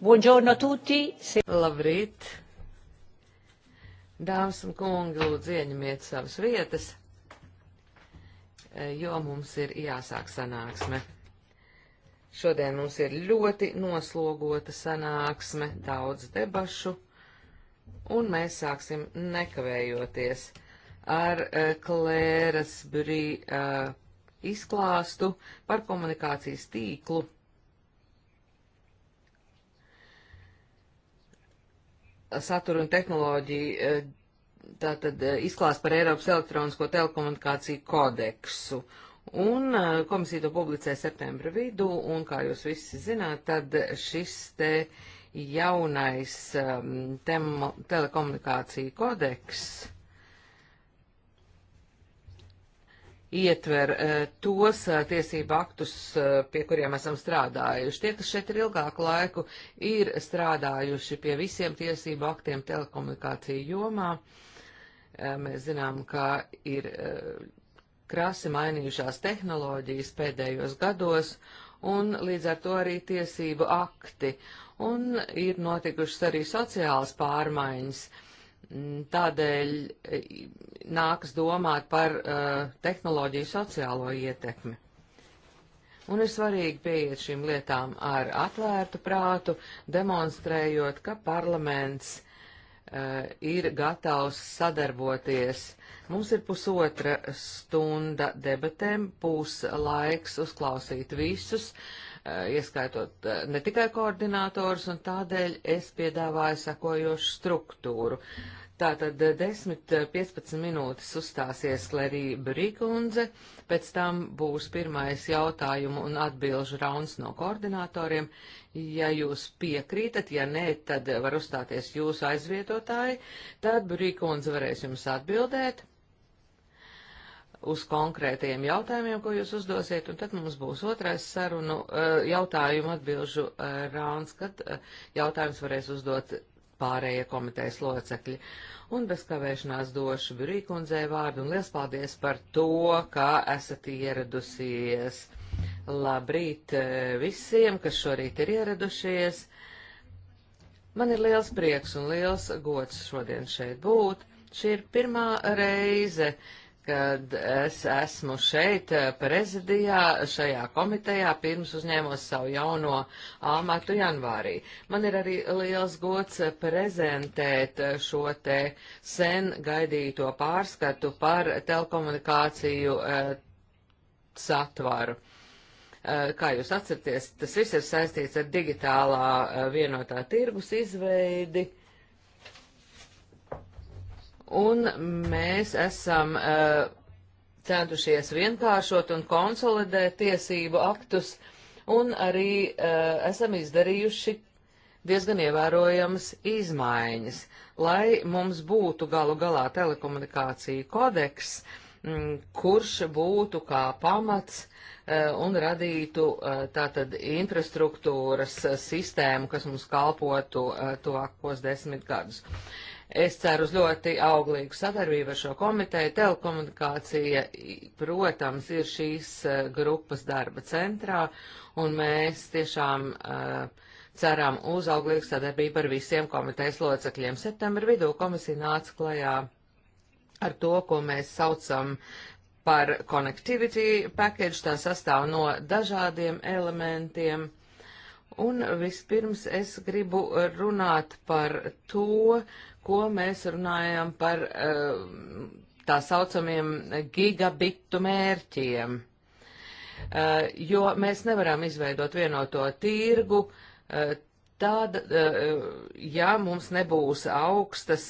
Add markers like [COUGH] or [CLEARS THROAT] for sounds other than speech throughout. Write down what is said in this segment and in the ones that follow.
Buongiorno a tutti. Se... Labrīt. Dāmas un kungi, lūdzu ieņemiet savas vietas, eh, jo mums ir jāsāk sanāksme. Šodien mums ir ļoti noslogota sanāksme, daudz debašu, un mēs sāksim nekavējoties ar uh, Klēras brī uh, eh, izklāstu par komunikācijas tīklu satura un tehnoloģiju eh, tātad eh, izklāst par Eiropas elektronisko telekomunikāciju kodeksu. Un eh, komisija to publicē septembra vidū, un kā jūs visi zināt, tad šis te jaunais um, ehm, telekomunikācija kodeks uh, ietver eh, tos eh, tiesību aktus, eh, pie kuriem esam strādājuši. Tie, kas šeit ir ilgāku laiku, ir strādājuši pie visiem tiesību aktiem telekomunikāciju jomā. Mēs zinām, ka ir krasi mainījušās tehnoloģijas pēdējos gados, un līdz ar to arī tiesību akti. Un ir notikušas arī sociālas pārmaiņas. Uh, Mm, tādēļ eh, nākas domāt par uh, tehnoloģiju sociālo ietekmi. Un ir svarīgi pieiet šīm lietām ar atvērtu prātu, demonstrējot, ka parlaments uh, ir gatavs sadarboties. Mums ir pusotra stunda debatēm, būs laiks uzklausīt visus. Uh, Eh, ieskaitot eh, ne tikai koordinātors, un tādēļ es piedāvāju sakojošu struktūru. Tātad 10-15 eh, minūtes uzstāsies Klerī Brīkundze, pēc tam būs pirmais jautājumu un atbilžu rauns no koordinatoriem. Ja jūs piekrītat, ja nē, tad var uzstāties jūsu aizvietotāji, tad Brīkundze varēs jums atbildēt uz konkrētiem jautājumiem, ko jūs uzdosiet, un tad mums būs otrais sarunu eh, jautājumu atbilžu eh, rāns, kad eh, jautājums varēs uzdot pārējie komitejas locekļi. Un bez kavēšanās došu Birīkundzei vārdu, un liels paldies par to, kā esat ieradusies. Labrīt visiem, kas šorīt ir ieradušies. Man ir liels prieks un liels gods šodien šeit būt. Šī ir pirmā reize, uh, kad es esmu šeit eh, prezidijā, šajā komitejā, pirms uzņēmos savu jauno amatu janvārī. Man ir arī liels gods prezentēt šo te sen gaidīto pārskatu par telekomunikāciju eh, satvaru. Eh, kā jūs atceraties, tas viss ir saistīts ar digitālā eh, vienotā tirgus izveidi. Uh, un mēs esam uh, centušies vienkāršot un konsolidēt tiesību aktus, un arī uh, esam izdarījuši diezgan ievērojamas izmaiņas, lai mums būtu galu galā telekomunikācija kodeks, m, mm, kurš būtu kā pamats uh, un radītu tātad infrastruktūras sistēmu, kas mums kalpotu tuvākos desmit gadus. Es ceru uz ļoti auglīgu sadarbību ar šo komiteju. Telekomunikācija, protams, ir šīs e, grupas darba centrā, un mēs tiešām uh, ceram uz auglīgu sadarbību ar visiem komitejas locekļiem. Septembra vidū komisija nāca klajā ar to, ko mēs saucam par connectivity package, tā sastāv no dažādiem elementiem. Un vispirms es gribu runāt par to, ko mēs runājam par eh, tā saucamiem gigabitu mērķiem. Eh, jo mēs nevaram izveidot vienoto tirgu, eh, tad, ja mums nebūs augstas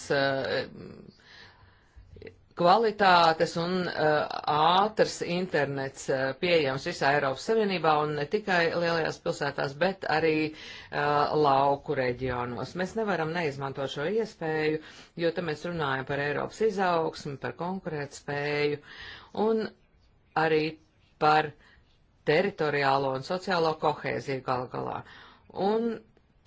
kvalitātes un uh, ātrs internets uh, pieejams visā Eiropas Savienībā un ne tikai lielajās pilsētās, bet arī uh, lauku reģionos. Mēs nevaram neizmantot šo iespēju, jo te mēs runājam par Eiropas izaugsmi, par konkurētspēju un arī par teritoriālo un sociālo kohēziju gal galā. Un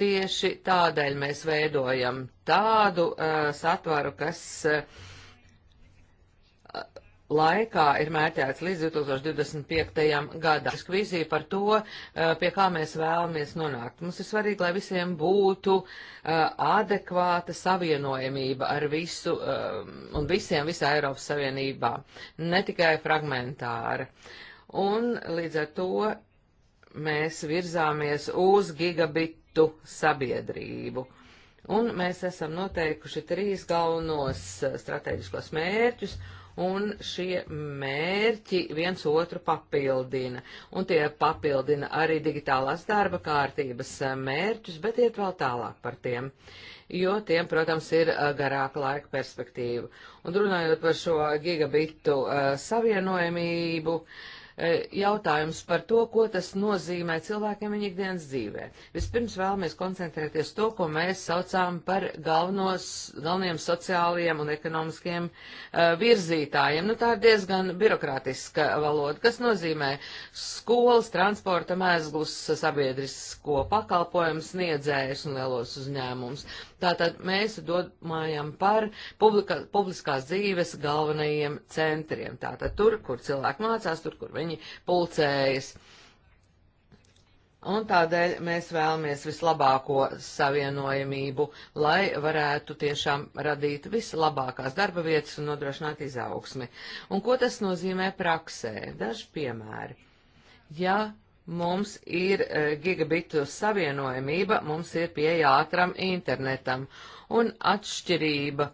tieši tādēļ mēs veidojam tādu uh, satvaru, kas uh, laikā ir mērķēts līdz 2025. gadam. Vīzija par to, eh, pie kā mēs vēlamies nonākt. Mums ir svarīgi, lai visiem būtu uh, adekvāta savienojamība ar visu uh, un visiem visā Eiropas Savienībā, ne tikai fragmentāra. Un līdz ar to mēs virzāmies uz gigabitu sabiedrību. Un mēs esam noteikuši trīs galvenos eh, strateģiskos mērķus, un šie mērķi viens otru papildina. Un tie papildina arī digitālās darba kārtības eh, mērķus, bet iet vēl tālāk par tiem, jo tiem, protams, ir eh, garāka laika perspektīva. Un runājot par šo gigabitu uh, savienojamību, uh, E, jautājums par to, ko tas nozīmē cilvēkiem viņa ikdienas dzīvē. Vispirms vēlamies koncentrēties to, ko mēs saucām par galvenos, galveniem sociālajiem un ekonomiskiem uh, virzītājiem. Nu, tā ir diezgan birokrātiska valoda, kas nozīmē skolas, transporta mēzglus, sabiedrisko pakalpojumu sniedzējus un lielos uzņēmumus. Tātad mēs domājam par publika, publiskās dzīves galvenajiem centriem. Tātad tur, kur cilvēki mācās, tur, kur viņi pulcējas. Un tādēļ mēs vēlamies vislabāko savienojamību, lai varētu tiešām radīt vislabākās darba vietas un nodrošināt izaugsmi. Un ko tas nozīmē praksē? Daži piemēri. Ja Mums ir e, gigabitu savienojamība, mums ir pieeja ātram internetam un atšķirība,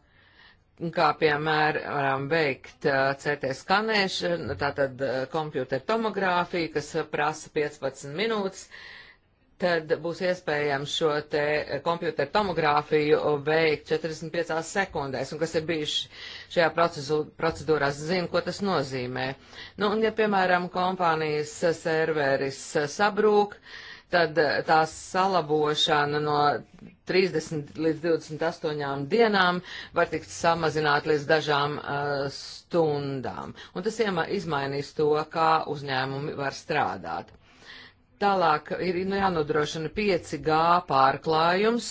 kā piemēram veikt e, CT skanēšanu, tātad e, kompjuter tomogrāfiju, kas prasa 15 minūtes, uh, tad būs iespējams šo te kompjuteru tomogrāfiju veikt 45 sekundēs, un kas ir bijuši šajā procedūrā, zina, ko tas nozīmē. Nu, un ja, piemēram, kompānijas serveris sabrūk, tad tās salabošana no 30 līdz 28 dienām var tikt samazināt līdz dažām uh, stundām. Un tas izmainīs to, kā uzņēmumi var strādāt. Tālāk ir nu, jānodrošina 5G pārklājums.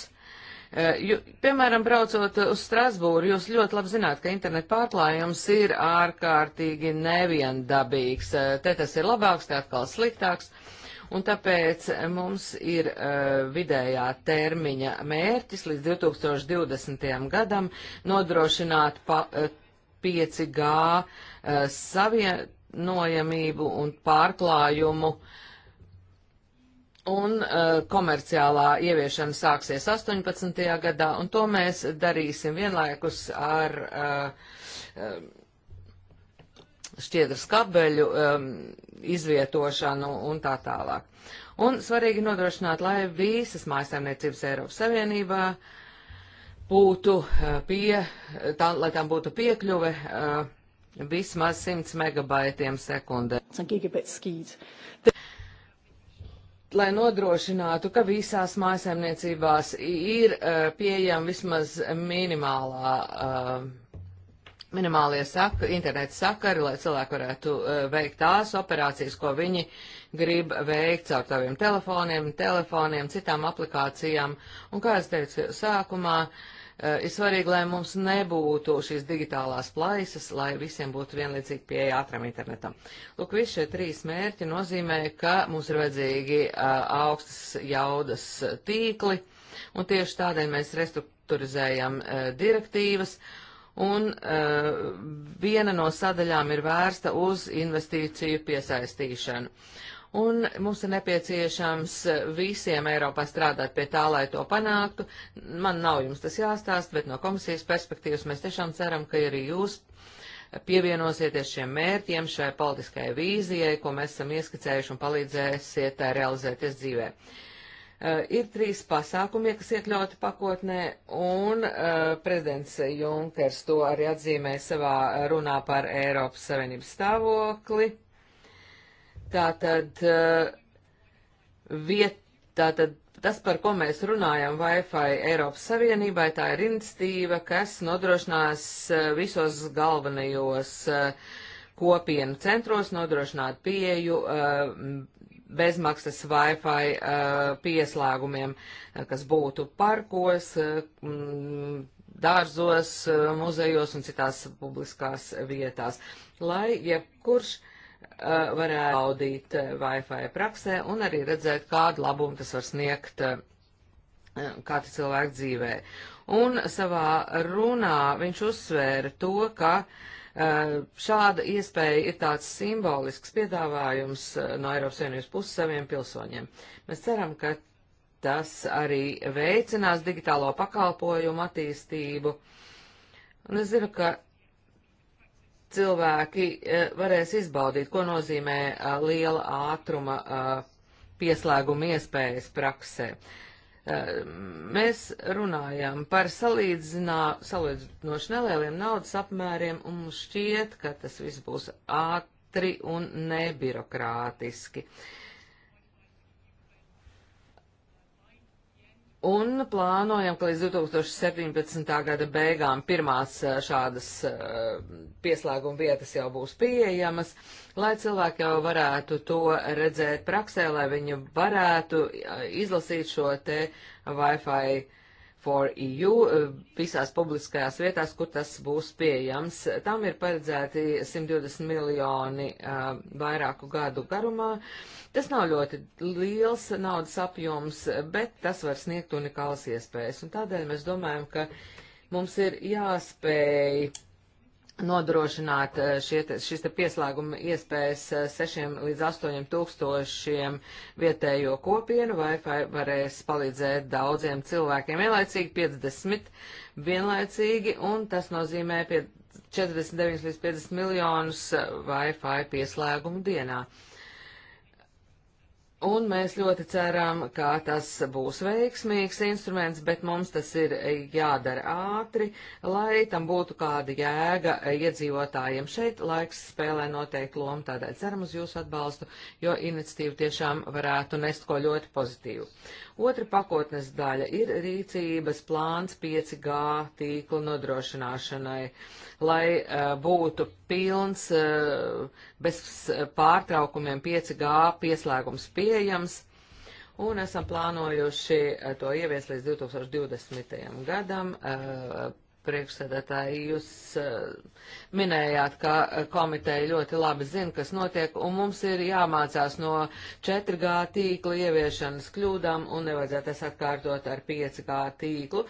E, Jū, piemēram, braucot uz Strasbūru, jūs ļoti labi zināt, ka internetu pārklājums ir ārkārtīgi neviendabīgs. E, te tas ir labāks, te atkal sliktāks. Un tāpēc mums ir uh, vidējā termiņa mērķis līdz 2020. gadam nodrošināt pa, uh, 5G uh, savienojamību un pārklājumu uh, un uh, komerciālā ieviešana sāksies 18. gadā, un to mēs darīsim vienlaikus ar uh, šķiedras kabeļu um, izvietošanu un tā tālāk. Un svarīgi nodrošināt, lai visas mājasēmniecības Eiropas Savienībā būtu pie, tā, lai tām būtu piekļuve uh, vismaz 100 megabaitiem sekundē lai nodrošinātu, ka visās mājasēmniecībās ir uh, eh, pieejama vismaz minimālā, uh, minimālie saka, internets sakari, lai cilvēki varētu uh, veikt tās operācijas, ko viņi grib veikt caur saviem telefoniem, telefoniem, citām aplikācijām. Un, kā es teicu sākumā, uh, Eh, ir svarīgi, lai mums nebūtu šīs digitālās plaisas, lai visiem būtu vienlīdzīgi pieeja ātram internetam. Lūk, visi šie trīs mērķi nozīmē, ka mums ir vajadzīgi eh, augstas jaudas tīkli, un tieši tādēļ mēs restruktūrizējam eh, direktīvas. Un uh, viena no sadaļām ir vērsta uz investīciju piesaistīšanu. Un mums ir nepieciešams visiem Eiropā strādāt pie tā, lai to panāktu. Man nav jums tas jāstāst, bet no komisijas perspektīvas mēs tiešām ceram, ka arī jūs pievienosieties šiem mērķiem, šai politiskajai vīzijai, ko mēs esam ieskicējuši un palīdzēsiet tā realizēties dzīvē. Uh, ir trīs pasākumi, kas iekļauti pakotnē, un uh, prezidents Junkers to arī atzīmē savā runā par Eiropas Savienības stāvokli. Uh, Tātad, uh, viet, tātad tas, par ko mēs runājam Wi-Fi Eiropas Savienībai, tā ir iniciatīva, kas nodrošinās uh, visos galvenajos uh, kopienu centros nodrošināt pieju bezmaksas Wi-Fi pieslēgumiem, kas būtu parkos, dārzos, muzejos un citās publiskās vietās, lai jebkurš ja Eh, varētu baudīt eh, Wi-Fi praksē un arī redzēt, kādu labumu tas var sniegt eh, kāda cilvēka dzīvē. Un savā runā viņš uzsvēra to, ka šāda iespēja ir tāds simbolisks piedāvājums no Eiropas Savienības puses saviem pilsoņiem. Mēs ceram, ka tas arī veicinās digitālo pakalpojumu attīstību. Un es zinu, ka cilvēki eh, varēs izbaudīt, ko nozīmē eh, liela ātruma eh, pieslēguma iespējas praksē. Mēs runājam par salīdzinoši nelieliem naudas apmēriem, un mums šķiet, ka tas viss būs ātri un nebirokrātiski. Uh, Un plānojam, ka līdz 2017. gada beigām pirmās eh, šādas eh, pieslēguma vietas jau būs pieejamas, lai cilvēki jau varētu to redzēt praksē, lai viņi varētu eh, izlasīt šo te Wi-Fi for EU eh, visās publiskajās vietās, kur tas būs pieejams. Tam ir paredzēti 120 miljoni uh, vairāku gadu garumā. Tas nav ļoti liels naudas apjoms, bet tas var sniegt unikālas iespējas. Un tādēļ mēs domājam, ka mums ir jāspēj nodrošināt eh, šie, šis te pieslēguma iespējas 6 eh, līdz 8 tūkstošiem vietējo kopienu, Wi-Fi varēs palīdzēt daudziem cilvēkiem vienlaicīgi, 50 vienlaicīgi, un tas nozīmē 49 līdz 50 miljonus eh, Wi-Fi pieslēgumu dienā. Uh, Un mēs ļoti ceram, ka tas būs veiksmīgs instruments, bet mums tas ir jādara ātri, lai tam būtu kāda jēga iedzīvotājiem. Šeit laiks spēlē noteikti lomu, tādēļ ceram uz jūsu atbalstu, jo iniciatīva tiešām varētu nest ko ļoti pozitīvu. Otra pakotnes daļa ir rīcības plāns 5G tīkla nodrošināšanai, lai uh, būtu pilns uh, bez e, pārtraukumiem 5G pieslēgums pieejams un esam plānojuši to ieviest līdz 2020. gadam priekšsēdētāji, jūs uh, minējāt, ka eh, komiteja ļoti labi zina, kas notiek, un mums ir jāmācās no 4G tīkla ieviešanas kļūdām, un nevajadzētu es atkārtot ar 5G tīklu.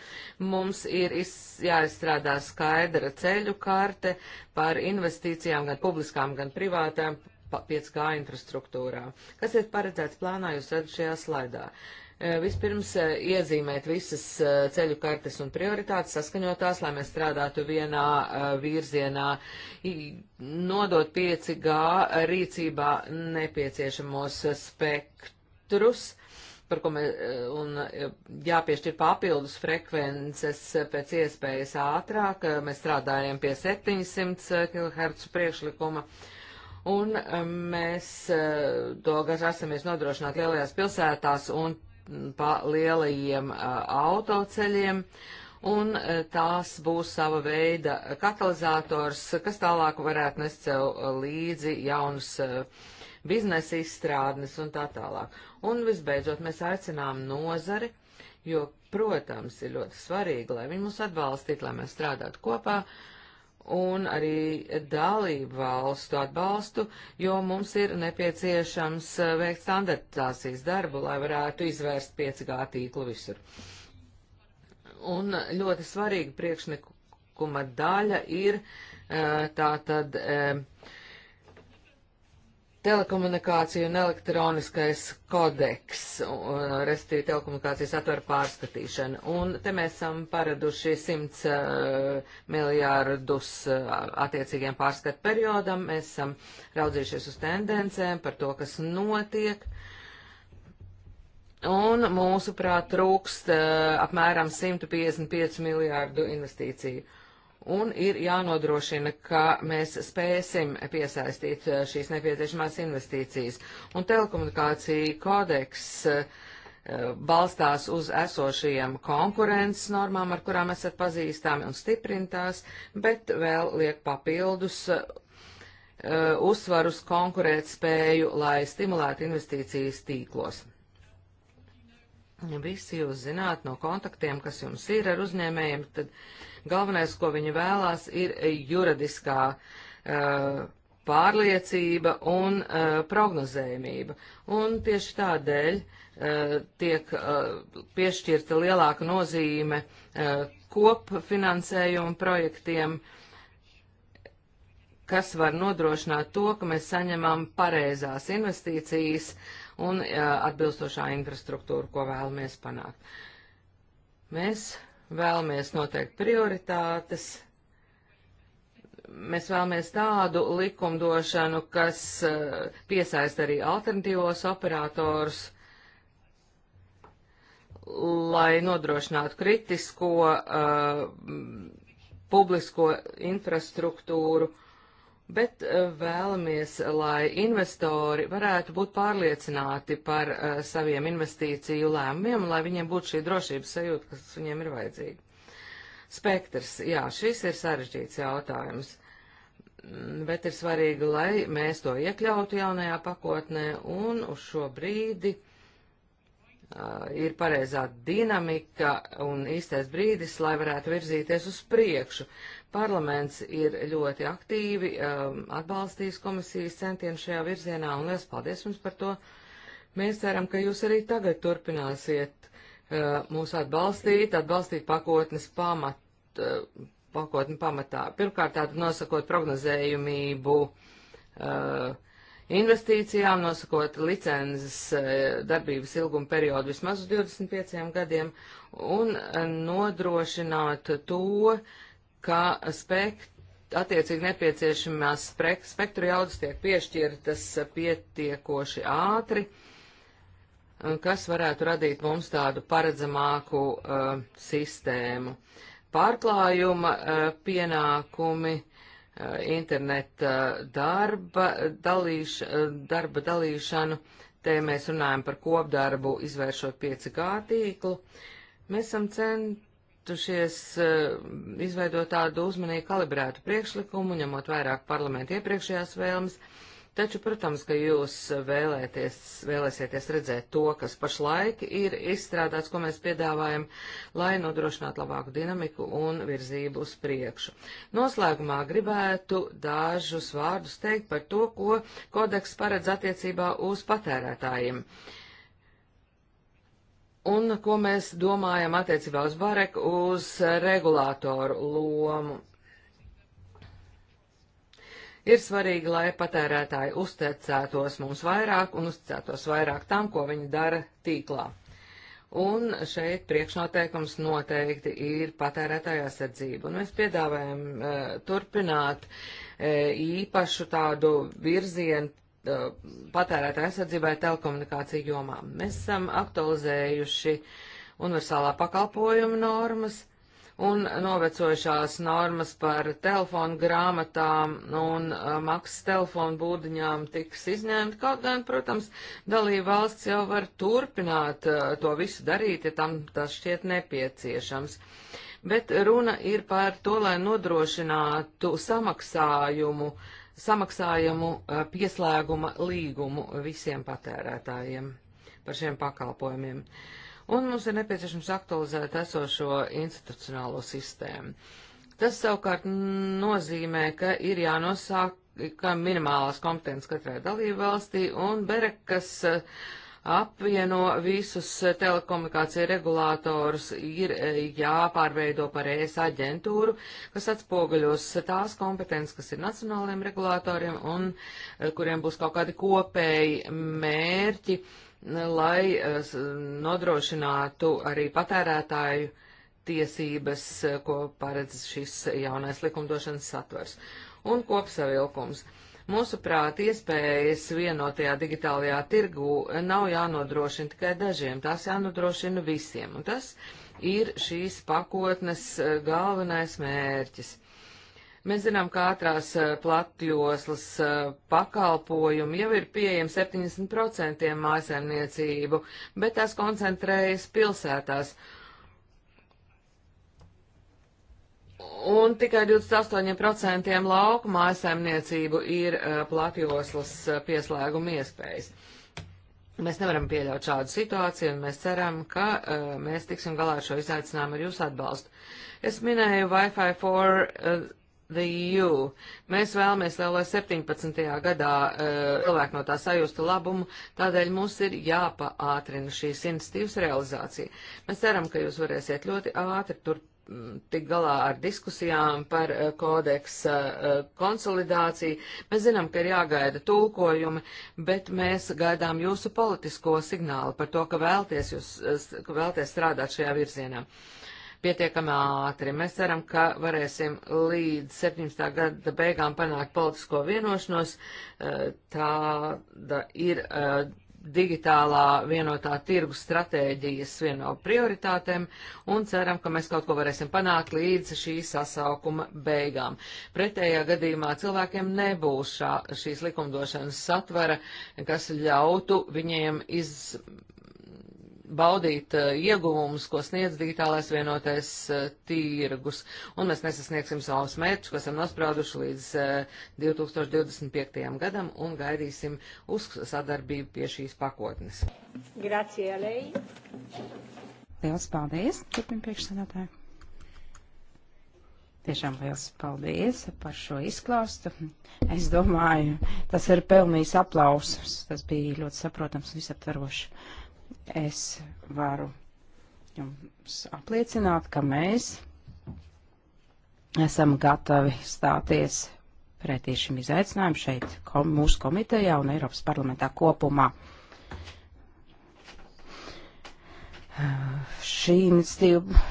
Mums ir iz, jāizstrādā skaidra ceļu karte par investīcijām, gan publiskām, gan privātām 5G infrastruktūrā. Kas ir paredzēts plānā, jūs redzat šajā slaidā. Uh, Eh, vispirms eh, iezīmēt visas eh, ceļu kartes un prioritātes, saskaņotās, lai mēs strādātu vienā virzienā, nodot 5G rīcībā nepieciešamos spektrus, par ko mēs, un jāpiešķir papildus frekvences pēc iespējas ātrāk. Mēs strādājam pie 700 kHz priekšlikuma un mēs to garšāsimies nodrošināt lielajās pilsētās un pa lielajiem autoceļiem, un tās būs sava veida katalizators, kas tālāk varētu nest sev līdzi jaunas biznesa izstrādnes un tā tālāk. Un visbeidzot, mēs aicinām nozari, jo, protams, ir ļoti svarīgi, lai viņi mūs atbalstītu, lai mēs strādātu kopā. Uh, un arī dalību valstu atbalstu, jo mums ir nepieciešams eh, veikt standartizācijas darbu, lai varētu izvērst 5G tīklu visur. Un ļoti svarīga priekšnikuma daļa ir eh, tā tad eh, telekomunikācija un elektroniskais kodeks, restīvi telekomunikācijas atver pārskatīšana. Un te mēs esam paraduši 100 uh, eh, miljārdus uh, attiecīgiem pārskatu periodam. Mēs esam raudzījušies uz tendencēm par to, kas notiek. Un mūsuprāt trūkst uh, apmēram 155 miljārdu investīciju. Uh, un ir jānodrošina, ka mēs spēsim piesaistīt eh, šīs nepieciešamās investīcijas. Un telekomunikācija kodeks eh, balstās uz esošajiem konkurences normām, ar kurām esat pazīstami un stiprintās, bet vēl liek papildus eh, uzsvarus konkurēt spēju, lai stimulētu investīcijas tīklos visi jūs zināt no kontaktiem, kas jums ir ar uzņēmējiem, tad galvenais, ko viņi vēlās, ir juridiskā uh, pārliecība un uh, eh, prognozējumība. Un tieši tādēļ uh, tiek piešķirta lielāka nozīme kopfinansējumu projektiem, kas var nodrošināt to, ka mēs saņemam pareizās investīcijas, uh, un atbilstošā infrastruktūra, ko vēlamies panākt. Mēs vēlamies noteikt prioritātes, mēs vēlamies tādu likumdošanu, kas piesaista arī alternatīvos operators, lai nodrošinātu kritisko uh, publisko infrastruktūru bet eh, vēlamies, lai investori varētu būt pārliecināti par uh, saviem investīciju lēmumiem, lai viņiem būtu šī drošības sajūta, kas viņiem ir vajadzīga. Spektrs, jā, šis ir sarežģīts jautājums, mm, bet ir svarīgi, lai mēs to iekļautu jaunajā pakotnē un uz šo brīdi uh, Uh, ir pareizā dinamika un īstais brīdis, lai varētu virzīties uz priekšu. Parlaments ir ļoti aktīvi um, atbalstījis komisijas centienu šajā virzienā, un liels paldies jums par to. Mēs ceram, ka jūs arī tagad turpināsiet uh, mūs atbalstīt, atbalstīt pakotnes pamat, uh, pakotni pamatā. Pirmkārt, tātad nosakot prognozējumību. Uh, investīcijām, nosakot licences e, darbības ilguma periodu vismaz uz 25 gadiem un e, nodrošināt to, ka spekt, attiecīgi nepieciešamās spektru jaudas tiek piešķirtas pietiekoši ātri, e, kas varētu radīt mums tādu paredzamāku uh, sistēmu. Pārklājuma uh, pienākumi uh, Eh, interneta darba, dalīš, eh, darba dalīšanu. Te mēs runājam par kopdarbu, izvēršot 5G tīklu. Mēs esam centušies eh, izveidot tādu uzmanīgi kalibrētu priekšlikumu, ņemot vairāk parlamentu iepriekšējās vēlmes. Uh, Taču, protams, ka jūs vēlēties, vēlēsieties redzēt to, kas pašlaik ir izstrādāts, ko mēs piedāvājam, lai nodrošinātu labāku dinamiku un virzību uz priekšu. Noslēgumā gribētu dažus vārdus teikt par to, ko kodeks paredz attiecībā uz patērētājiem. Un ko mēs domājam attiecībā uz Bareku, uz regulātoru lomu Ir svarīgi, lai patērētāji uzticētos mums vairāk un uzticētos vairāk tam, ko viņi dara tīklā. Un šeit priekšnoteikums noteikti ir patērētāja aizsardzība. Un mēs piedāvājam e, turpināt e, īpašu tādu virzienu e, eh, patērētāja aizsardzībai telekomunikāciju jomā. Mēs esam aktualizējuši universālā pakalpojuma normas, un novecojušās normas par telefonu grāmatām un uh, maksas telefonu būdiņām tiks izņemta. Kaut gan, protams, dalība valsts jau var turpināt uh, to visu darīt, ja tam tas šķiet nepieciešams. Bet runa ir par to, lai nodrošinātu samaksājumu, samaksājumu uh, pieslēguma līgumu visiem patērētājiem par šiem pakalpojumiem. Uh, un mums ir nepieciešams aktualizēt esošo institucionālo sistēmu. Tas savukārt nozīmē, ka ir jānosāk ka minimālās kompetences katrai dalību valstī un berekas eh, apvieno visus telekomunikāciju regulātorus ir eh, jāpārveido par ES aģentūru, kas atspoguļos tās kompetences, kas ir nacionālajiem regulātoriem un eh, kuriem būs kaut kādi kopēji mērķi. Uh, lai eh, nodrošinātu arī patērētāju tiesības, eh, ko paredz šis jaunais likumdošanas satvers. Un kopsavilkums. Mūsuprāt, iespējas vienotajā digitālajā tirgū nav jānodrošina tikai dažiem, tās jānodrošina visiem. Un tas ir šīs pakotnes eh, galvenais mērķis. Mēs zinām, ka ātrās eh, platjoslas eh, pakalpojumi jau ir pieejami 70% mājasēmniecību, bet tās koncentrējas pilsētās. Un tikai 28% lauku mājasēmniecību ir eh, platjoslas pieslēguma iespējas. Mēs nevaram pieļaut šādu situāciju, un mēs ceram, ka uh, mēs tiksim galā ar šo izaicinājumu ar jūsu atbalstu. Es minēju Wi-Fi 4 uh, the EU. Mēs vēlamies, lai 17. gadā eh, cilvēki uh, no tā sajustu labumu, tādēļ mums ir jāpaātrina šīs institīvas realizācija. Mēs ceram, ka jūs varēsiet ļoti ātri tur mm, tik galā ar diskusijām par uh, eh, kodeksa uh, eh, konsolidāciju. Mēs zinām, ka ir jāgaida tulkojumi, bet mēs gaidām jūsu politisko signālu par to, ka vēlties, jūs, ka vēlties strādāt šajā virzienā. Uh, pietiekami ātri. Mēs ceram, ka varēsim līdz 17. gada beigām panākt politisko vienošanos. Eh, tāda ir eh, digitālā vienotā tirgus stratēģijas viena no prioritātēm un ceram, ka mēs kaut ko varēsim panākt līdz šī sasaukuma beigām. Pretējā gadījumā cilvēkiem nebūs šā, šīs likumdošanas satvara, kas ļautu viņiem iz baudīt eh, ieguvumus, ko sniedz digitālais vienotais eh, tirgus, un mēs nesasniegsim savus mērķus, ko esam nosprauduši līdz 2025. Eh, gadam, un gaidīsim uz sadarbību pie šīs pakotnes. Grazie, Alei! Liels paldies, turpin priekšsēdētāji! Tiešām liels paldies par šo izklāstu. Es domāju, tas ir pelnījis aplausus. Tas bija ļoti saprotams un visaptvarošs. Es varu jums apliecināt, ka mēs esam gatavi stāties pretī šim izaicinājumam šeit, kom, mūsu komitejā un Eiropas parlamentā kopumā. Šī iniciatīva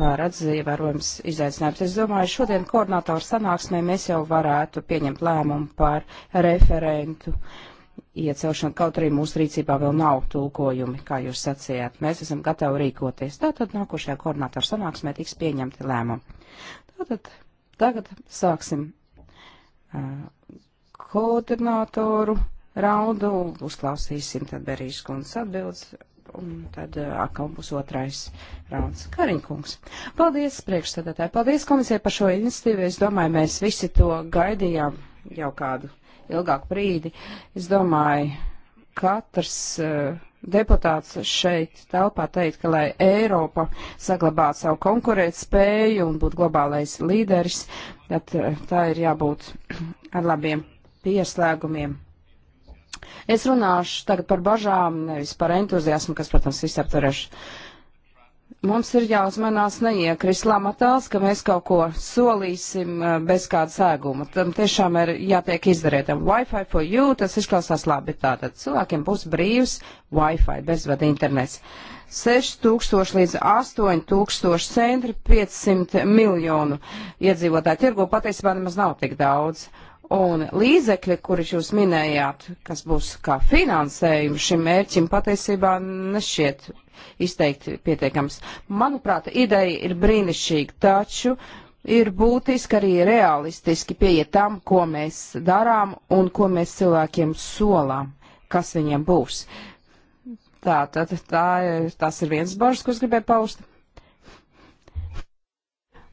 pārādz ievērojams izaicinājums. Es domāju, šodien koordinātoru sanāksmē mēs jau varētu pieņemt lēmumu par referentu iecelšanu, kaut arī mūsu rīcībā vēl nav tulkojumi, kā jūs sacījāt. Mēs esam gatavi rīkoties. Tātad nākošajā koordinātoru sanāksmē tiks pieņemti lēmumi. Tātad tagad sāksim uh, koordinātoru raundu, uzklausīsim tad Berīšas kundzes atbildes, un tad uh, atkal būs otrais rauns. Kariņkungs, paldies priekšstādātāji, paldies komisijai par šo iniciatīvu. Es domāju, mēs visi to gaidījām jau kādu ilgāku brīdi. Es domāju, katrs uh, deputāts šeit telpā teikt, ka lai Eiropa saglabātu savu konkurētspēju un būtu globālais līderis, tad eh, tā ir jābūt [CLEARS THROAT] ar labiem pieslēgumiem. Es runāšu tagad par bažām, nevis par entuziasmu, kas, protams, visaptveroši mums ir jāuzmanās neiekrist lamatās, ka mēs kaut ko solīsim eh, bez kāda sēguma. Tam tiešām ir jātiek izdarētam. Wi-Fi for you, tas izklausās labi. Tātad cilvēkiem būs brīvs Wi-Fi, bezvada internets. 6000 līdz 8000 centri 500 miljonu iedzīvotāju tirgu patiesībā nemaz nav tik daudz. Un līdzekļi, kurus jūs minējāt, kas būs kā finansējums šim mērķim, patiesībā nešķiet izteikti pietiekams. Manuprāt, ideja ir brīnišķīga, taču ir būtiski arī realistiski pieiet tam, ko mēs darām un ko mēs cilvēkiem solām, kas viņiem būs. Tā, tā, tā, tas ir viens bažas, ko es gribēju paust.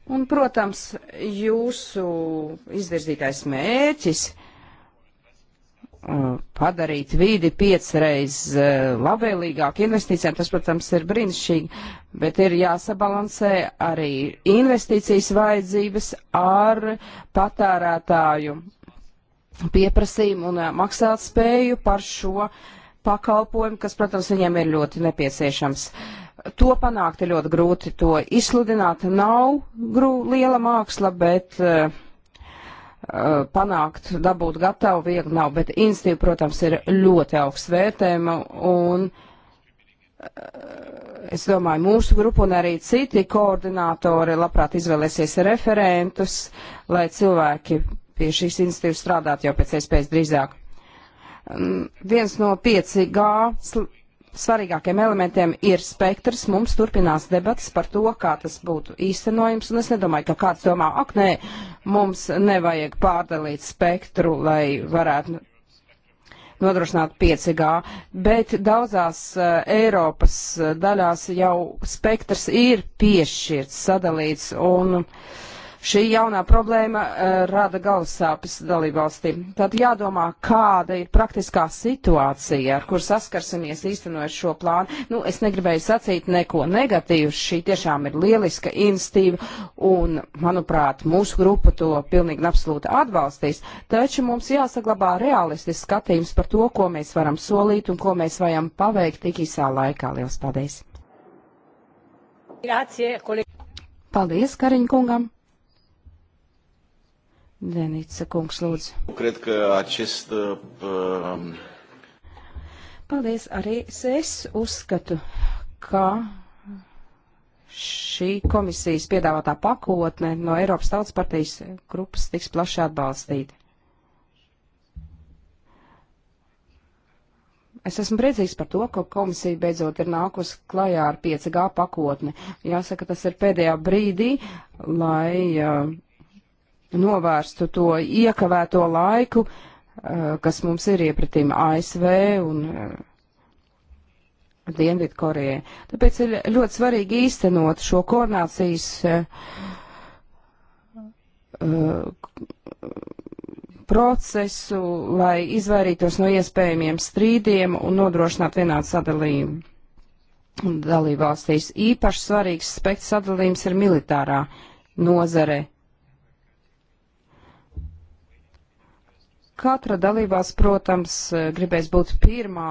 Un, protams, jūsu izvirzītais mērķis Uh, padarīt vidi piecreiz uh, labvēlīgāk investīcijām, tas, protams, ir brīnišķīgi, bet ir jāsabalansē arī investīcijas vajadzības ar patērētāju pieprasījumu un uh, maksāt spēju par šo pakalpojumu, kas, protams, viņiem ir ļoti nepieciešams. To panākt ir ļoti grūti, to izsludināt nav grū, liela māksla, bet uh, Eh, panākt, dabūt gatavu, viegli nav, bet institīva, protams, ir ļoti augsts vērtējuma un eh, es domāju, mūsu grupa un arī citi koordinātori labprāt izvēlēsies referentus, lai cilvēki pie šīs institīvas strādātu jau pēc iespējas drīzāk. Mm, viens no 5G svarīgākiem elementiem ir spektrs. Mums turpinās debats par to, kā tas būtu īstenojums. Un es nedomāju, ka kāds domā, ak, nē, mums nevajag pārdalīt spektru, lai varētu nodrošināt 5G, bet daudzās uh, Eiropas daļās jau spektrs ir piešķirts, sadalīts, un uh, Šī jaunā problēma uh, rada galvassāpes dalībvalstīm. Tad jādomā, kāda ir praktiskā situācija, ar kur saskarsimies īstenojot šo plānu. Nu, es negribēju sacīt neko negatīvu. Šī tiešām ir lieliska institīva un, manuprāt, mūsu grupa to pilnīgi un absolūti atbalstīs. Taču mums jāsaglabā realistisks skatījums par to, ko mēs varam solīt un ko mēs vajam paveikt tik īsā laikā. Lielas paldies! Grācie, Paldies Kariņkungam! Denica kungs, lūdzu. Nu, cred că acest... Uh, Paldies. Arī es uzskatu, ka šī komisijas piedāvātā pakotne no Eiropas Tautas partijas grupas tiks plaši atbalstīta. Es esmu priecīgs par to, ka komisija beidzot ir nākusi klajā ar 5G pakotni. Jāsaka, tas ir pēdējā brīdī, lai uh, novērstu to iekavēto laiku, eh, kas mums ir iepratīm ASV un eh, Dienvidkorejai. Tāpēc ir ļoti svarīgi īstenot šo koordinācijas eh, procesu, lai izvairītos no iespējamiem strīdiem un nodrošinātu vienādu sadalījumu. Dalībvalstīs īpaši svarīgs aspekts sadalījums ir militārā nozare Katra dalībās, protams, e, gribēs būt pirmā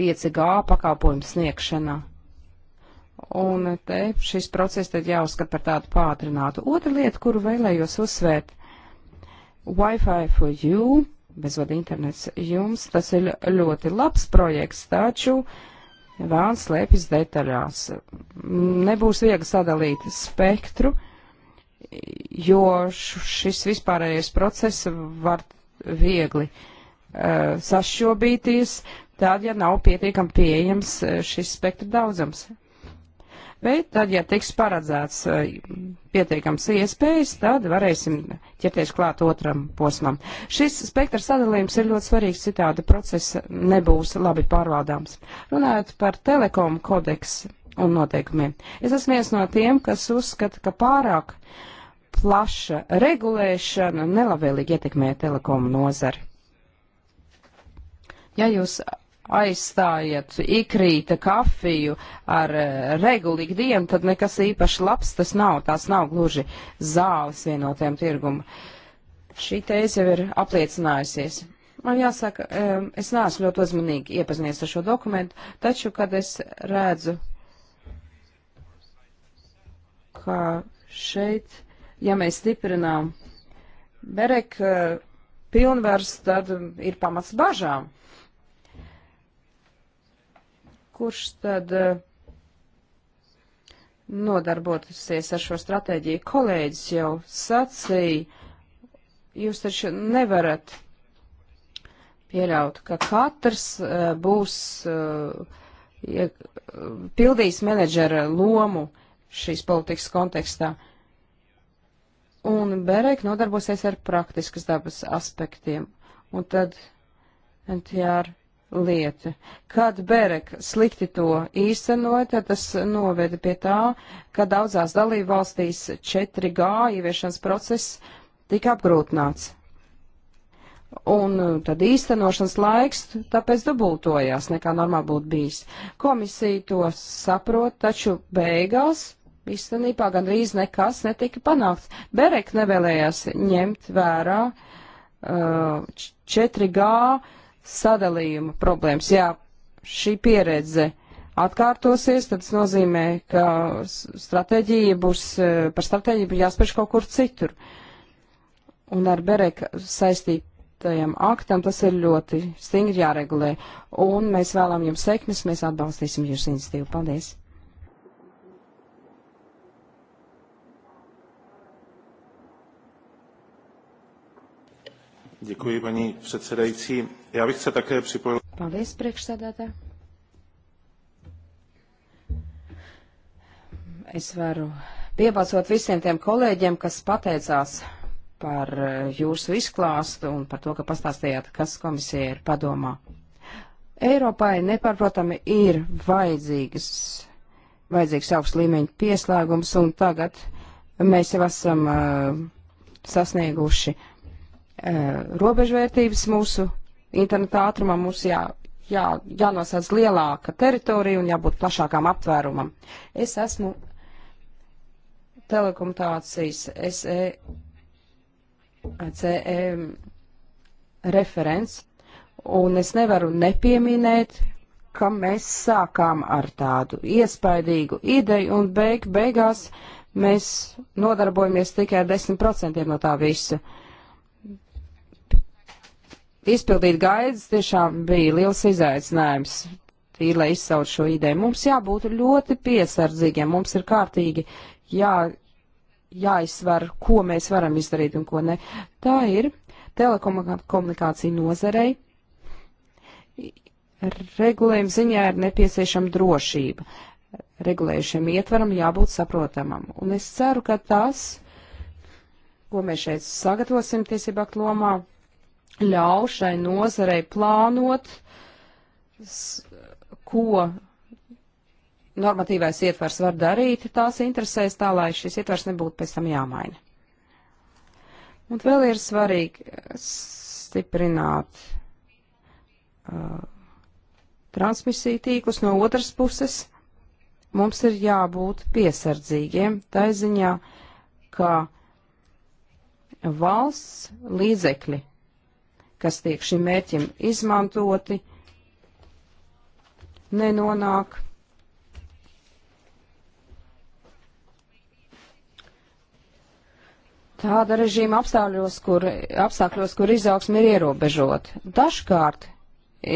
5G pakāpojuma sniegšanā. Un te šis process tad jāuzskat par tādu pātrinātu. Otra lieta, kuru vēlējos uzsvērt, Wi-Fi for you, bezvada internets jums, tas ir ļoti labs projekts, taču vēlns slēpjas detaļās. Nebūs viegli sadalīt spektru, jo šis vispārējais process var viegli uh, sašķobīties, tad, ja nav pietiekami pieejams uh, šis spektra daudzums. Bet tad, ja tiks paredzēts uh, pietiekams iespējas, tad varēsim ķerties klāt otram posmam. Šis spektra sadalījums ir ļoti svarīgs, citādi process nebūs labi pārvaldāms. Runājot par telekomu kodeksu un noteikumiem, es esmu viens no tiem, kas uzskata, ka pārāk uh, plaša regulēšana nelabvēlīgi ietekmē telekomu nozari. Ja jūs aizstājiet ikrīta kafiju ar eh, regulīgu dienu, tad nekas īpaši labs tas nav. Tās nav gluži zāles vienotajam tirgumam. Šī tēze jau ir apliecinājusies. Man jāsaka, es neesmu ļoti uzmanīgi iepazinies ar šo dokumentu, taču, kad es redzu, ka šeit ja mēs stiprinām Berek eh, pilnvars, tad ir pamats bažām. Kurš tad eh, nodarbotusies ar šo stratēģiju? Kolēģis jau sacīja, jūs taču nevarat pieļaut, ka katrs eh, būs ja, pildījis menedžera lomu šīs politikas kontekstā. Uh, un Berek nodarbosies ar praktiskas dabas aspektiem. Un tad NTR lieta. Kad Berek slikti to īstenoja, tad tas noveda pie tā, ka daudzās dalību valstīs 4G ieviešanas process tika apgrūtināts. Un uh, tad īstenošanas laiks tāpēc dubultojās, nekā normāli būtu bijis. Komisija to saprot, taču beigās īstenībā gandrīz nekas netika panākts. Berek nevēlējās ņemt vērā uh, 4G sadalījuma problēmas. Jā, šī pieredze atkārtosies, tad tas nozīmē, ka stratēģija būs, uh, par stratēģiju būs jāspēj kaut kur citur. Un ar Bereka saistītajam aktam tas ir ļoti stingri jāregulē. Un mēs vēlam jums sekmes, mēs atbalstīsim jūsu iniciatīvu. Paldies! Děkuji, paní předsedající. Já bych se také připojil. Paldies, priekšsēdētā. Es varu piebalsot visiem tiem kolēģiem, kas pateicās par jūsu izklāstu un par to, ka pastāstījāt, kas komisija ir padomā. Eiropai nepārprotami ir vajadzīgas, vajadzīgs augsts līmeņa pieslēgums, un tagad mēs jau esam uh, sasnieguši Eh, robežvērtības mūsu interneta ātrumam, mums jā, jā, jānosāc lielāka teritorija un jābūt plašākām aptvērumam. Es esmu telekomunikācijas SE, CE referents, un es nevaru nepieminēt, ka mēs sākām ar tādu iespaidīgu ideju, un beig, beigās mēs nodarbojamies tikai ar 10% no tā visa. Uh, izpildīt gaidas tiešām bija liels izaicinājums. Tīri, lai izsauc šo ideju, mums jābūt ļoti piesardzīgiem, mums ir kārtīgi jā, jāizsver, ko mēs varam izdarīt un ko ne. Tā ir telekomunikācija nozarei. Regulējuma ziņā ir nepieciešama drošība. Regulējušiem ietvaram jābūt saprotamam. Un es ceru, ka tas, ko mēs šeit sagatavosim tiesībāk lomā, ļauj šai nozarei plānot, ko normatīvais ietvers var darīt tās interesēs, tā lai šis ietvers nebūtu pēc tam jāmaina. Un vēl ir svarīgi stiprināt uh, transmisiju tīklus no otras puses. Mums ir jābūt piesardzīgiem, tā ziņā, ka valsts līdzekļi kas tiek šim mērķim izmantoti, nenonāk. Tāda režīma apstākļos, kur, apstākļos, kur izaugsme ir ierobežota. Dažkārt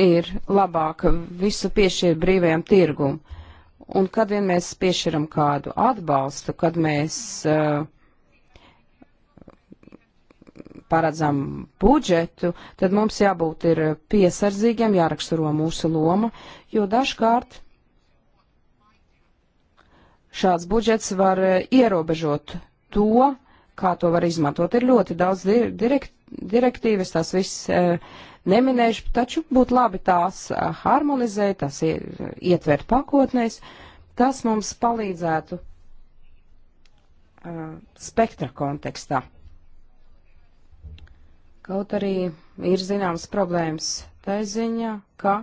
ir labāk visu piešķirt brīvajam tirgumam. Un kad vien mēs piešķiram kādu atbalstu, kad mēs uh, paredzam budžetu, tad mums jābūt ir piesardzīgiem, jāraksturo mūsu loma, jo dažkārt šāds budžets var eh, ierobežot to, kā to var izmantot. Ir ļoti daudz direkt, direktīvas, tās viss eh, neminēšu, taču būtu labi tās eh, harmonizēt, tās ietvert pakotnēs. Tas mums palīdzētu spektra kontekstā. Kaut arī ir zināmas problēmas tā ziņā, ka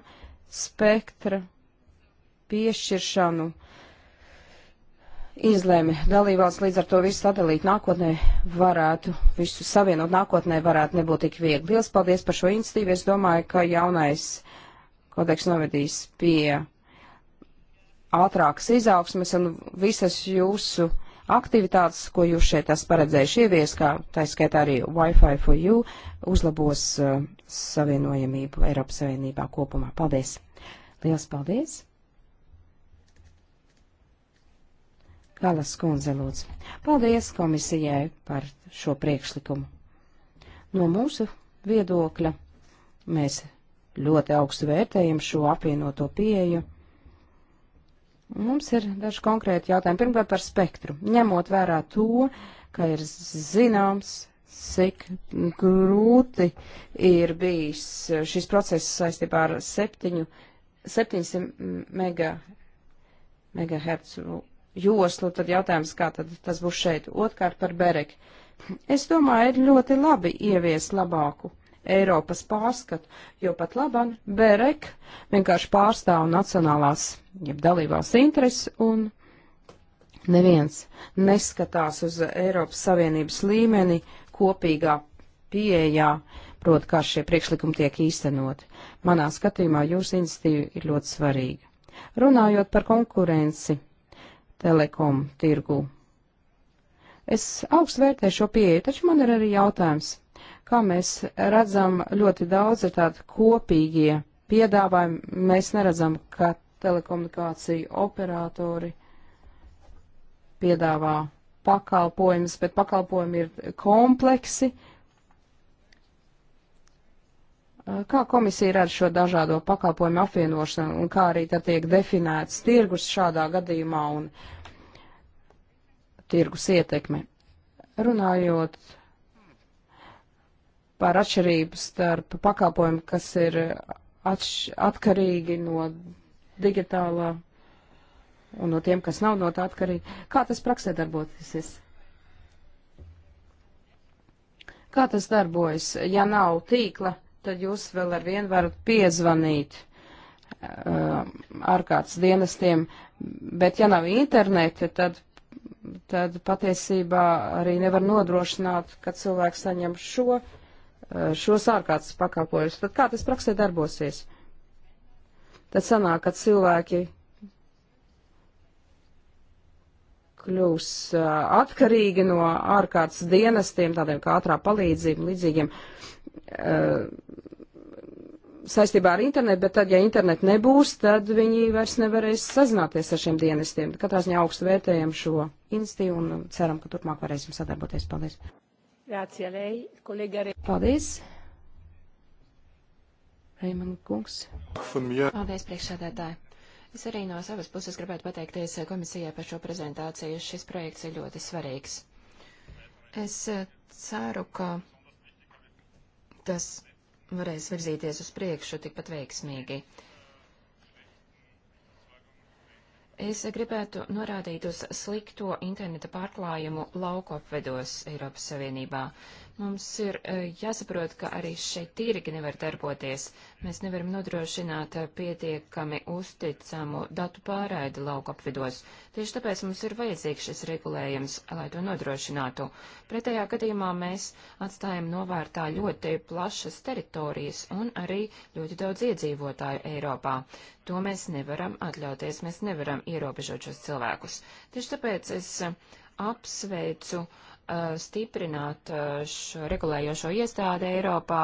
spektra piešķiršanu izlēma dalībvalsts līdz ar to visu sadalīt nākotnē varētu, visu savienot nākotnē varētu nebūt tik viegli. Liels paldies par šo institīvu. Es domāju, ka jaunais kodeks novedīs pie ātrākas izaugsmes un visas jūsu aktivitātes, ko jūs šeit esat paredzējuši ievies, kā tā skaitā arī Wi-Fi for you, uzlabos uh, savienojamību Eiropas Savienībā kopumā. Paldies! Liels paldies! Kalas kundze lūdzu. Paldies komisijai par šo priekšlikumu. No mūsu viedokļa mēs ļoti augstu vērtējam šo apvienoto pieeju Mums ir daži konkrēti jautājumi. Pirmkārt par spektru. Ņemot vērā to, ka ir zināms, cik grūti ir bijis šis process saistībā ar 7, 700 mega, megahercu joslu, tad jautājums, kā tad tas būs šeit. Otkārt par Berek. Es domāju, ir ļoti labi ievies labāku Eiropas pārskatu, jo pat labāk BEREK vienkārši pārstāv nacionālās, jeb dalībās intereses un neviens neskatās uz Eiropas Savienības līmeni kopīgā pieejā, proti, kā šie priekšlikumi tiek īstenoti. Manā skatījumā jūsu institīva ir ļoti svarīga. Runājot par konkurenci telekom tirgu, es augstu vērtēju šo pieeju, taču man ir arī jautājums. Kā mēs redzam, ļoti daudz ir tādi kopīgie piedāvājumi. Mēs neredzam, ka telekomunikāciju operatori piedāvā pakalpojumus, bet pakalpojumi ir kompleksi. Kā komisija redz šo dažādo pakalpojumu apvienošanu un kā arī tad tiek definēts tirgus šādā gadījumā un tirgus ietekme? Runājot par atšķirību starp pakalpojumu, kas ir atš, atkarīgi no digitālā un no tiem, kas nav no tā atkarīgi. Kā tas praksē darbotisies? Kā tas darbojas? Ja nav tīkla, tad jūs vēl ar vienu varat piezvanīt uh, ārkārtas dienestiem, bet ja nav interneta, tad tad patiesībā arī nevar nodrošināt, ka cilvēks saņem šo Eh, šos ārkārtas pakalpojumus, tad kā tas praksē darbosies? Tad sanāk, ka cilvēki kļūs eh, atkarīgi no ārkārtas dienestiem, tādiem kā ātrā palīdzība, līdzīgiem eh, saistībā ar internetu, bet tad, ja internetu nebūs, tad viņi vairs nevarēs sazināties ar šiem dienestiem. Katrā ziņā augstu vērtējam šo institīvu un ceram, ka turpmāk varēsim sadarboties. Paldies! Grācija Lei, kolēģa Re. Paldies. Reiman kungs. Paldies, priekšsēdētāji. Es arī no savas puses gribētu pateikties komisijai par šo prezentāciju. Šis projekts ir ļoti svarīgs. Es eh, ceru, ka tas varēs virzīties uz priekšu tikpat veiksmīgi. Uh, Es gribētu norādīt uz slikto interneta pārklājumu lauku apvedos Eiropas Savienībā. Mums ir e, jāsaprot, ka arī šeit tīrīgi nevar darboties. Mēs nevaram nodrošināt e, pietiekami uzticamu datu pārraidi lauku apvidos. Tieši tāpēc mums ir vajadzīgs šis regulējums, lai to nodrošinātu. Pretējā gadījumā mēs atstājam novērtā ļoti plašas teritorijas un arī ļoti daudz iedzīvotāju Eiropā. To mēs nevaram atļauties, mēs nevaram ierobežot šos cilvēkus. Tieši tāpēc es e, apsveicu uh, Eh, stiprināt eh, šo regulējošo iestādi Eiropā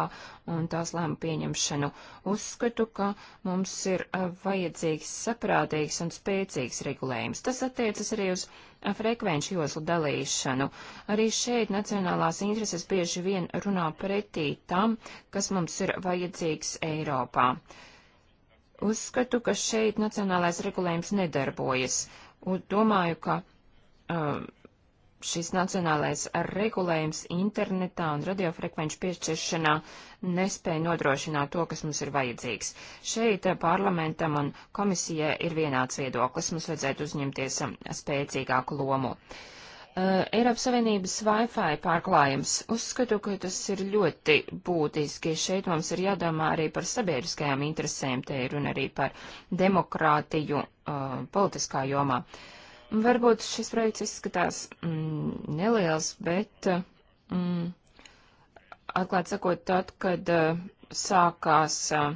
un tās lēmu pieņemšanu. Uzskatu, ka mums ir eh, vajadzīgs saprātīgs un spēcīgs regulējums. Tas attiecas arī uz frekvenču joslu dalīšanu. Arī šeit nacionālās intereses bieži vien runā pretī tam, kas mums ir vajadzīgs Eiropā. Uzskatu, ka šeit nacionālais regulējums nedarbojas. Un domāju, ka uh, um, šis nacionālais regulējums internetā un radiofrekvenču piešķiršanā nespēja nodrošināt to, kas mums ir vajadzīgs. Šeit eh, parlamentam un komisijai ir vienāds viedoklis, mums vajadzētu uzņemties um, spēcīgāku lomu. Uh, Eiropas Savienības Wi-Fi pārklājums. Uzskatu, ka tas ir ļoti būtiski. Šeit mums ir jādomā arī par sabiedriskajām interesēm, te ir un arī par demokrātiju uh, politiskā jomā. Uh, Varbūt šis projekts izskatās mm, neliels, bet, mm, atklāt sakot, tad, kad uh, sākās uh,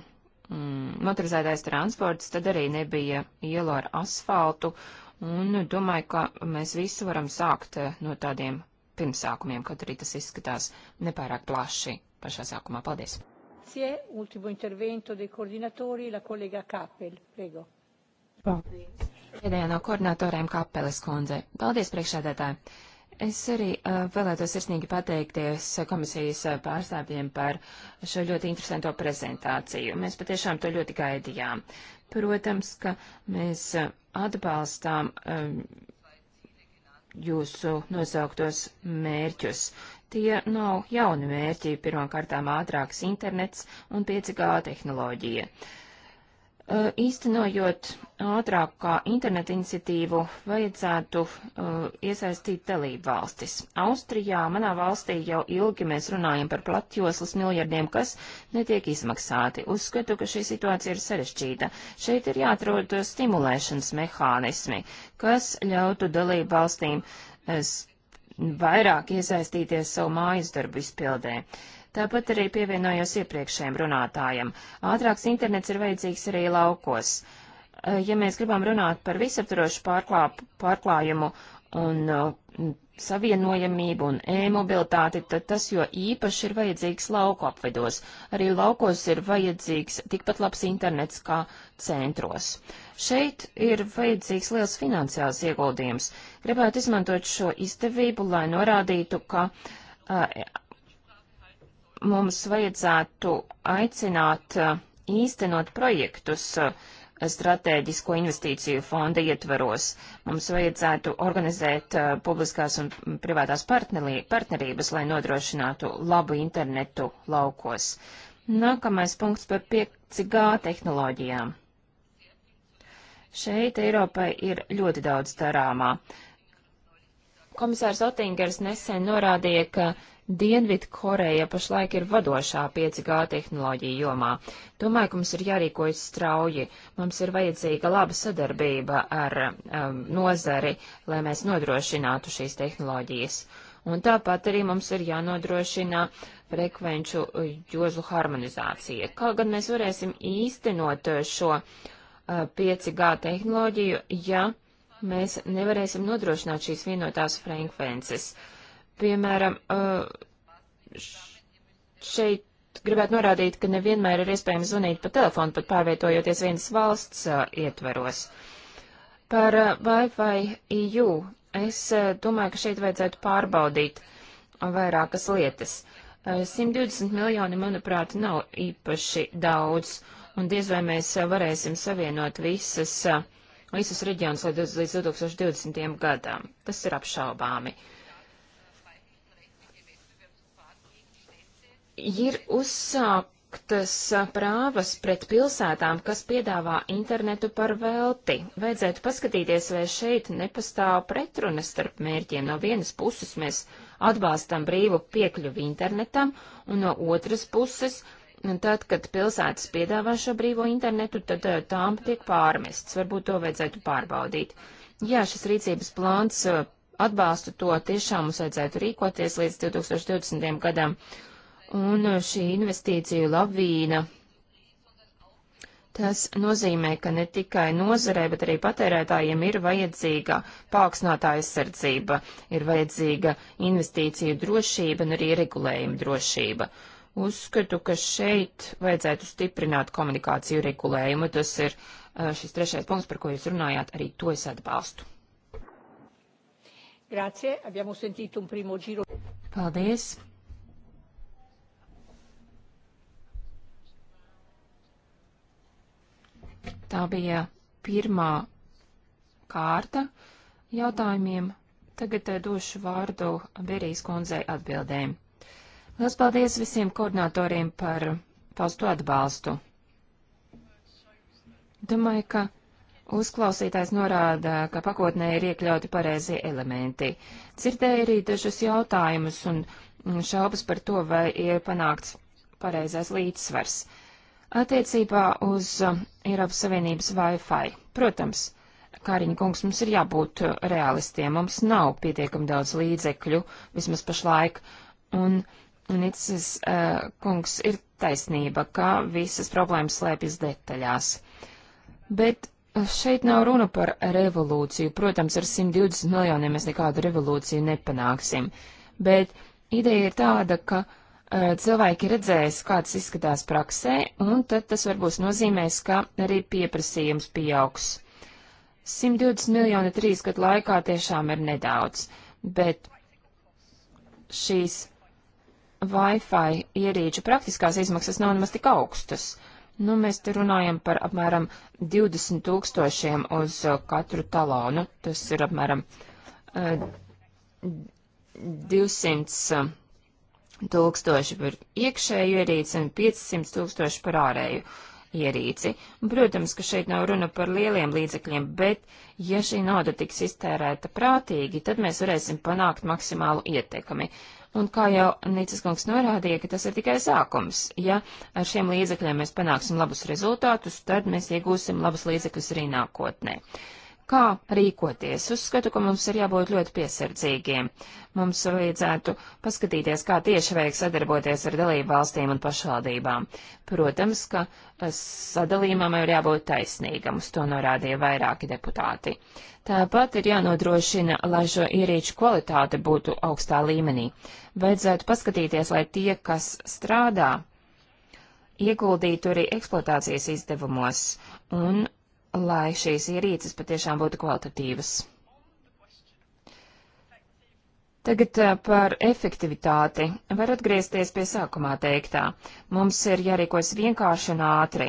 motorizētais transports, tad arī nebija ielu ar asfaltu, un domāju, ka mēs visi varam sākt uh, no tādiem pirmsākumiem, kaut arī tas izskatās nepārāk plaši pašā sākumā. Paldies! Ultimo intervento dei coordinatori, la collega Kappel, prego. Paldies. Pēdējā no koordinatoriem Kapeles kundze. Paldies, priekšsēdētāji! Es arī uh, vēlētos sirsnīgi pateikties komisijas pārstāvjiem par šo ļoti interesanto prezentāciju. Mēs patiešām to ļoti gaidījām. Protams, ka mēs atbalstām um, jūsu nosauktos mērķus. Tie nav jauni mērķi, pirmkārtām ātrāks internets un 5G tehnoloģija. Uh, Uh, īstenojot ātrākā interneta iniciatīvu, vajadzētu uh, iesaistīt dalību valstis. Austrijā, manā valstī, jau ilgi mēs runājam par platjoslas miljardiem, kas netiek izmaksāti. Uzskatu, ka šī situācija ir sarežģīta. Šeit ir jāatrod stimulēšanas mehānismi, kas ļautu dalību valstīm vairāk iesaistīties savu mājas darbu izpildē. Uh, Tāpat arī pievienojos iepriekšējiem runātājiem. Ātrāks internets ir vajadzīgs arī laukos. Eh, ja mēs gribam runāt par visaptvarošu pārklājumu un uh, savienojamību un e-mobilitāti, tad tas jo īpaši ir vajadzīgs lauku apvedos. Arī laukos ir vajadzīgs tikpat labs internets kā centros. Šeit ir vajadzīgs liels finansiāls ieguldījums. Gribētu izmantot šo izdevību, lai norādītu, ka uh, mums vajadzētu aicināt uh, īstenot projektus uh, stratēģisko investīciju fonda ietveros. Mums vajadzētu organizēt uh, publiskās un privātās partnerības, lai nodrošinātu labu internetu laukos. Nākamais punkts par 5G tehnoloģijām. Šeit Eiropai ir ļoti daudz darāmā. Komisārs Otingers nesen norādīja, ka Dienvidkoreja pašlaik ir vadošā 5G tehnoloģija jomā. Domāju, ka mums ir jārīkojas strauji. Mums ir vajadzīga laba sadarbība ar um, nozari, lai mēs nodrošinātu šīs tehnoloģijas. Un tāpat arī mums ir jānodrošina frekvenču uh, jozu harmonizācija. Kā gan mēs varēsim īstenot uh, šo uh, 5G tehnoloģiju, ja mēs nevarēsim nodrošināt šīs vienotās frekvences? Uh, Piemēram, uh, šeit gribētu norādīt, ka nevienmēr ir iespējams zvanīt pa telefonu, pat pārvietojoties vienas valsts uh, ietveros. Par uh, Wi-Fi EU es domāju, ka šeit vajadzētu pārbaudīt vairākas lietas. 120 miljoni, manuprāt, nav īpaši daudz, un diez vai mēs varēsim savienot visas, visus reģionus līdz 2020. gadam. Tas ir apšaubāmi. Uh, ir uzsāktas prāvas pret pilsētām, kas piedāvā internetu par velti. Vajadzētu paskatīties, vai šeit nepastāv pretruna starp mērķiem. No vienas puses mēs atbalstam brīvu piekļuvi internetam, un no otras puses, tad, kad pilsētas piedāvā šo brīvo internetu, tad tām tiek pārmests. Varbūt to vajadzētu pārbaudīt. Jā, šis rīcības plāns atbalstu to tiešām mums vajadzētu rīkoties līdz 2020. gadam Un šī investīciju lavīna, tas nozīmē, ka ne tikai nozarē, bet arī patērētājiem ir vajadzīga pāksnātā aizsardzība, ir vajadzīga investīciju drošība un arī regulējuma drošība. Uzskatu, ka šeit vajadzētu stiprināt komunikāciju regulējumu. Tas ir uh, šis trešais punkts, par ko jūs runājāt, arī to es atbalstu. Grazie, abbiamo sentito un primo giro. Paldies. Tā bija pirmā kārta jautājumiem. Tagad eh, došu vārdu Berijas kundzei atbildēm. Lielas paldies visiem koordinatoriem par paustu atbalstu. Domāju, ka uzklausītājs norāda, ka pakotnē ir iekļauti pareizie elementi. Cirdēju arī dažus jautājumus un šaubas par to, vai ir panākts pareizais līdzsvars. Attiecībā uz Eiropas Savienības Wi-Fi. Protams, Kāriņa kungs, mums ir jābūt uh, realistiem, mums nav pietiekami daudz līdzekļu, vismaz pašlaik, un Nicas uh, kungs ir taisnība, ka visas problēmas slēpjas detaļās. Bet uh, šeit nav runa par revolūciju, protams, ar 120 miljoniem mēs nekādu revolūciju nepanāksim, bet ideja ir tāda, ka uh, cilvēki redzēs, kāds izskatās praksē, un tad tas varbūt nozīmēs, ka arī pieprasījums pieaugs. 120 miljoni trīs gadu laikā tiešām ir nedaudz, bet šīs Wi-Fi ierīču praktiskās izmaksas nav nemaz tik augstas. Nu, mēs te runājam par apmēram 20 tūkstošiem uz katru talonu. Tas ir apmēram uh, 200 tūkstoši par iekšēju ierīci un 500 tūkstoši par ārēju ierīci. Un, protams, ka šeit nav runa par lieliem līdzekļiem, bet ja šī nauda tiks iztērēta prātīgi, tad mēs varēsim panākt maksimālu ietekmi. Un kā jau Nīcas kungs norādīja, ka tas ir tikai sākums. Ja ar šiem līdzekļiem mēs panāksim labus rezultātus, tad mēs iegūsim labus līdzekļus arī nākotnē. Uh, kā rīkoties. Uzskatu, ka mums ir jābūt ļoti piesardzīgiem. Mums vajadzētu paskatīties, kā tieši vajag sadarboties ar dalību valstīm un pašvaldībām. Protams, ka sadalījumam ir jābūt taisnīgam, uz to norādīja vairāki deputāti. Tāpat ir jānodrošina, lai šo ierīču kvalitāte būtu augstā līmenī. Vajadzētu paskatīties, lai tie, kas strādā, ieguldītu arī eksploatācijas izdevumos un lai šīs ierīces patiešām būtu kvalitatīvas. Tagad par efektivitāti. Var atgriezties pie sākumā teiktā. Mums ir jārīkojas vienkārši un ātri.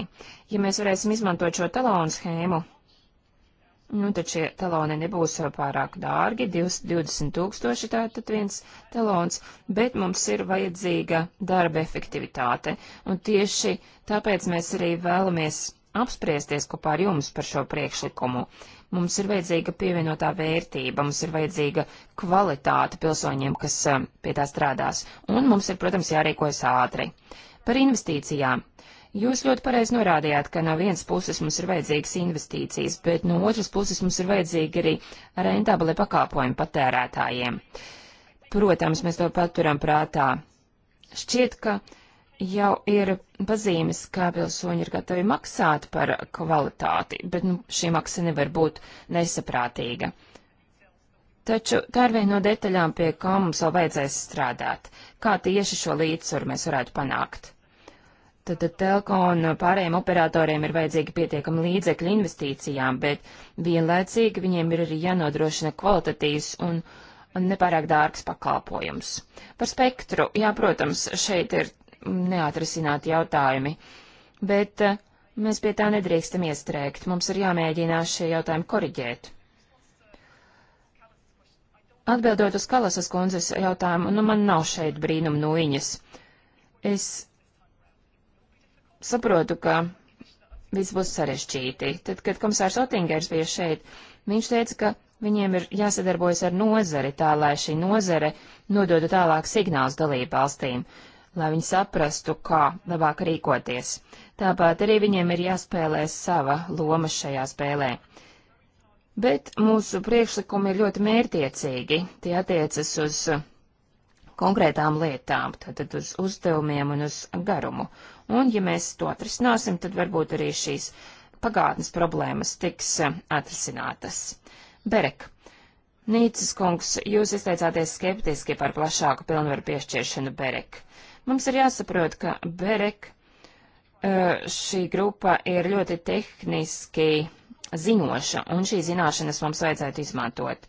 Ja mēs varēsim izmantot šo talonu schēmu, nu tad šie taloni nebūs pārāk dārgi, 20 tūkstoši tātad viens talons, bet mums ir vajadzīga darba efektivitāte. Un tieši tāpēc mēs arī vēlamies apspriesties kopā ar jums par šo priekšlikumu. Mums ir vajadzīga pievienotā vērtība, mums ir vajadzīga kvalitāte pilsoņiem, kas eh, pie tā strādās, un mums ir, protams, jārīkojas ātri. Par investīcijām. Jūs ļoti pareizi norādījāt, ka no vienas puses mums ir vajadzīgas investīcijas, bet no otras puses mums ir vajadzīgi arī rentabli pakalpojumi patērētājiem. Protams, mēs to paturam prātā. Šķiet, ka uh, jau ir pazīmes, kā pilsoņi ir gatavi maksāt par kvalitāti, bet nu, šī maksa nevar būt nesaprātīga. Taču tā ir viena no detaļām, pie kā mums vēl vajadzēs strādāt. Kā tieši šo līdzsvaru mēs varētu panākt? Tad telko un pārējiem operatoriem ir vajadzīgi pietiekami līdzekļi investīcijām, bet vienlaicīgi viņiem ir arī jānodrošina kvalitatīvs un nepārāk dārgs pakalpojums. Par spektru, jā, protams, šeit ir neatrisināti jautājumi. Bet eh, mēs pie tā nedrīkstam iestrēgt. Mums ir jāmēģina šie jautājumi koriģēt. Atbildot uz Kalasas kundzes jautājumu, nu man nav šeit brīnum no viņas. Es saprotu, ka viss būs sarežģīti. Tad, kad komisārs Otingers bija šeit, viņš teica, ka viņiem ir jāsadarbojas ar nozari tā, lai šī nozare nodotu tālāk signāls dalību valstīm lai viņi saprastu, kā labāk rīkoties. Tāpat arī viņiem ir jāspēlē sava loma šajā spēlē. Bet mūsu priekšlikumi ir ļoti mērtiecīgi. Tie attiecas uz konkrētām lietām, tātad uz uzdevumiem un uz garumu. Un, ja mēs to atrisināsim, tad varbūt arī šīs pagātnes problēmas tiks eh, atrisinātas. Berek, Nīcis kungs, jūs izteicāties skeptiski par plašāku pilnvaru piešķiršanu Berek. Mums ir jāsaprot, ka Berek eh, šī grupa ir ļoti tehniski zinoša, un šī zināšanas mums vajadzētu izmantot.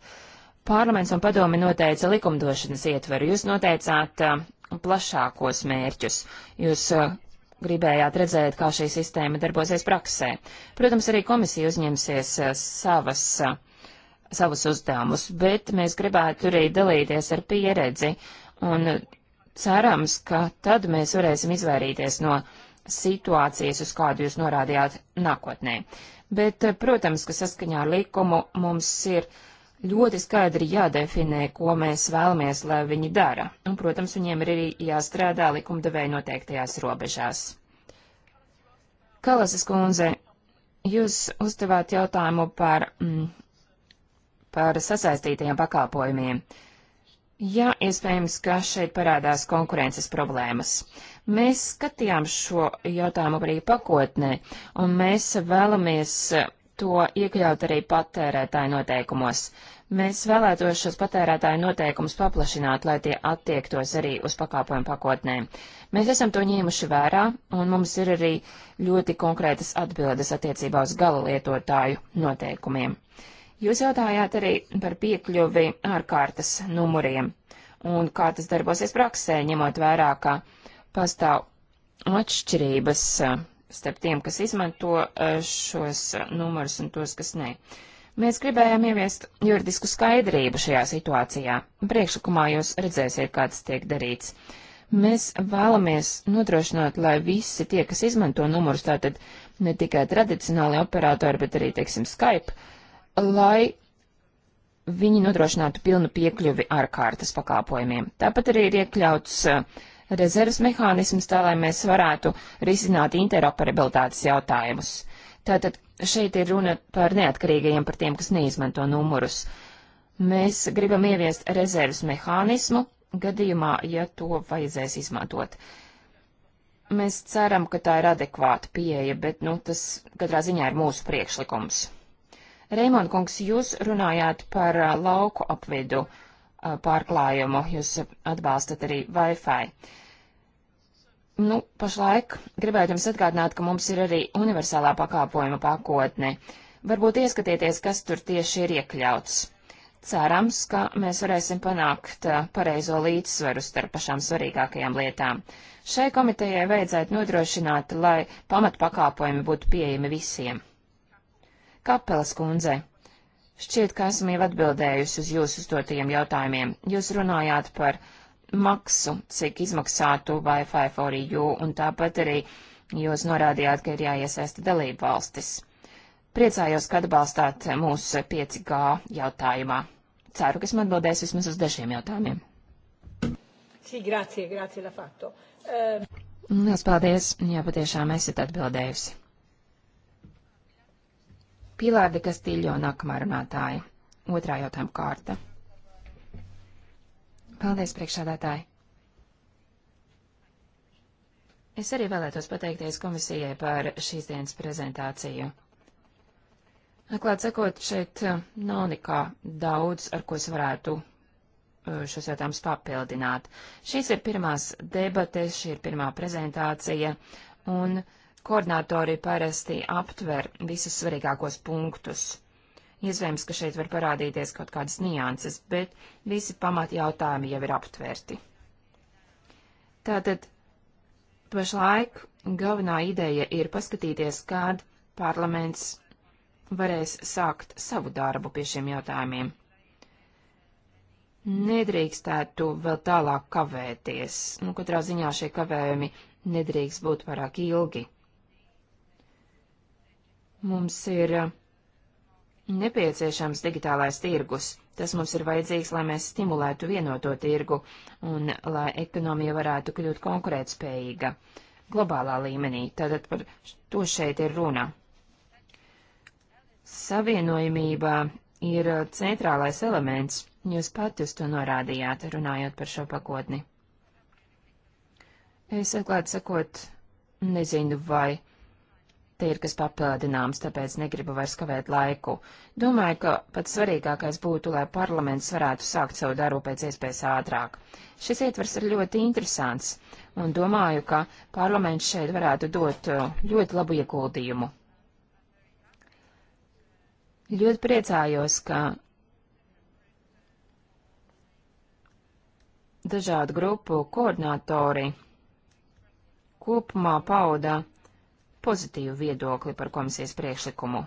Parlaments un padomi noteica likumdošanas ietveru. Jūs noteicāt eh, plašākos mērķus. Jūs eh, gribējāt redzēt, kā šī sistēma darbosies praksē. Protams, arī komisija uzņemsies savas, savus uzdevumus, bet mēs gribētu arī dalīties ar pieredzi un Cerams, ka tad mēs varēsim izvairīties no situācijas, uz kādu jūs norādījāt nākotnē. Bet, eh, protams, ka saskaņā ar likumu mums ir ļoti skaidri jādefinē, ko mēs vēlamies, lai viņi dara. Un, protams, viņiem ir arī jāstrādā likumdevēja noteiktajās robežās. Kalasas kundze, jūs uzdevāt jautājumu par, mm, par sasaistītajiem pakalpojumiem. Uh, Jā, iespējams, ka šeit parādās konkurences problēmas. Mēs skatījām šo jautājumu arī pakotnē, un mēs vēlamies to iekļaut arī patērētāju noteikumos. Mēs vēlētos šos patērētāju noteikumus paplašināt, lai tie attiektos arī uz pakāpojumu pakotnēm. Mēs esam to ņēmuši vērā, un mums ir arī ļoti konkrētas atbildes attiecībā uz gala lietotāju noteikumiem. Uh, Jūs jautājāt arī par piekļuvi ārkārtas numuriem un kā tas darbosies praksē, ņemot vērā, ka pastāv atšķirības e, starp tiem, kas izmanto e, šos numurus un tos, kas nē. Mēs gribējām ieviest juridisku skaidrību šajā situācijā. Priekšlikumā jūs redzēsiet, kā tas tiek darīts. Mēs vēlamies nodrošināt, lai visi tie, kas izmanto numurus, tātad ne tikai tradicionāli operatori, bet arī, teiksim, Skype, uh, lai viņi nodrošinātu pilnu piekļuvi ārkārtas pakāpojumiem. Tāpat arī ir iekļauts eh, rezerves mehānisms, tā lai mēs varētu risināt interoperabilitātes jautājumus. Tātad šeit ir runa par neatkarīgajiem, par tiem, kas neizmanto numurus. Mēs gribam ieviest rezerves mehānismu gadījumā, ja to vajadzēs izmantot. Mēs ceram, ka tā ir adekvāta pieeja, bet, nu, tas katrā ziņā ir mūsu priekšlikums. Reimond kungs, jūs runājāt par uh, lauku apvidu uh, pārklājumu, jūs atbalstat arī Wi-Fi. Nu, pašlaik gribētu jums atgādināt, ka mums ir arī universālā pakāpojuma pakotne. Varbūt ieskatieties, kas tur tieši ir iekļauts. Cerams, ka mēs varēsim panākt uh, pareizo līdzsvaru starp pašām svarīgākajām lietām. Šai komitejai vajadzētu nodrošināt, lai pamatpakāpojumi būtu pieejami visiem. Kapelas kundzei. Šķiet, ka esmu jau atbildējusi uz jūsu uzdotajiem jautājumiem. Jūs runājāt par maksu, cik izmaksātu Wi-Fi for EU, un tāpat arī jūs norādījāt, ka ir jāiesaista dalību valstis. Priecājos, ka atbalstāt mūsu 5G jautājumā. Ceru, ka esmu atbildējis vismaz uz dažiem jautājumiem. Sī, grācie, grācie, la fatto. Um... Ehm. Lielas paldies, jā, patiešām esat atbildējusi. Pilāra de Kastīļo nākamā runātāja. Otrā jautājuma kārta. Paldies, priekšādātāji. Es arī vēlētos pateikties komisijai par šīs dienas prezentāciju. Atklāt sakot, šeit uh, nav nekā daudz, ar ko es varētu uh, šos jautājumus papildināt. Šīs ir pirmās debates, šī ir pirmā prezentācija, un uh, Koordinātori parasti aptver visus svarīgākos punktus. Iespējams, ka šeit var parādīties kaut kādas nianses, bet visi pamat jautājumi jau ir aptverti. Tātad pašlaik galvenā ideja ir paskatīties, kad parlaments varēs sākt savu darbu pie šiem jautājumiem. Nedrīkstētu vēl tālāk kavēties. Nu, katrā ziņā šie kavējumi nedrīkst būt pārāk ilgi. Mums ir uh, nepieciešams digitālais tirgus. Tas mums ir vajadzīgs, lai mēs stimulētu vienoto tirgu un lai ekonomija varētu kļūt konkurētspējīga globālā līmenī. Tātad par to šeit ir runa. Savienojumība ir uh, centrālais elements. Jūs pati uz to norādījāt, runājot par šo pakotni. Es atklāti sakot, nezinu, vai te ir kas papildināms, tāpēc negribu vairs kavēt laiku. Domāju, ka pats svarīgākais būtu, lai parlaments varētu sākt savu darbu pēc iespējas ātrāk. Šis ietvers ir ļoti interesants, un domāju, ka parlaments šeit varētu dot uh, ļoti labu ieguldījumu. Ļoti priecājos, ka dažādu grupu koordinatori kopumā pauda pozitīvu viedokli par komisijas priekšlikumu.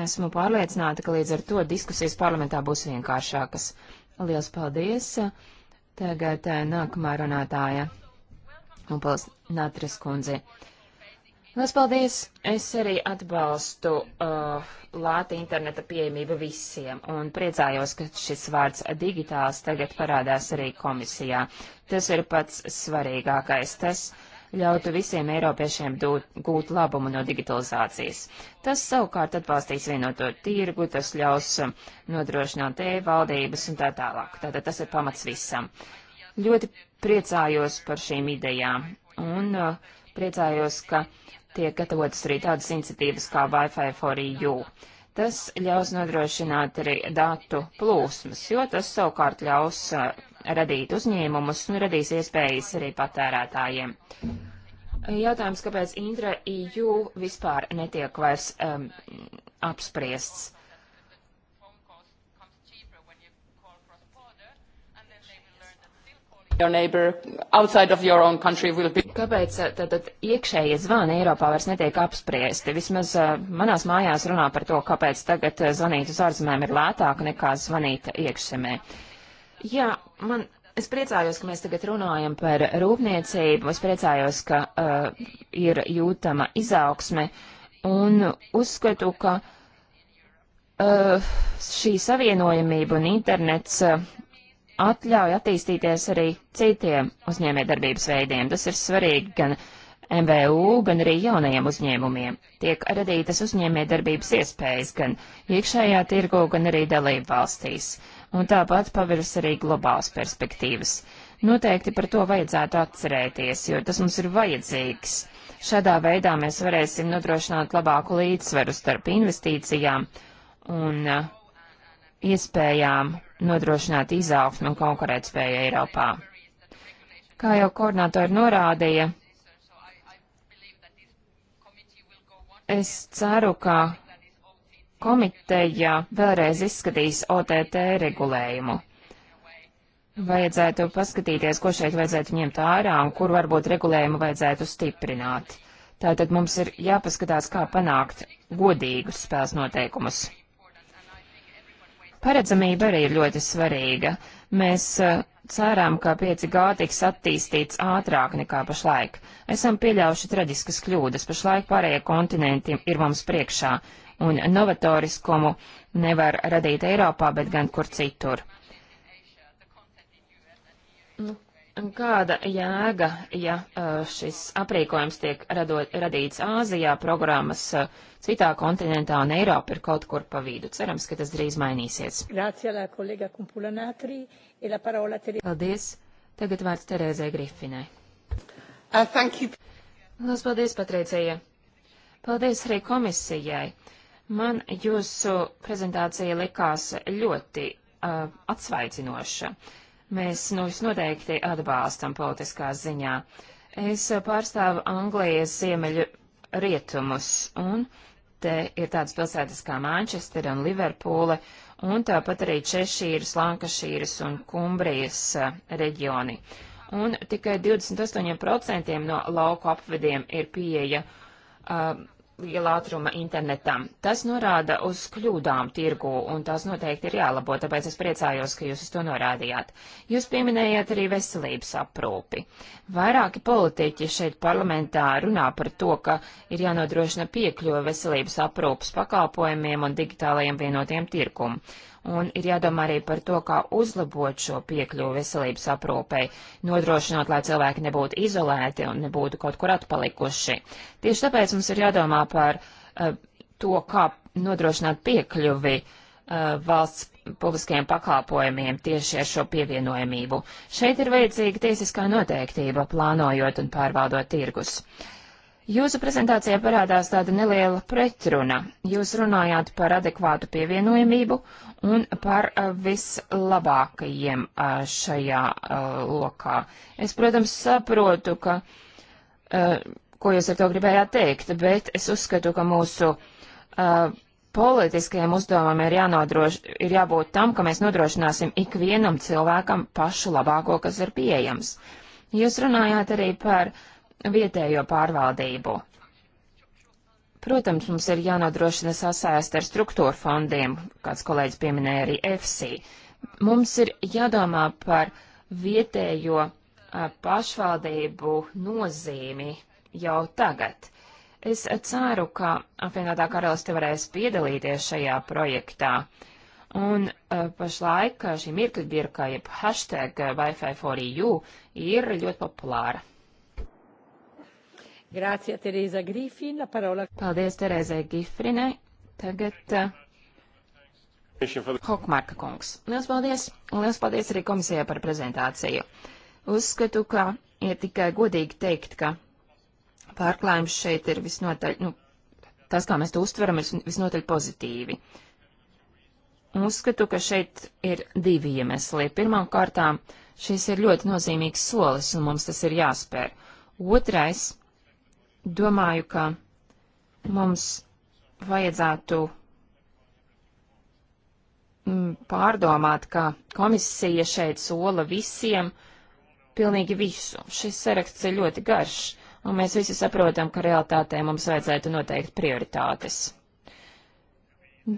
Esmu pārliecināta, ka līdz ar to diskusijas parlamentā būs vienkāršākas. Lielas paldies! Tagad eh, nākamā runātāja. Un paldies, Natras kundze. Lielas paldies! Es arī atbalstu uh, eh, lāti interneta pieejamību visiem un priecājos, ka šis vārds digitāls tagad parādās arī komisijā. Tas ir pats svarīgākais. Tas, uh, ļautu visiem eiropiešiem dūt, gūt labumu no digitalizācijas. Tas savukārt atbalstīs vienoto tirgu, tas ļaus um, nodrošināt e-valdības un tā tālāk. Tātad tas ir pamats visam. Ļoti priecājos par šīm idejām un uh, priecājos, ka tiek gatavotas arī tādas iniciatīvas kā Wi-Fi for EU. Tas ļaus nodrošināt arī datu plūsmas, jo tas savukārt ļaus uh, radīt uzņēmumus un radīs iespējas arī patērētājiem. Jautājums, kāpēc Indra EU vispār netiek vairs um, apspriests? Be... Kāpēc tātad uh, iekšējie zvani Eiropā vairs netiek apspriesti? Vismaz uh, manās mājās runā par to, kāpēc tagad uh, zvanīt uz ārzemēm ir lētāk nekā zvanīt iekšzemē. Uh, Jā, man, es priecājos, ka mēs tagad runājam par rūpniecību, es priecājos, ka uh, ir jūtama izaugsme un uzskatu, ka uh, šī savienojamība un internets uh, atļauj attīstīties arī citiem uzņēmējdarbības veidiem. Tas ir svarīgi gan MVU, gan arī jaunajiem uzņēmumiem. Tiek radītas uzņēmējdarbības iespējas gan iekšējā tirgu, gan arī dalību valstīs. Uh, un tāpat paveras arī globāls perspektīvas. Noteikti par to vajadzētu atcerēties, jo tas mums ir vajadzīgs. Šādā veidā mēs varēsim nodrošināt labāku līdzsvaru starp investīcijām un uh, iespējām nodrošināt izaugsmu un konkurētspēju Eiropā. Kā jau koordinātori norādīja, es ceru, ka komiteja vēlreiz izskatīs OTT regulējumu. Vajadzētu paskatīties, ko šeit vajadzētu ņemt ārā un kur varbūt regulējumu vajadzētu stiprināt. Tātad mums ir jāpaskatās, kā panākt godīgus spēles noteikumus. Paredzamība arī ir ļoti svarīga. Mēs uh, cerām, ka 5G tiks attīstīts ātrāk nekā pašlaik. Esam pieļaujuši traģiskas kļūdas, pašlaik pārējie kontinenti ir mums priekšā un novatoriskumu nevar radīt Eiropā, bet gan kur citur. Nu, kāda jēga, ja šis aprīkojums tiek radot, radīts Āzijā, programmas citā kontinentā un Eiropa ir kaut kur pa vidu? Cerams, ka tas drīz mainīsies. E paldies. Tagad vārds Terēzai Grifinai. Uh, Lielas paldies, Patricija. Paldies arī komisijai. Man jūsu prezentācija likās ļoti uh, atsvaicinoša. Mēs nu noteikti atbalstam politiskā ziņā. Es pārstāvu Anglijas ziemeļu rietumus, un te ir tādas pilsētas kā Manchester un Liverpūle, un tāpat arī Češīras, Lankašīras un Kumbrijas uh, reģioni. Un tikai 28% no lauku apvidiem ir pieeja. Uh, liela ātruma internetam. Tas norāda uz kļūdām tirgu, un tās noteikti ir jālabo, tāpēc es priecājos, ka jūs uz to norādījāt. Jūs pieminējāt arī veselības aprūpi. Vairāki politiķi šeit parlamentā runā par to, ka ir jānodrošina piekļuve veselības aprūpas pakalpojumiem un digitālajiem vienotiem tirkumu un ir jādomā arī par to, kā uzlabot šo piekļuvu veselības aprūpei, nodrošinot, lai cilvēki nebūtu izolēti un nebūtu kaut kur atpalikuši. Tieši tāpēc mums ir jādomā par uh, to, kā nodrošināt piekļuvi uh, valsts publiskajiem pakalpojumiem tieši ar šo pievienojamību. Šeit ir vajadzīga tiesiskā noteiktība, plānojot un pārvaldot tirgus. Uh, Jūsu prezentācijā parādās tāda neliela pretruna. Jūs runājāt par adekvātu pievienojamību un par vislabākajiem šajā lokā. Es, protams, saprotu, ka, ko jūs ar to gribējāt teikt, bet es uzskatu, ka mūsu politiskajiem uzdevumam ir, jānodroš, ir jābūt tam, ka mēs nodrošināsim ikvienam cilvēkam pašu labāko, kas ir pieejams. Jūs runājāt arī par uh, vietējo pārvaldību. Protams, mums ir jānodrošina sasaist ar struktūra fondiem, kāds kolēģis pieminēja arī EFSI. Mums ir jādomā par vietējo a, pašvaldību nozīmi jau tagad. Es ceru, ka apvienotā karaliste varēs piedalīties šajā projektā. Un uh, pašlaik šī mirkļbirka, jeb hashtag Wi-Fi for EU, ir ļoti populāra. Grācija Tereza Grifina, parola. Paldies Terezai Gifrinai. Tagad uh, Hokmarka kungs. Liels paldies, un liels paldies arī komisijai par prezentāciju. Uzskatu, ka ir tikai godīgi teikt, ka pārklājums šeit ir visnotaļ, nu, tas, kā mēs to uztveram, ir visnotaļ pozitīvi. Un uzskatu, ka šeit ir divi iemesli. Pirmām kārtām, šis ir ļoti nozīmīgs solis, un mums tas ir jāspēr. Otrais Domāju, ka mums vajadzētu mm, pārdomāt, ka komisija šeit sola visiem pilnīgi visu. Šis saraksts ir ļoti garš, un mēs visi saprotam, ka realitātē mums vajadzētu noteikt prioritātes.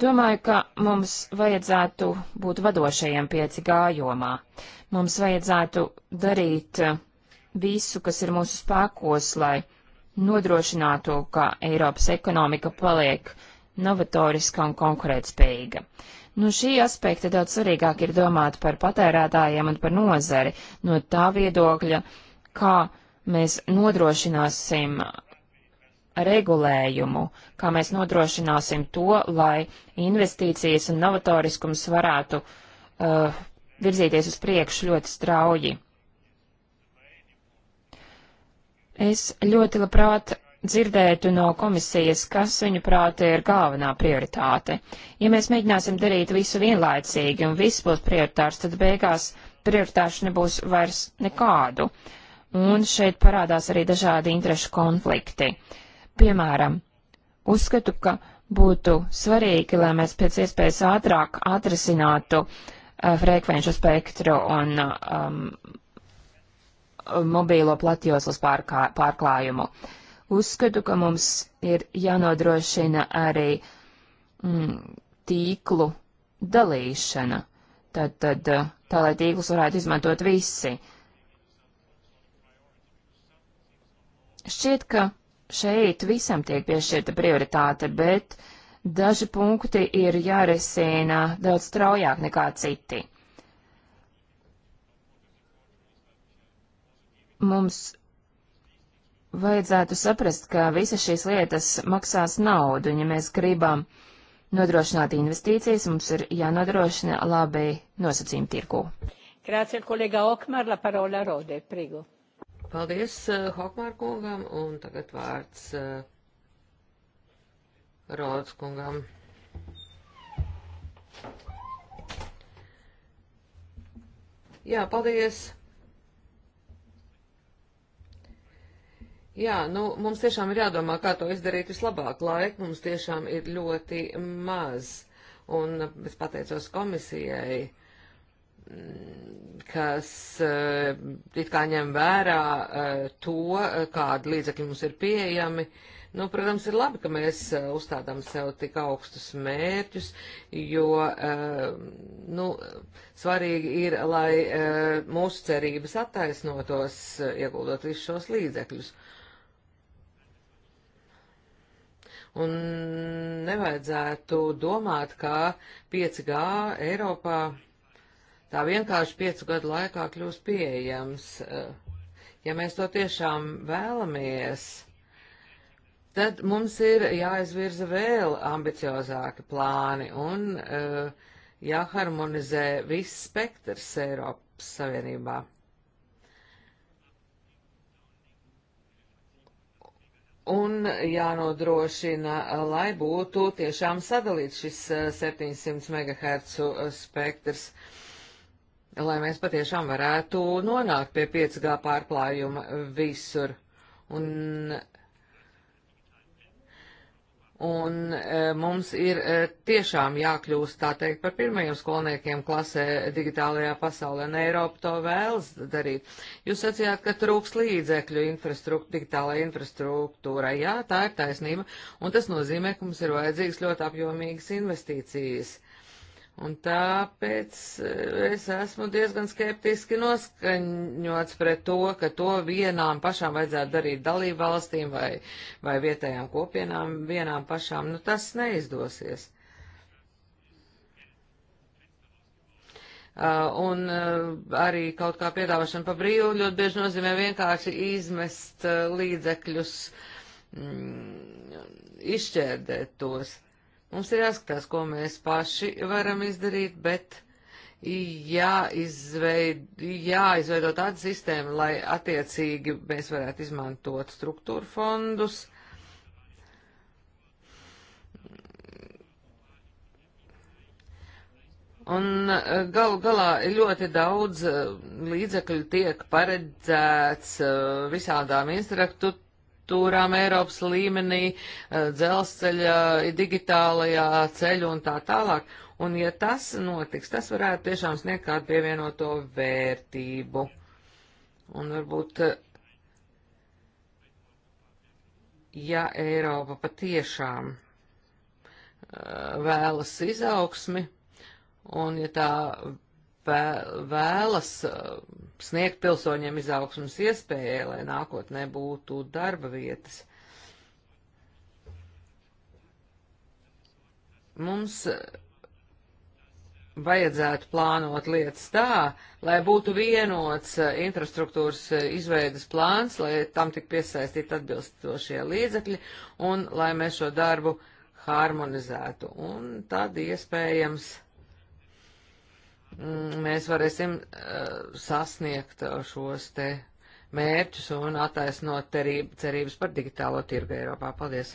Domāju, ka mums vajadzētu būt vadošajiem 5G jomā. Mums vajadzētu darīt eh, visu, kas ir mūsu spēkos, lai nodrošinātu, ka Eiropas ekonomika paliek novatoriska un konkurētspējīga. No nu, šī aspekta daudz svarīgāk ir domāt par patērētājiem un par nozari no tā viedokļa, kā mēs nodrošināsim regulējumu, kā mēs nodrošināsim to, lai investīcijas un novatoriskums varētu uh, virzīties uz priekšu ļoti strauji. Es ļoti labprāt dzirdētu no komisijas, kas viņu prāti ir galvenā prioritāte. Ja mēs mēģināsim darīt visu vienlaicīgi un viss būs prioritārs, tad beigās prioritāšu nebūs vairs nekādu. Un šeit parādās arī dažādi interešu konflikti. Piemēram, uzskatu, ka būtu svarīgi, lai mēs pēc iespējas ātrāk atrisinātu uh, frekvenču spektru un um, mobīlo platjoslas pārklājumu. Uzskatu, ka mums ir jānodrošina arī mm, tīklu dalīšana. Tad, tad, tā lai tīklus varētu izmantot visi. Šķiet, ka šeit visam tiek piešķirta prioritāte, bet daži punkti ir jārisina daudz straujāk nekā citi. mums vajadzētu saprast, ka visas šīs lietas maksās naudu, un ja mēs gribam nodrošināt investīcijas, mums ir jānodrošina labi nosacījumi tirgū. Grācija kolēga Okmar, la parola rode, prigu. Paldies uh, eh, Hokmār kungam, un tagad vārds uh, eh, Rodas kungam. Jā, paldies. Jā, nu, mums tiešām ir jādomā, kā to izdarīt vislabāk. Laika mums tiešām ir ļoti maz. Un es pateicos komisijai, mm, kas eh, it kā ņem vērā eh, to, kādi līdzekļi mums ir pieejami. Nu, protams, ir labi, ka mēs eh, uzstādām sev tik augstus mērķus, jo nu, svarīgi ir, lai mūsu cerības attaisnotos, ieguldot visus šos līdzekļus. Uh, un nevajadzētu domāt, ka 5G Eiropā tā vienkārši piecu gadu laikā kļūs pieejams. Eh, ja mēs to tiešām vēlamies, tad mums ir jāizvirza vēl ambiciozāki plāni un eh, jāharmonizē viss spektrs Eiropas Savienībā. un jānodrošina, lai būtu tiešām sadalīts šis 700 eh, MHz eh, spektrs, lai mēs patiešām varētu nonākt pie 5G pārklājuma visur. Un Un e, mums ir e, tiešām jākļūst, tā teikt, par pirmajiem skolniekiem klasē digitālajā pasaulē, un Eiropa to vēlas darīt. Jūs sacījāt, ka trūks līdzekļu infrastrukt, digitālai infrastruktūrai. Jā, tā ir taisnība, un tas nozīmē, ka mums ir vajadzīgas ļoti apjomīgas investīcijas. E, Un tāpēc eh, es esmu diezgan skeptiski noskaņots pret to, ka to vienām pašām vajadzētu darīt dalību valstīm vai, vai vietējām kopienām vienām pašām. Nu, tas neizdosies. Uh, un uh, arī kaut kā piedāvāšana pa brīvu ļoti bieži nozīmē vienkārši izmest uh, līdzekļus, mm, izšķērdēt tos. Uh, Mums ir jāskatās, ko mēs paši varam izdarīt, bet jāizveid, jāizveido tāda sistēma, lai attiecīgi mēs varētu izmantot struktūru fondus. Un eh, galu galā ļoti daudz eh, līdzekļu tiek paredzēts eh, visādām instruktu infrastruktūrām Eiropas līmenī, eh, dzelzceļa, digitālajā ceļu un tā tālāk. Un ja tas notiks, tas varētu tiešām sniegt kādu pievienoto vērtību. Un varbūt, eh, ja Eiropa patiešām eh, vēlas izaugsmi, un ja tā vēlas uh, sniegt pilsoņiem izaugsmas iespēju, lai nākotnē būtu darba vietas. Mums uh, vajadzētu plānot lietas tā, lai būtu vienots uh, infrastruktūras izveidas plāns, lai tam tik piesaistīti atbilstošie līdzekļi un lai mēs šo darbu harmonizētu. Un tad iespējams. Ja mēs varēsim uh, sasniegt eh, šos te mērķus un attaisnot terību, cerības par digitālo tirgu Eiropā. Paldies!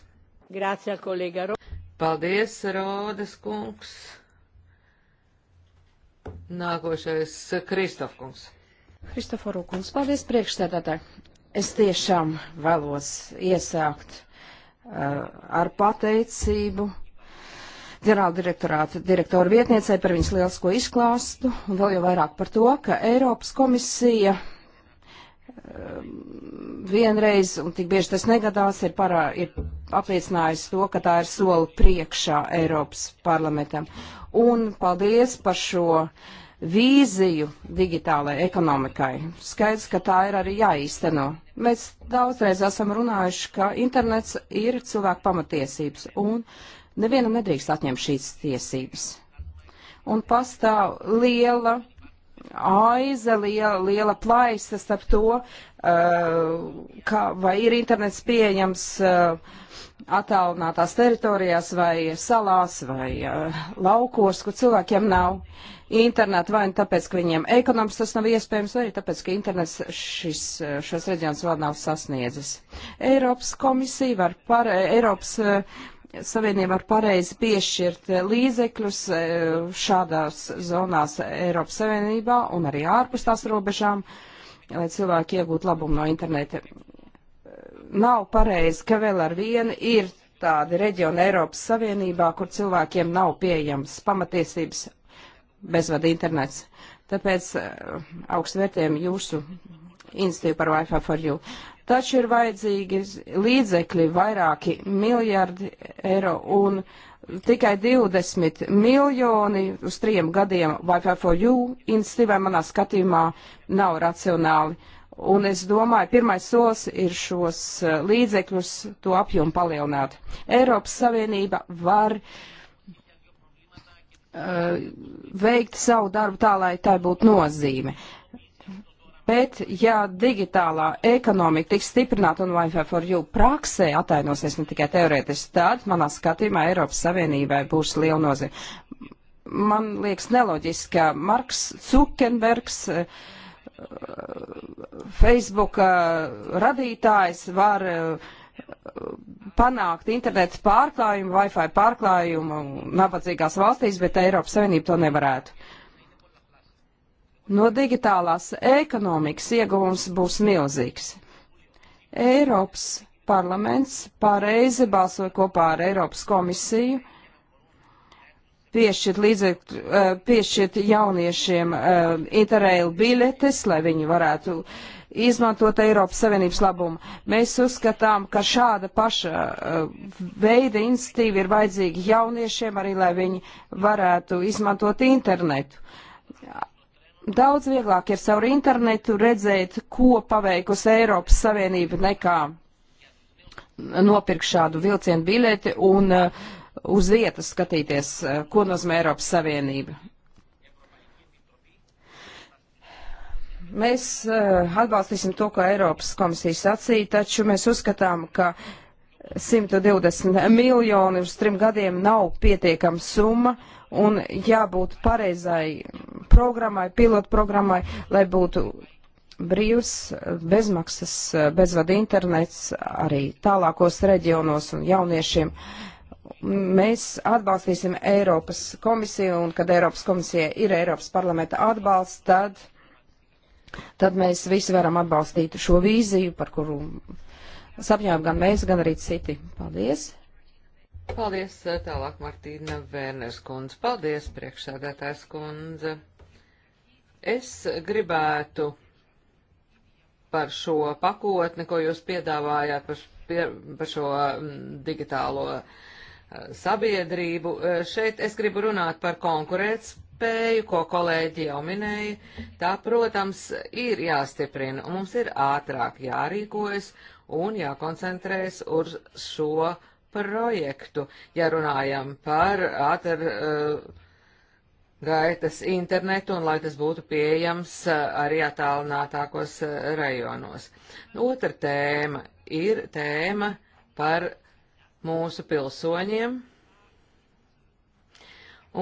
Grācijā, kolēģa Ro. Paldies, Rodes kungs! Nākošais eh, Kristof kungs. Kristoforu kungs, paldies priekšstādātāji. Es tiešām vēlos iesākt uh, ar pateicību ģenerāldirektorāta direktora vietniecei par viņas lielisko izklāstu, un vēl jau vairāk par to, ka Eiropas komisija um, vienreiz, un tik bieži tas negadās, ir, parā, ir apliecinājis to, ka tā ir soli priekšā Eiropas parlamentam. Un paldies par šo vīziju digitālajai ekonomikai. Skaidrs, ka tā ir arī jāīsteno. Mēs daudzreiz esam runājuši, ka internets ir cilvēku pamatiesības, un Nevienam nedrīkst atņemt šīs tiesības. Un pastāv liela aize, liela, liela plaisa starp to, uh, kā, vai ir internets pieejams uh, attālinātās teritorijās vai salās vai uh, laukos, kur cilvēkiem nav internetu, vai nu tāpēc, ka viņiem ekonomiski tas nav iespējams, vai arī tāpēc, ka internets šis, šos reģionus vēl nav sasniedzis. Eiropas komisija var par, Eiropas Savienība var pareizi piešķirt eh, līdzekļus eh, šādās zonās Eiropas Savienībā un arī ārpus tās robežām, lai cilvēki iegūtu labumu no interneta. Nav pareizi, ka vēl ar vienu ir tādi reģioni Eiropas Savienībā, kur cilvēkiem nav pieejams pamatiesības bezvada internets. Tāpēc eh, augstu vērtējumu jūsu institīvu par Wi-Fi for You taču ir vajadzīgi līdzekļi vairāki miljardi eiro un tikai 20 miljoni uz trim gadiem Wi-Fi for You institīvai manā skatījumā nav racionāli. Un es domāju, pirmais solis ir šos eh, līdzekļus, to apjomu palielināt. Eiropas Savienība var uh, veikt savu darbu tā, lai tā būtu nozīme. Bet, ja digitālā ekonomika tiks stiprināta un Wi-Fi for You praksē atainosies ne tikai teorētiski, tad manā skatījumā Eiropas Savienībai būs liela nozīme. Man liekas neloģiski, ka Marks Zukenbergs, eh, Facebook eh, radītājs var eh, panākt internets pārklājumu, Wi-Fi pārklājumu nabadzīgās valstīs, bet Eiropas Savienība to nevarētu. No digitālās ekonomikas ieguvums būs milzīgs. Eiropas parlaments pareizi balsoja kopā ar Eiropas komisiju piešķirt, līdzekļu, eh, piešķirt jauniešiem eh, interēlu biļetes, lai viņi varētu izmantot Eiropas Savienības labumu. Mēs uzskatām, ka šāda paša eh, veida institīva ir vajadzīga jauniešiem arī, lai viņi varētu izmantot internetu. Daudz vieglāk ir caur internetu redzēt, ko paveikusi Eiropas Savienība nekā nopirkt šādu vilcienu biļeti un uh, uz vietas skatīties, uh, ko nozīmē Eiropas Savienība. Mēs uh, atbalstīsim to, ko Eiropas komisija sacīja, taču mēs uzskatām, ka 120 miljoni uz trim gadiem nav pietiekama summa uh, un jābūt pareizai programmai, pilotu programmai, lai būtu brīvs, bezmaksas, bezvada internets arī tālākos reģionos un jauniešiem. Mēs atbalstīsim Eiropas komisiju, un kad Eiropas komisija ir Eiropas parlamenta atbalsts, tad, tad mēs visi varam atbalstīt šo vīziju, par kuru sapņojam gan mēs, gan arī citi. Paldies! Paldies, eh, tālāk Martīna Vērners kundze. Paldies, priekšsēdētājs kundze. Es gribētu par šo pakotni, ko jūs piedāvājāt par, par šo mm, digitālo eh, sabiedrību. Eh, šeit es gribu runāt par konkurētspēju spēju, ko kolēģi jau minēja, tā, protams, ir jāstiprina, un mums ir ātrāk jārīkojas un jākoncentrēs uz šo projektu, ja runājam par ātr uh, gaitas internetu un lai tas būtu pieejams uh, arī attālinātākos uh, rajonos. Nu, otra tēma ir tēma par mūsu pilsoņiem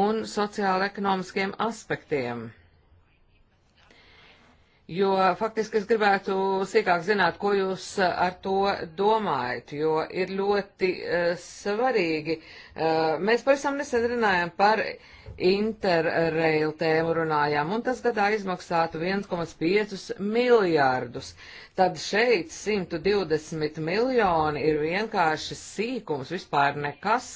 un sociāla ekonomiskiem aspektiem. Jo faktiski es gribētu sīkāk zināt, ko jūs eh, ar to domājat, jo ir ļoti uh, svarīgi. Uh, mēs pavisam nesen runājām par interrail tēmu runājām, un tas gadā izmaksātu 1,5 miljārdus. Tad šeit 120 miljoni ir vienkārši sīkums, vispār nekas,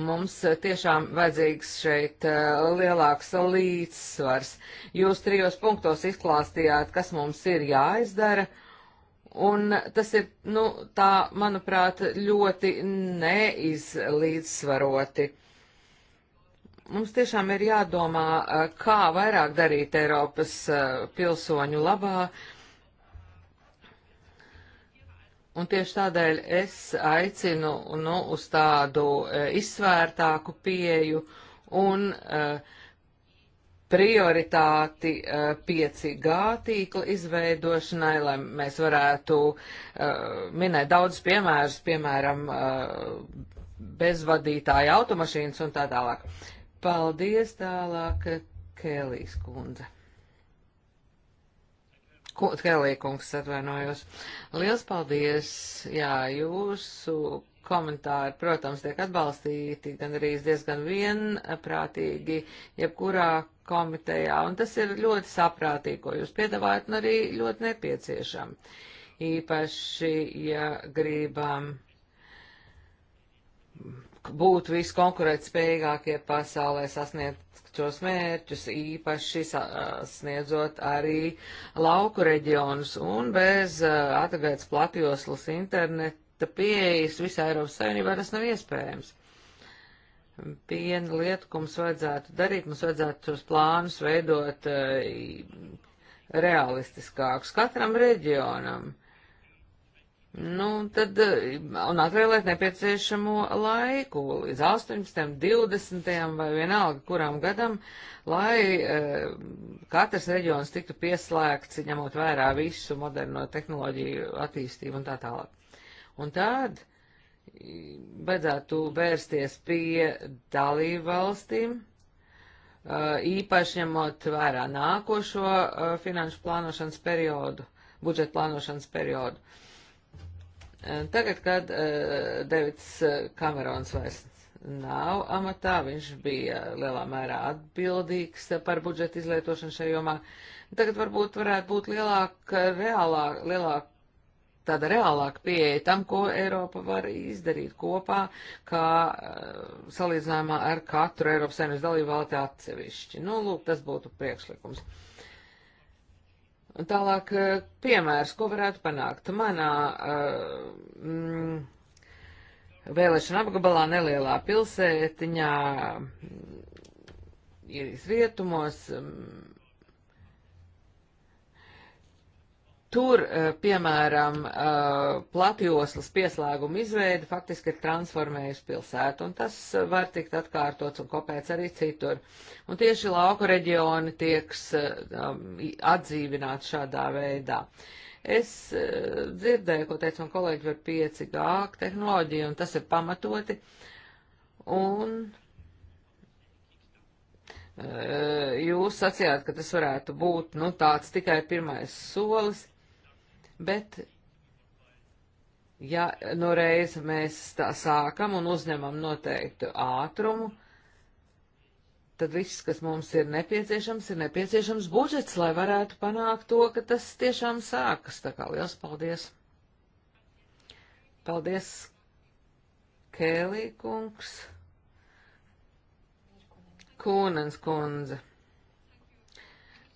Mums eh, tiešām vajadzīgs šeit eh, lielāks līdzsvars. Jūs trijos punktos izklāstījāt, kas mums ir jāizdara, un tas ir, nu, tā, manuprāt, ļoti neizlīdzsvaroti mums tiešām ir jādomā, eh, kā vairāk darīt Eiropas pilsoņu labā, Un tieši tādēļ es aicinu nu, uz tādu e, izsvērtāku pieju un uh, prioritāti uh, 5G tīkla izveidošanai, lai mēs varētu uh, minēt daudz piemērus, piemēram, uh, bezvadītāja automašīnas un tā tālāk. Paldies tālāk, Kēlīs kundze. Kelīkungs atvainojos. Liels paldies! Jā, jūsu komentāri, protams, tiek atbalstīti gan arī diezgan vienprātīgi, jebkurā komitejā, un tas ir ļoti saprātīgi, ko jūs piedāvājat, un arī ļoti nepieciešam. Īpaši, ja gribam būt viskonkurētspējīgākie pasaulē, sasniegt šos mērķus, īpaši sasniedzot arī lauku reģionus un bez atgaidas platjoslas interneta pieejas visā Eiropas Savienībā tas nav iespējams. Viena lieta, ko mums vajadzētu darīt, mums vajadzētu šos plānus veidot realistiskākus katram reģionam Nu, tad, eh, un atvēlēt nepieciešamo laiku līdz 18, 20 vai vienalga kuram gadam, lai e, katrs reģions tiktu pieslēgts, ņemot vērā visu moderno tehnoloģiju attīstību un tā tālāk. Un tad vajadzētu vērsties pie dalību valstīm, eh, īpaši ņemot vērā nākošo finanšu plānošanas periodu, budžeta plānošanas periodu Eh, tagad, kad uh, Davids eh, Kamerons vairs nav amatā, viņš bija lielā mērā atbildīgs par budžeta izlietošanu šajā jomā. Tagad varbūt varētu būt lielāka, reālāk, lielāk, tāda reālāka pieeja tam, ko Eiropa var izdarīt kopā, kā uh, salīdzinājumā ar katru Eiropas saimnes dalību valsti atsevišķi. Nu, lūk, tas būtu priekšlikums. Uh, Tālāk, eh, piemērs, ko varētu panākt. Manā uh, mm, vēlēšana apgabalā nelielā pilsētiņā, ir izvietumos, mm, Tur, e, piemēram, e, platjoslas pieslēguma izveida faktiski ir transformējusi pilsētu, un tas var tikt atkārtots un kopēts arī citur. Un tieši lauku reģioni tieks e, um, atdzīvināt šādā veidā. Es dzirdēju, ko teica man kolēģi par 5G tehnoloģiju, un tas ir pamatoti. Un jūs sacījāt, ka tas varētu būt, nu, tāds tikai pirmais solis bet ja no reiza mēs tā sākam un uzņemam noteiktu ātrumu, tad viss, kas mums ir nepieciešams, ir nepieciešams budžets, lai varētu panākt to, ka tas tiešām sākas. Tā kā liels paldies! Paldies, Kēlī kungs! Kūnens kundze!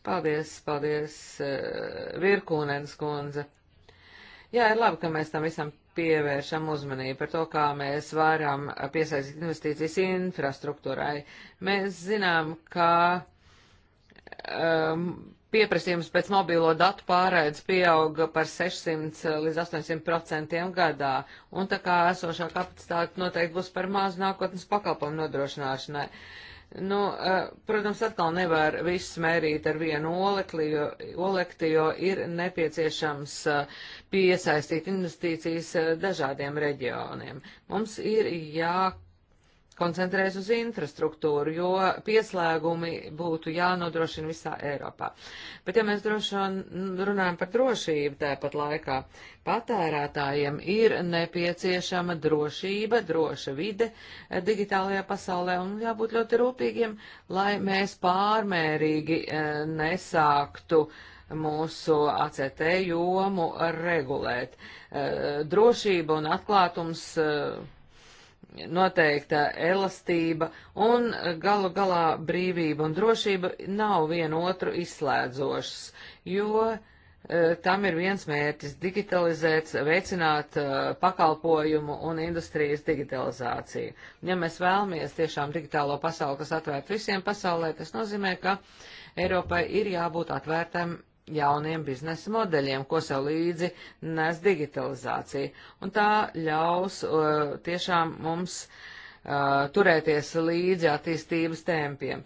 Paldies, paldies, eh, Virkūnens kundze! Jā, ir labi, ka mēs tam visam pievēršam uzmanību par to, kā mēs varam piesaistīt investīcijas infrastruktūrai. Mēs zinām, ka um, pieprasījums pēc mobīlo datu pārraides pieauga par 600 līdz 800 procentiem gadā, un tā kā esošā kapacitāte noteikti būs par maz nākotnes pakalpojumu nodrošināšanai. Uh, Nu, e, protams, atkal nevar viss mērīt ar vienu olekli, jo, olekti, jo ir nepieciešams e, piesaistīt investīcijas e, dažādiem reģioniem. Mums ir jāk koncentrējas uz infrastruktūru, jo pieslēgumi būtu jānodrošina visā Eiropā. Bet ja mēs droši runājam par drošību tāpat laikā, patērētājiem ir nepieciešama drošība, droša vide eh, digitālajā pasaulē un jābūt ļoti rūpīgiem, lai mēs pārmērīgi eh, nesāktu mūsu ACT jomu regulēt. Eh, drošība un atklātums noteikta elastība un galu galā brīvība un drošība nav vienu otru izslēdzošas, jo e, tam ir viens mērķis - digitalizēt, veicināt e, pakalpojumu un industrijas digitalizāciju. Ja mēs vēlamies tiešām digitālo pasauli, kas atvērt visiem pasaulē, tas nozīmē, ka Eiropai ir jābūt atvērtam jauniem biznesa modeļiem, ko sev līdzi nes digitalizācija. Un tā ļaus uh, tiešām mums uh, turēties līdzi attīstības tempiem.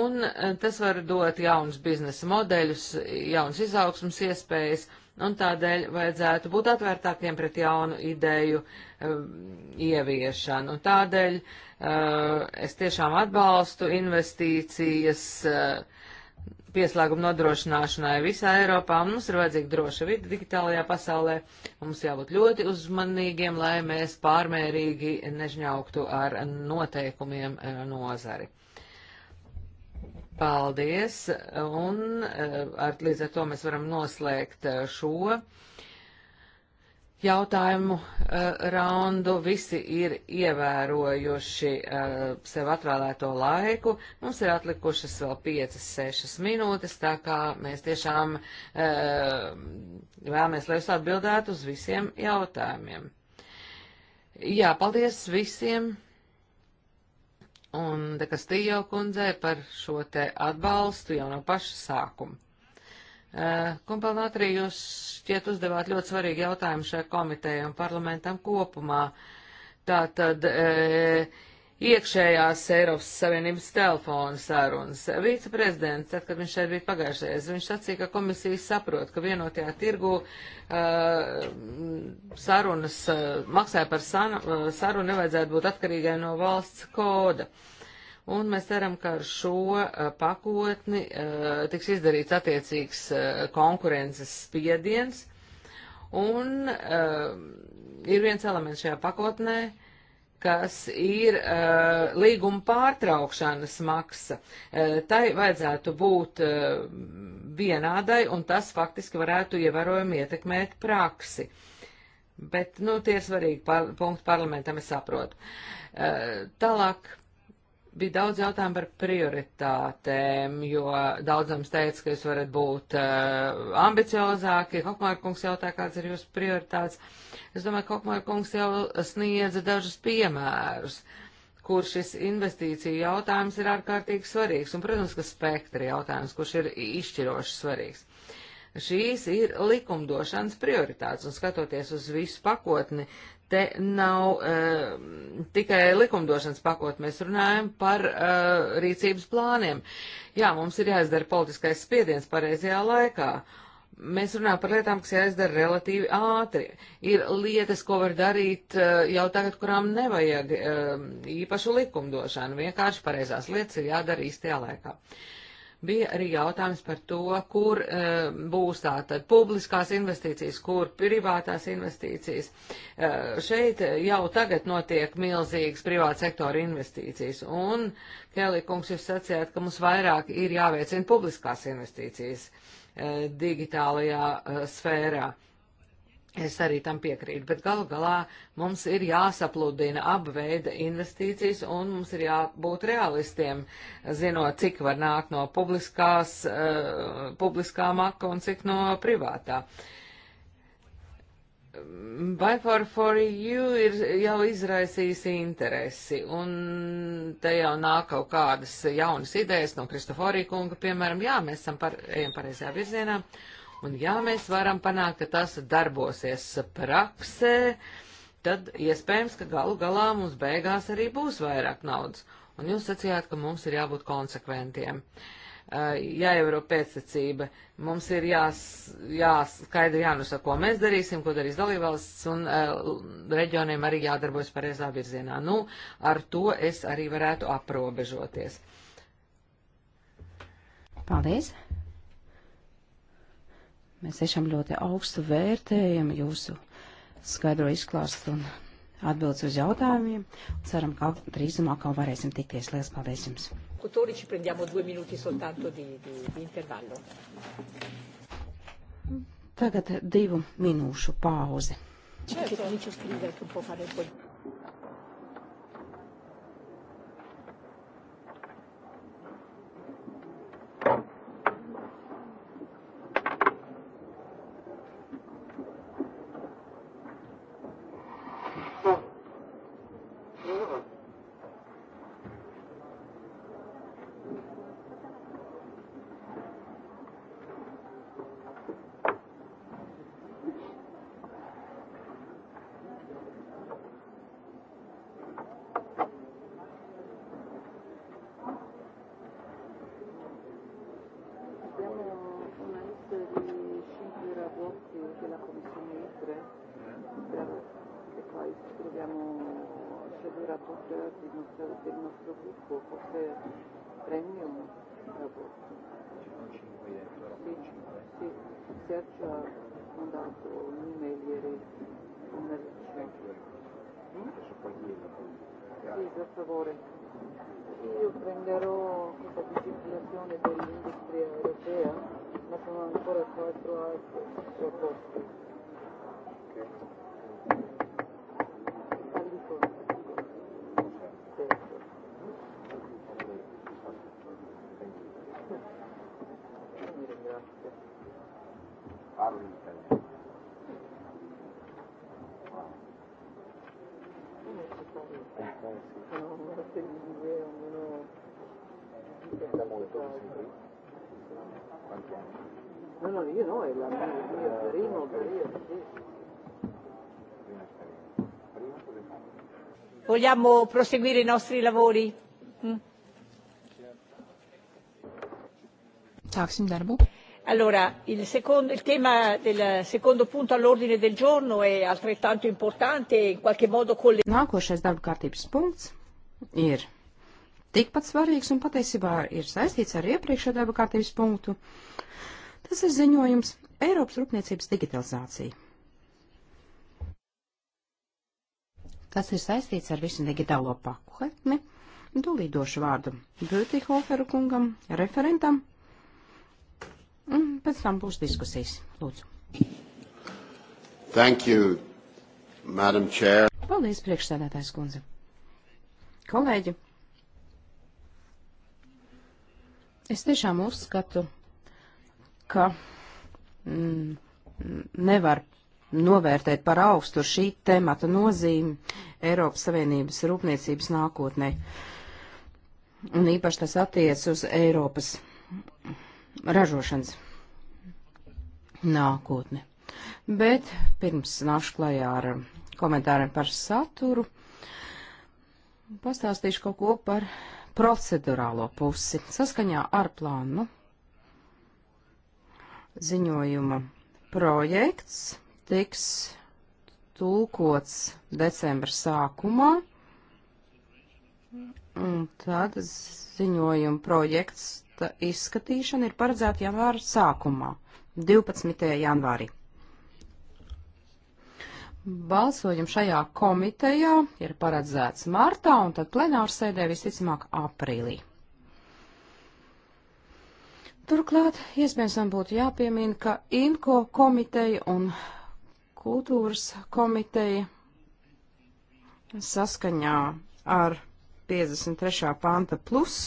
Un uh, tas var dot jaunus biznesa modeļus, jaunas izaugsmas iespējas, un tādēļ vajadzētu būt atvērtākiem pret jaunu ideju uh, ieviešanu. Un tādēļ uh, es tiešām atbalstu investīcijas uh, pieslēguma nodrošināšanai visā Eiropā. Mums ir vajadzīga droša vide digitālajā pasaulē. Mums jābūt ļoti uzmanīgiem, lai mēs pārmērīgi nežņauktu ar noteikumiem eh, nozari. Paldies, un eh, ar, līdz ar to mēs varam noslēgt eh, šo jautājumu uh, raundu. Visi ir ievērojuši uh, sev atvēlēto laiku. Mums ir atlikušas vēl 5-6 minūtes, tā kā mēs tiešām uh, vēlamies, lai jūs atbildētu uz visiem jautājumiem. Jā, paldies visiem un Dekastījo kundzei par šo te atbalstu jau no paša sākuma. Eh, Kumpelnātrī, jūs šķiet uzdevāt ļoti svarīgi jautājumu šai komitejai un parlamentam kopumā. Tātad e, iekšējās Eiropas Savienības telefona sarunas. Viceprezidents, tad, kad viņš šeit bija pagājušajais, viņš sacīja, ka komisija saprot, ka vienotajā tirgu e, sarunas e, maksāja par sanu, sarunu nevajadzētu būt atkarīgai no valsts koda. E, un mēs ceram, ka ar šo eh, pakotni eh, tiks izdarīts attiecīgs eh, konkurences spiediens. Un ir viens elements šajā pakotnē, kas ir uh, līguma pārtraukšanas maksa. Uh, tai vajadzētu būt uh, vienādai, un tas faktiski varētu ievērojami ietekmēt praksi. Bet, nu, tie ir svarīgi par, punkti parlamentam, es saprotu. Uh, tālāk bija daudz jautājumu par prioritātēm, jo daudzam teica, ka jūs varat būt uh, ambiciozāki. Kokmāra kungs jautāja, kāds ir jūsu prioritāts. Es domāju, Kokmāra kungs jau sniedza dažus piemērus, kur šis investīcija jautājums ir ārkārtīgi svarīgs. Un, protams, ka spektra jautājums, kurš ir izšķiroši svarīgs. Šīs ir likumdošanas prioritātes, un skatoties uz visu pakotni, te nav uh, tikai likumdošanas pakot, mēs runājam par uh, rīcības plāniem. Jā, mums ir jāizdara politiskais spiediens pareizajā laikā. Mēs runājam par lietām, kas jāizdara relatīvi ātri. Ir lietas, ko var darīt uh, jau tagad, kurām nevajag uh, īpašu likumdošanu. Vienkārši pareizās lietas ir jādara īstajā laikā. Uh, Bija arī jautājums par to, kur e, būs tātad publiskās investīcijas, kur privātās investīcijas. E, šeit jau tagad notiek milzīgas privāta sektora investīcijas. Un, Kelī, kungs, jūs sacījāt, ka mums vairāk ir jāveicina publiskās investīcijas e, digitālajā e, sfērā. Es arī tam piekrītu, bet galu galā mums ir jāsapludina abu veida investīcijas un mums ir jābūt realistiem, zinot, cik var nākt no publiskās, uh, publiskā maka un cik no privātā. Buy for, for you ir jau izraisījis interesi, un te jau nāk kaut kādas jaunas idejas no Kristoforī kunga, piemēram, jā, mēs esam par, ejam pareizajā virzienā. Uh, Un ja mēs varam panākt, ka tas darbosies praksē, tad iespējams, ka galu galā mums beigās arī būs vairāk naudas. Un jūs sacījāt, ka mums ir jābūt konsekventiem. Uh, jāievēro pēctecība. Mums ir jās, jāskaidri jānosaka, ko mēs darīsim, ko darīs dalībvalsts, un uh, reģioniem arī jādarbojas pareizā virzienā. Nu, ar to es arī varētu aprobežoties. Paldies! Mēs tiešām ļoti augstu vērtējam jūsu skaidro izklāstu un atbildes uz jautājumiem. Ceram, ka drīzumā kaut varēsim tikties. Lielas paldies jums! Tagad divu minūšu pauzi. Certo. eh, premium sì, sì. Sergio ha mandato un'email ieri pomeriggio mm? sì per favore io prenderò questa disciplinazione dell'industria europea ma sono ancora quattro altri proposti okay. almeno per il museo, almeno... È da molto, sempre? Quanti anni? No, no, io no, è la mia, il mio primo periodo, sì. Vogliamo proseguire i nostri lavori? Mm? Sāksim darbu. Allora, il, secondo, il tema del secondo punto all'ordine del giorno è altrettanto importante e in qualche modo collegato. Nākošais darba kārtības punkts ir tikpat svarīgs un patiesībā ir saistīts ar iepriekšējo darba kārtības punktu. Tas ir ziņojums Eiropas rūpniecības digitalizācija. Tas ir saistīts ar visu digitālo paketni. Dulīdošu vārdu Bētihoferu kungam, referentam Un pēc tam būs diskusijas. Lūdzu. Thank you, Madam Chair. Paldies, priekšsēdētājs kundze. Kolēģi, es tiešām uzskatu, ka mm, nevar novērtēt par augstu šī temata nozīmi Eiropas Savienības rūpniecības nākotnē. Un īpaši tas attiec uz Eiropas ražošanas nākotni. Bet pirms nāšu klajā ar komentāriem par saturu, pastāstīšu kaut ko par procedurālo pusi. Saskaņā ar plānu ziņojuma projekts tiks tulkots decembra sākumā, un tad ziņojuma projekts budžeta izskatīšana ir paredzēta janvāra sākumā, 12. janvārī. Balsojums šajā komitejā ir paredzēts martā un tad plenārsēdē visticamāk aprīlī. Turklāt, iespējams, man būtu jāpiemina, ka INKO komiteja un kultūras komiteja saskaņā ar 53. panta plus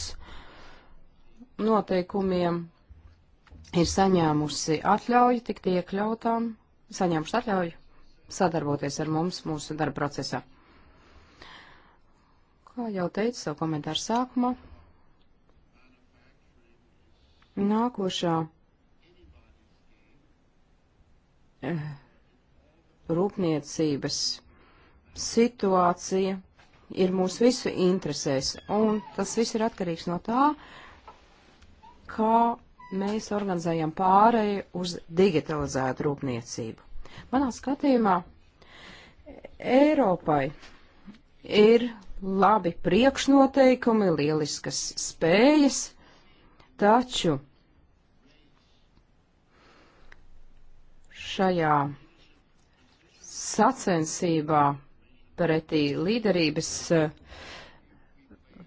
noteikumiem ir saņēmusi atļauju tikt iekļautām, saņēmuši atļauju sadarboties ar mums mūsu darba procesā. Kā jau teicu savu komentāru sākumā, nākošā eh, rūpniecības situācija ir mūsu visu interesēs, un tas viss ir atkarīgs no tā, uh, kā mēs organizējam pārēju uz digitalizētu rūpniecību. Manā skatījumā Eiropai ir labi priekšnoteikumi, lieliskas spējas, taču šajā sacensībā pretī līderības eh,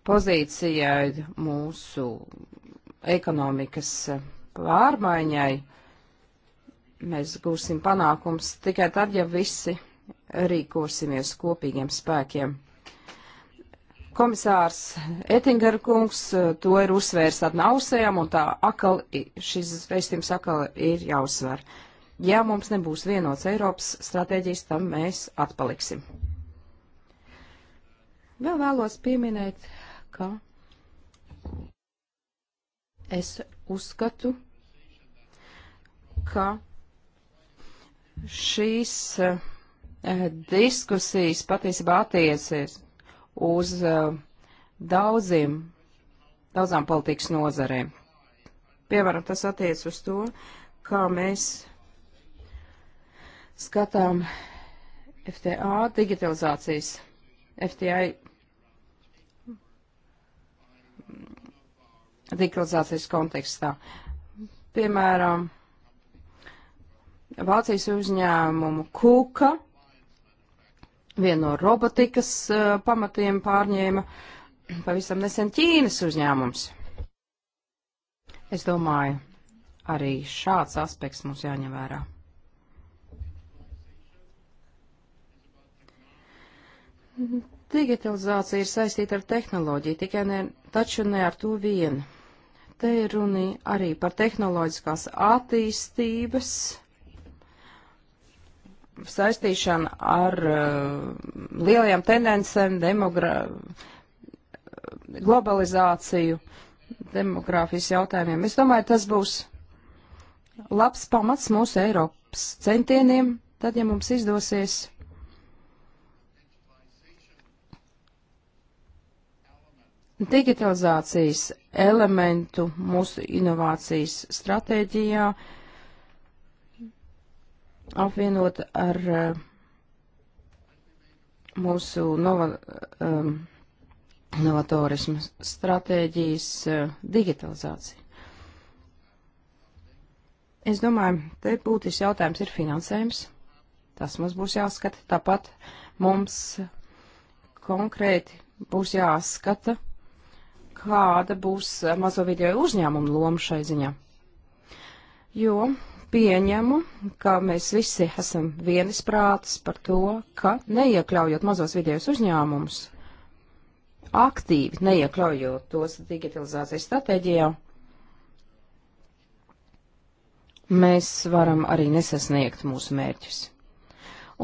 pozīcijai mūsu ekonomikas eh, pārmaiņai, mēs gūsim panākums tikai tad, ja visi rīkosimies kopīgiem spēkiem. Komisārs Ettinger kungs eh, to ir uzsvērs tad nausējām, un tā akal, šis veistījums akal ir jāuzsver. Ja mums nebūs vienots Eiropas stratēģijas, tam mēs atpaliksim. Vēl vēlos pieminēt, ka Es uzskatu, ka šīs uh, diskusijas patiesībā attiecies uz uh, daudziem, daudzām politikas nozarēm. Piemēram, tas attiec uz to, kā mēs skatām FTA digitalizācijas, FTI digitalizācijas kontekstā. Piemēram, Vācijas uzņēmumu Kuka vienu no robotikas uh, pamatiem pārņēma pavisam nesen Ķīnas uzņēmums. Es domāju, arī šāds aspekts mums jāņem vērā. Digitalizācija ir saistīta ar tehnoloģiju, tikai ne, taču ne ar to vienu. Te ir runa arī par tehnoloģiskās attīstības saistīšanu ar uh, lielajām tendencēm, demogra globalizāciju, demogrāfijas jautājumiem. Es domāju, tas būs labs pamats mūsu Eiropas centieniem, tad, ja mums izdosies digitalizācijas elementu mūsu inovācijas stratēģijā, apvienot ar eh, mūsu nova, um, novatorismu stratēģijas uh, digitalizāciju. Es domāju, te būtisks jautājums ir finansējums. Tas mums būs jāskata. Tāpat mums konkrēti būs jāskata kāda būs mazo video uzņēmumu loma šai ziņā. Jo pieņemu, ka mēs visi esam vienisprātis par to, ka neiekļaujot mazos vidējos uzņēmumus, aktīvi neiekļaujot tos digitalizācijas stratēģijā, mēs varam arī nesasniegt mūsu mērķus.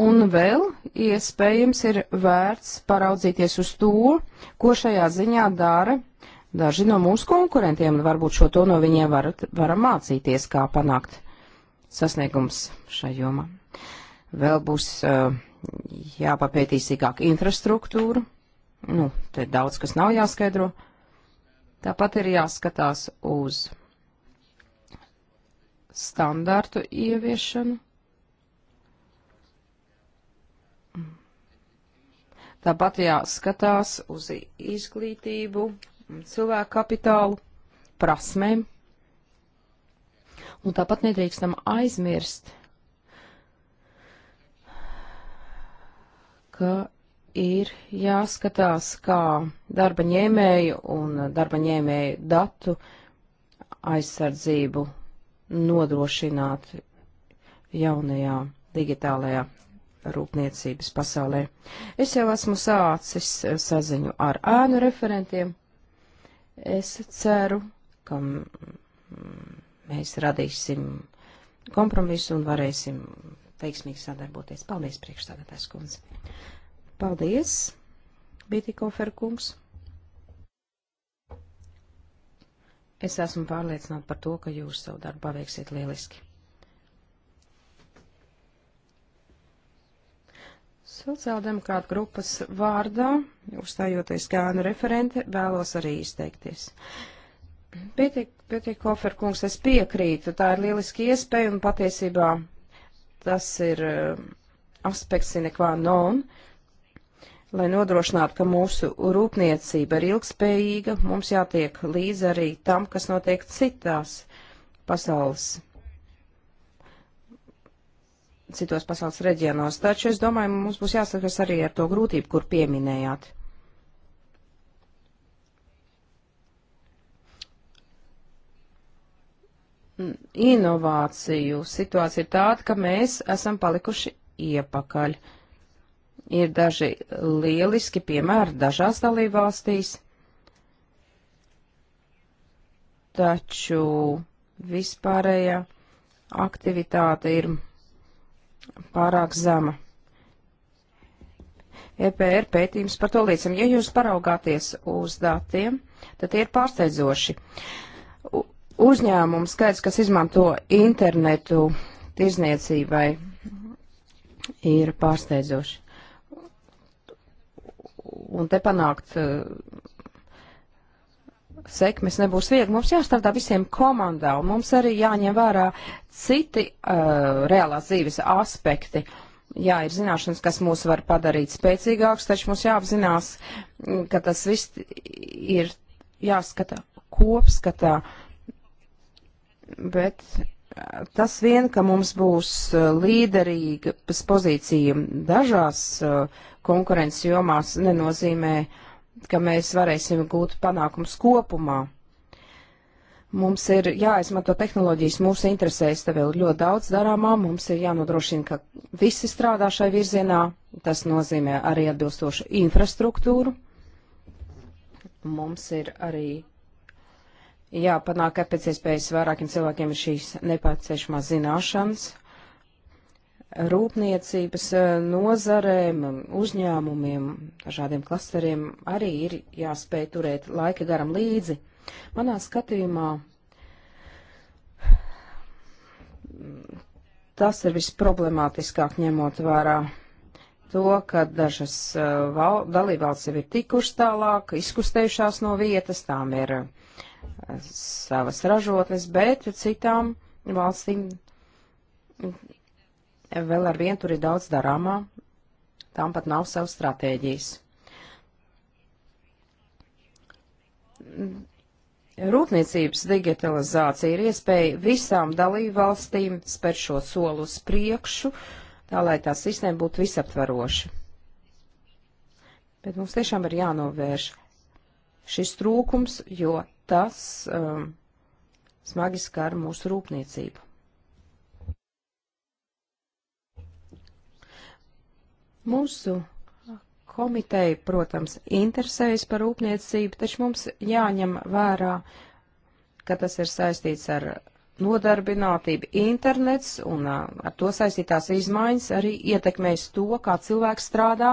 Un vēl iespējams ir vērts paraudzīties uz to, ko šajā ziņā dara daži no mūsu konkurentiem, un varbūt šo to no viņiem varat, varam mācīties, kā panākt sasniegums šai jomā. Vēl būs uh, eh, jāpapētī sīkāk infrastruktūra, nu, te daudz kas nav jāskaidro. Tāpat ir jāskatās uz standārtu ieviešanu. Tāpat jāskatās uz izglītību, cilvēku kapitālu, prasmēm. Un tāpat nedrīkstam aizmirst, ka ir jāskatās, kā darba ņēmēju un darba ņēmēju datu aizsardzību nodrošināt jaunajā digitālajā rūpniecības pasaulē. Es jau esmu sācis saziņu ar ēnu referentiem Es ceru, ka mēs radīsim kompromisu un varēsim veiksmīgi sadarboties. Paldies, priekšstādātājs kundze. Paldies, Bitikofer kungs. Es esmu pārliecināta par to, ka jūs savu darbu paveiksiet lieliski. Sociāldemokrāta grupas vārdā, uzstājoties kā nu referente, vēlos arī izteikties. Pietiek, pietiek, Kofer kungs, es piekrītu, tā ir lieliski iespēja un patiesībā tas ir uh, aspekts sinekvā non, lai nodrošinātu, ka mūsu rūpniecība ir ilgspējīga, mums jātiek līdz arī tam, kas notiek citās pasaules citos pasaules reģionos, taču es domāju, mums būs jāsakas arī ar to grūtību, kur pieminējāt. Inovāciju situācija ir tāda, ka mēs esam palikuši iepakaļ. Ir daži lieliski piemēri dažās dalībvalstīs, taču vispārējā aktivitāte ir pārāk zema. EPR pētījums par to liecina. Ja jūs paraugāties uz datiem, tad tie ir pārsteidzoši. Uzņēmumu skaits, kas izmanto internetu tirzniecībai, ir pārsteidzoši. Un te panākt uh, sekmes nebūs viegli. Mums jāstrādā visiem komandā, un mums arī jāņem vērā citi uh, reālās dzīves aspekti. Jā, ir zināšanas, kas mūs var padarīt spēcīgāks, taču mums jāapzinās, mm, ka tas viss ir jāskata kopskatā. Bet uh, tas vien, ka mums būs uh, līderīga pozīcija dažās uh, konkurences jomās, nenozīmē uh, ka mēs varēsim gūt panākums kopumā. Mums ir jāizmanto tehnoloģijas mūsu interesēs, tev ir ļoti daudz darāmā, mums ir jānodrošina, ka visi strādā šai virzienā, tas nozīmē arī atbilstošu infrastruktūru. Mums ir arī jāpanāk, ka pēc iespējas vairākiem cilvēkiem ir šīs nepieciešamās zināšanas, rūpniecības eh, nozarēm, uzņēmumiem, dažādiem klasteriem arī ir jāspēj turēt laika garam līdzi. Manā skatījumā tas ir visproblemātiskāk ņemot vērā to, ka dažas eh, val, dalībvalsts jau ir tikušas tālāk, izkustējušās no vietas, tām ir eh, savas ražotnes, bet citām valstīm vēl ar vienu tur ir daudz darāmā, tām pat nav savas stratēģijas. Rūpniecības digitalizācija ir iespēja visām dalībvalstīm spērt šo soli uz priekšu, tā lai tā sistēma būtu visaptvaroša. Bet mums tiešām ir jānovērš šis trūkums, jo tas um, smagi skar mūsu rūpniecību. Mūsu komiteja, protams, interesējas par rūpniecību, taču mums jāņem vērā, ka tas ir saistīts ar nodarbinātību internets un ar to saistītās izmaiņas arī ietekmēs to, kā cilvēks strādā,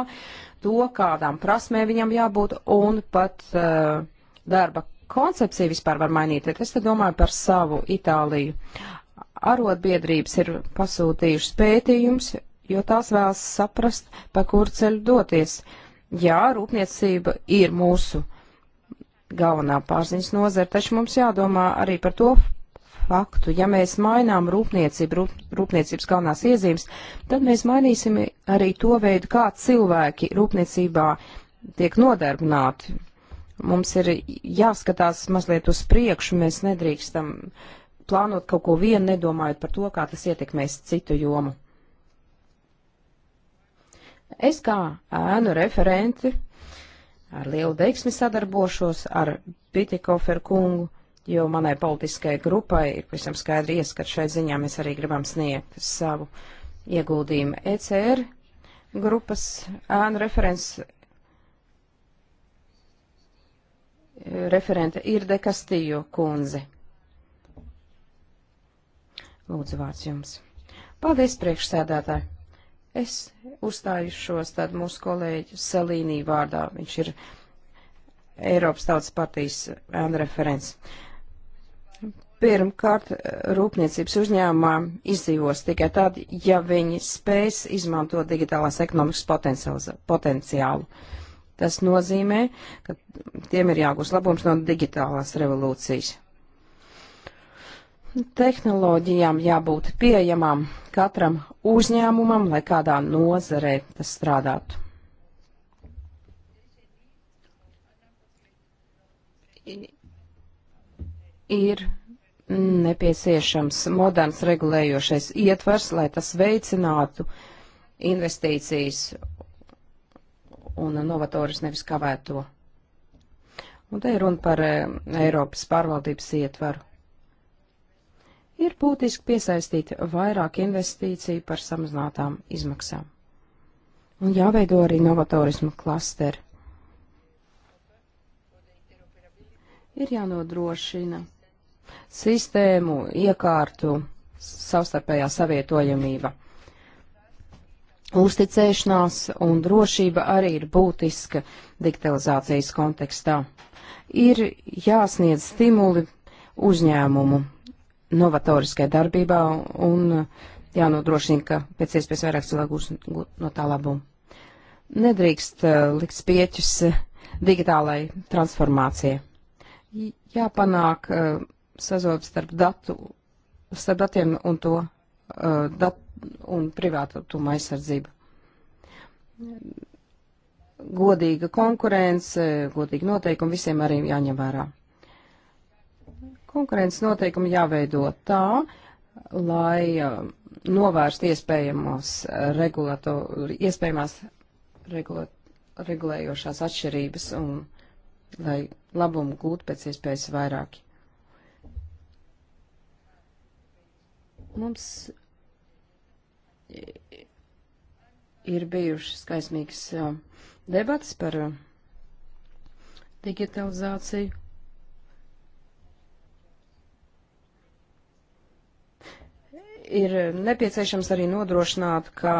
to, kādām prasmēm viņam jābūt un pat uh, darba koncepcija vispār var mainīt. Es te domāju par savu Itāliju. Arotbiedrības ir pasūtījušas pētījums, jo tās vēlas saprast, pa kur ceļu doties. Jā, rūpniecība ir mūsu galvenā pārziņas nozara, taču mums jādomā arī par to faktu, ja mēs mainām rūpniecību, rūp, rūpniecības galvenās iezīmes, tad mēs mainīsim arī to veidu, kā cilvēki rūpniecībā tiek nodarbināti. Mums ir jāskatās mazliet uz priekšu, mēs nedrīkstam plānot kaut ko vienu, nedomājot par to, kā tas ietekmēs citu jomu. Es kā ēnu referenti ar lielu veiksmi sadarbošos ar Pitikoferu kungu, jo manai politiskajai grupai ir pavisam skaidri ieskat šai ziņā, mēs arī gribam sniegt savu ieguldījumu. ECR grupas ēnu referents referente ir Dekastījo kundze. Lūdzu vārds jums. Paldies, priekšsēdētāji! Es uzstājušos tad mūsu kolēģi Salīnī vārdā. Viņš ir Eiropas Tautas partijas referents. Pirmkārt, rūpniecības uzņēmumā izdzīvos tikai tad, ja viņi spēs izmantot digitālās ekonomikas potenciālu. Tas nozīmē, ka tiem ir jāgūst labums no digitālās revolūcijas tehnoloģijām jābūt pieejamām katram uzņēmumam, lai kādā nozarē tas strādātu. Ir nepieciešams moderns regulējošais ietvers, lai tas veicinātu investīcijas un novatoris nevis kavētu to. Un te ir runa par eh, Eiropas pārvaldības ietvaru ir būtiski piesaistīt vairāk investīciju par samazinātām izmaksām. Un jāveido arī novatorismu klasteri. Ir jānodrošina sistēmu iekārtu savstarpējā savietojamība. Uzticēšanās un drošība arī ir būtiska digitalizācijas kontekstā. Ir jāsniedz stimuli uzņēmumu novatoriskai darbībā un jānodrošina, ka pēc iespējas vairāk cilvēku gūs no tā labumu. Nedrīkst uh, likt spieķus uh, digitālai transformācijai. Jāpanāk uh, sazobs starp, datu, starp datiem un to uh, dat, un privātuma aizsardzību. Godīga konkurence, godīgi noteikumi visiem arī jāņem vērā. Konkurences noteikumi jāveido tā, lai um, novērst iespējamos regulato, iespējamās regulat, regulējošās atšķirības un lai labumu gūtu pēc iespējas vairāki. Mums ir bijušas skaismīgas um, debatas par um, digitalizāciju. ir nepieciešams arī nodrošināt, ka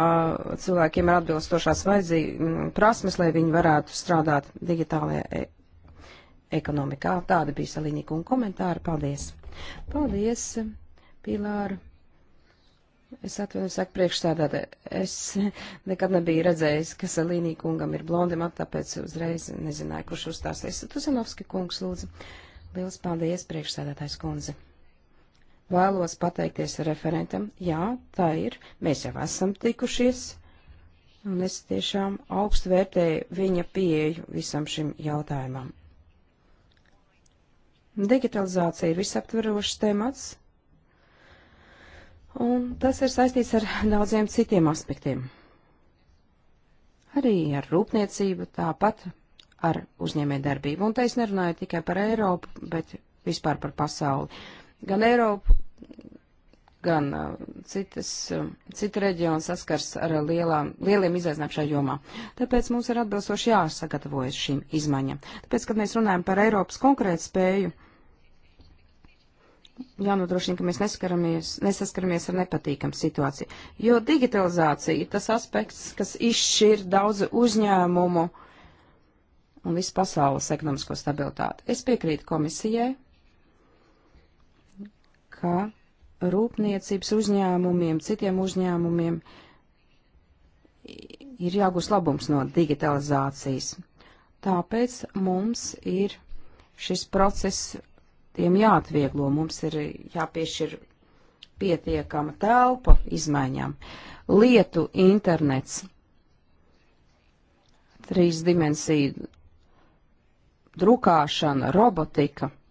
cilvēkiem ir atbilstošās mm, prasmes, lai viņi varētu strādāt digitālajā e ekonomikā. Tāda bija Salīnika un komentāri. Paldies! Paldies, Pilāra! Es atvainojos, saku priekšstādātē, es nekad nebiju redzējis, ka Salīnī kungam ir blondi mati, tāpēc uzreiz nezināju, kurš uzstāsies. Tuzinovski kungs, lūdzu. Liels paldies, priekšstādātājs kundze. Vēlos pateikties referentam. Jā, tā ir. Mēs jau esam tikušies. Un es tiešām augstu vērtēju viņa pieeju visam šim jautājumam. Digitalizācija ir visaptverošs temats, un tas ir saistīts ar daudziem citiem aspektiem. Arī ar rūpniecību, tāpat ar uzņēmē darbību. Un te es nerunāju tikai par Eiropu, bet vispār par pasauli. Gan Eiropu, gan citas, cita reģiona saskars ar lielām, lieliem izaicinājumiem šajā jomā. Tāpēc mums ir atbilstoši jāsagatavojas šīm izmaiņām. Tāpēc, kad mēs runājam par Eiropas konkrētu spēju, jānodrošina, ka mēs nesaskaramies ar nepatīkamu situāciju. Jo digitalizācija ir tas aspekts, kas izšķir daudzu uzņēmumu un visu pasaules ekonomisko stabilitāti. Es piekrītu komisijai, kā rūpniecības uzņēmumiem, citiem uzņēmumiem ir jāgūst labums no digitalizācijas. Tāpēc mums ir šis process, tiem jāatvieglo, mums ir jāpiešķir pietiekama telpa izmaiņām. Lietu internets, trīs dimensiju drukāšana, robotika –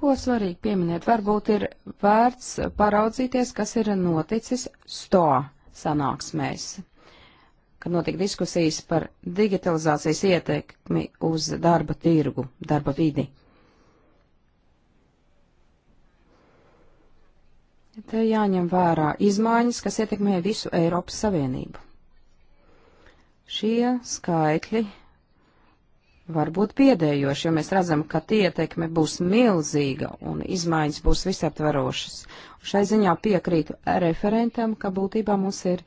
Ko svarīgi pieminēt? Varbūt ir vērts paraudzīties, kas ir noticis sto sanāksmēs, kad notika diskusijas par digitalizācijas ietekmi uz darba tirgu, darba vidi. Te jāņem vērā izmaiņas, kas ietekmē visu Eiropas Savienību. Šie skaitļi var būt biedējoši, jo mēs redzam, ka tie ietekme būs milzīga un izmaiņas būs visaptvarošas. Šai ziņā piekrītu referentam, ka būtībā mums ir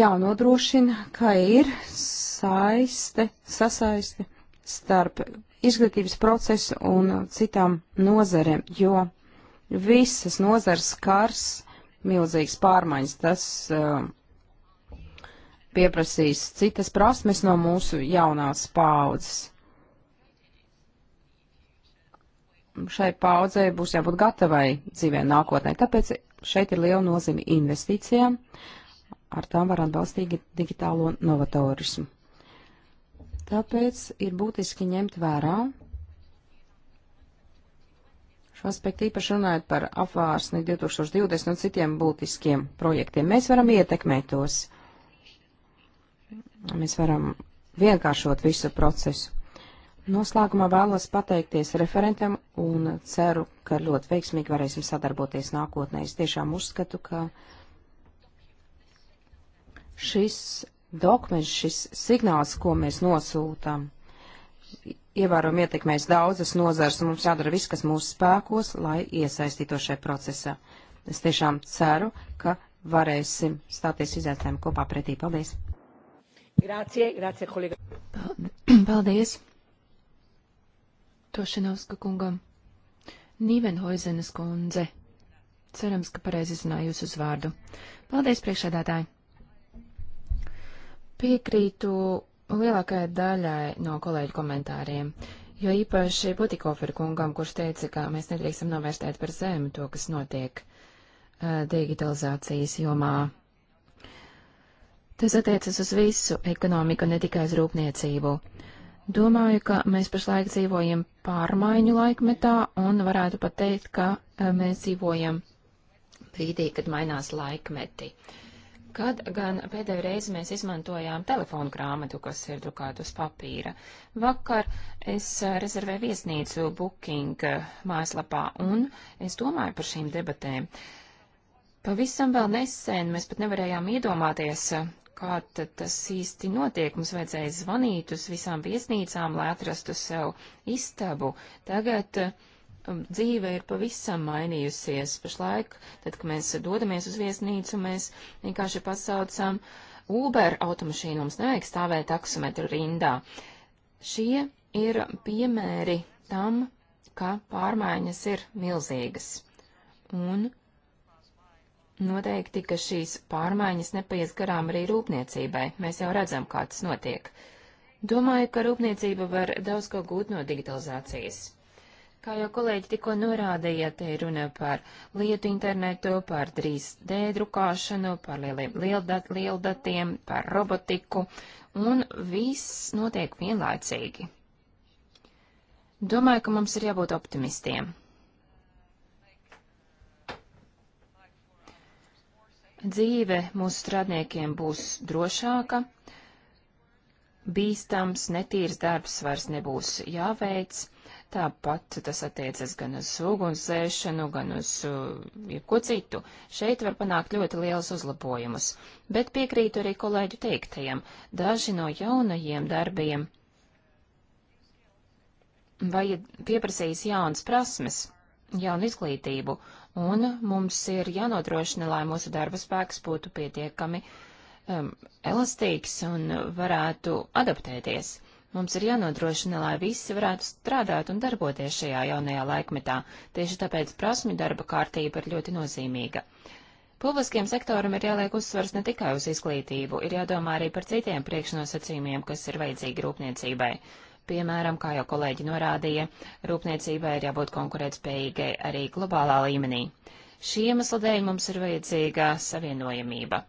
jānodrošina, ka ir saiste, sasaiste starp izglītības procesu un citām nozarēm, jo visas nozars skars milzīgas pārmaiņas. Tas uh, pieprasīs citas prasmes no mūsu jaunās paudzes. Šai paudzei būs jābūt gatavai dzīvē nākotnē, tāpēc šeit ir liela nozīme investīcijām, ar tām var atbalstīt digitālo novatorismu. Tāpēc ir būtiski ņemt vērā šo aspektu, īpaši runājot par apvārsni 2020 un citiem būtiskiem projektiem. Mēs varam ietekmēt tos mēs varam vienkāršot visu procesu. Noslēgumā vēlos pateikties referentam un ceru, ka ļoti veiksmīgi varēsim sadarboties nākotnē. Es tiešām uzskatu, ka šis dokuments, šis signāls, ko mēs nosūtām, ievērojami ietekmēs daudzas nozars un mums jādara viss, kas mūsu spēkos, lai iesaistīto šajā procesā. Es tiešām ceru, ka varēsim stāties izaicinājumu kopā pretī. Paldies! Grācie, grācie, kolēģi. Paldies. Tošinovska kungam. Nīvenhoizenes kundze. Cerams, ka pareizi zināju jūsu uzvārdu. Paldies, priekšēdētāji. Piekrītu lielākajai daļai no kolēģu komentāriem, jo īpaši Butikoferu kungam, kurš teica, ka mēs nedrīkstam novērstēt par zemi to, kas notiek uh, digitalizācijas jomā. Uh, Tas attiecas uz visu ekonomiku, ne tikai uz rūpniecību. Domāju, ka mēs pašlaik dzīvojam pārmaiņu laikmetā un varētu pat teikt, ka eh, mēs dzīvojam brīdī, kad mainās laikmeti. Kad gan pēdējo reizi mēs izmantojām telefonu grāmatu, kas ir drukāta uz papīra? Vakar es eh, rezervēju viesnīcu Booking eh, mājaslapā un es domāju par šīm debatēm. Pavisam vēl nesen mēs pat nevarējām iedomāties, kā eh, tas īsti notiek. Mums vajadzēja zvanīt uz visām viesnīcām, lai atrastu sev istabu. Tagad eh, um, dzīve ir pavisam mainījusies. Pašlaik, tad, kad mēs dodamies uz viesnīcu, mēs vienkārši pasaucam Uber automašīnu, mums nevajag stāvēt taksometru rindā. Šie ir piemēri tam, ka pārmaiņas ir milzīgas. Un Noteikti, ka šīs pārmaiņas nepaies garām arī rūpniecībai. Mēs jau redzam, kā tas notiek. Domāju, ka rūpniecība var daudz ko gūt no digitalizācijas. Kā jau kolēģi tikko norādīja, te ir runa par lietu internetu, par 3D drukāšanu, par lieliem lieldat, lieldatiem, par robotiku, un viss notiek vienlaicīgi. Domāju, ka mums ir jābūt optimistiem. dzīve mūsu strādniekiem būs drošāka, bīstams, netīrs darbs vairs nebūs jāveic, tāpat tas attiecas gan uz ugunsdzēšanu, gan uz uh, jebko citu. Šeit var panākt ļoti liels uzlabojumus, bet piekrītu arī kolēģu teiktajam, daži no jaunajiem darbiem vajad pieprasīs jaunas prasmes, jaunu izglītību, un mums ir jānodrošina, lai mūsu darba spēks būtu pietiekami um, elastīgs un varētu adaptēties. Mums ir jānodrošina, lai visi varētu strādāt un darboties šajā jaunajā laikmetā, tieši tāpēc prasmi darba kārtība ir ļoti nozīmīga. Publiskiem sektoram ir jāliek uzsvars ne tikai uz izglītību, ir jādomā arī par citiem priekšnosacījumiem, kas ir vajadzīgi rūpniecībai. Piemēram, kā jau kolēģi norādīja, rūpniecībai ir jābūt konkurētspējīgai arī globālā līmenī. Šī iemesla dēļ mums ir vajadzīga savienojamība,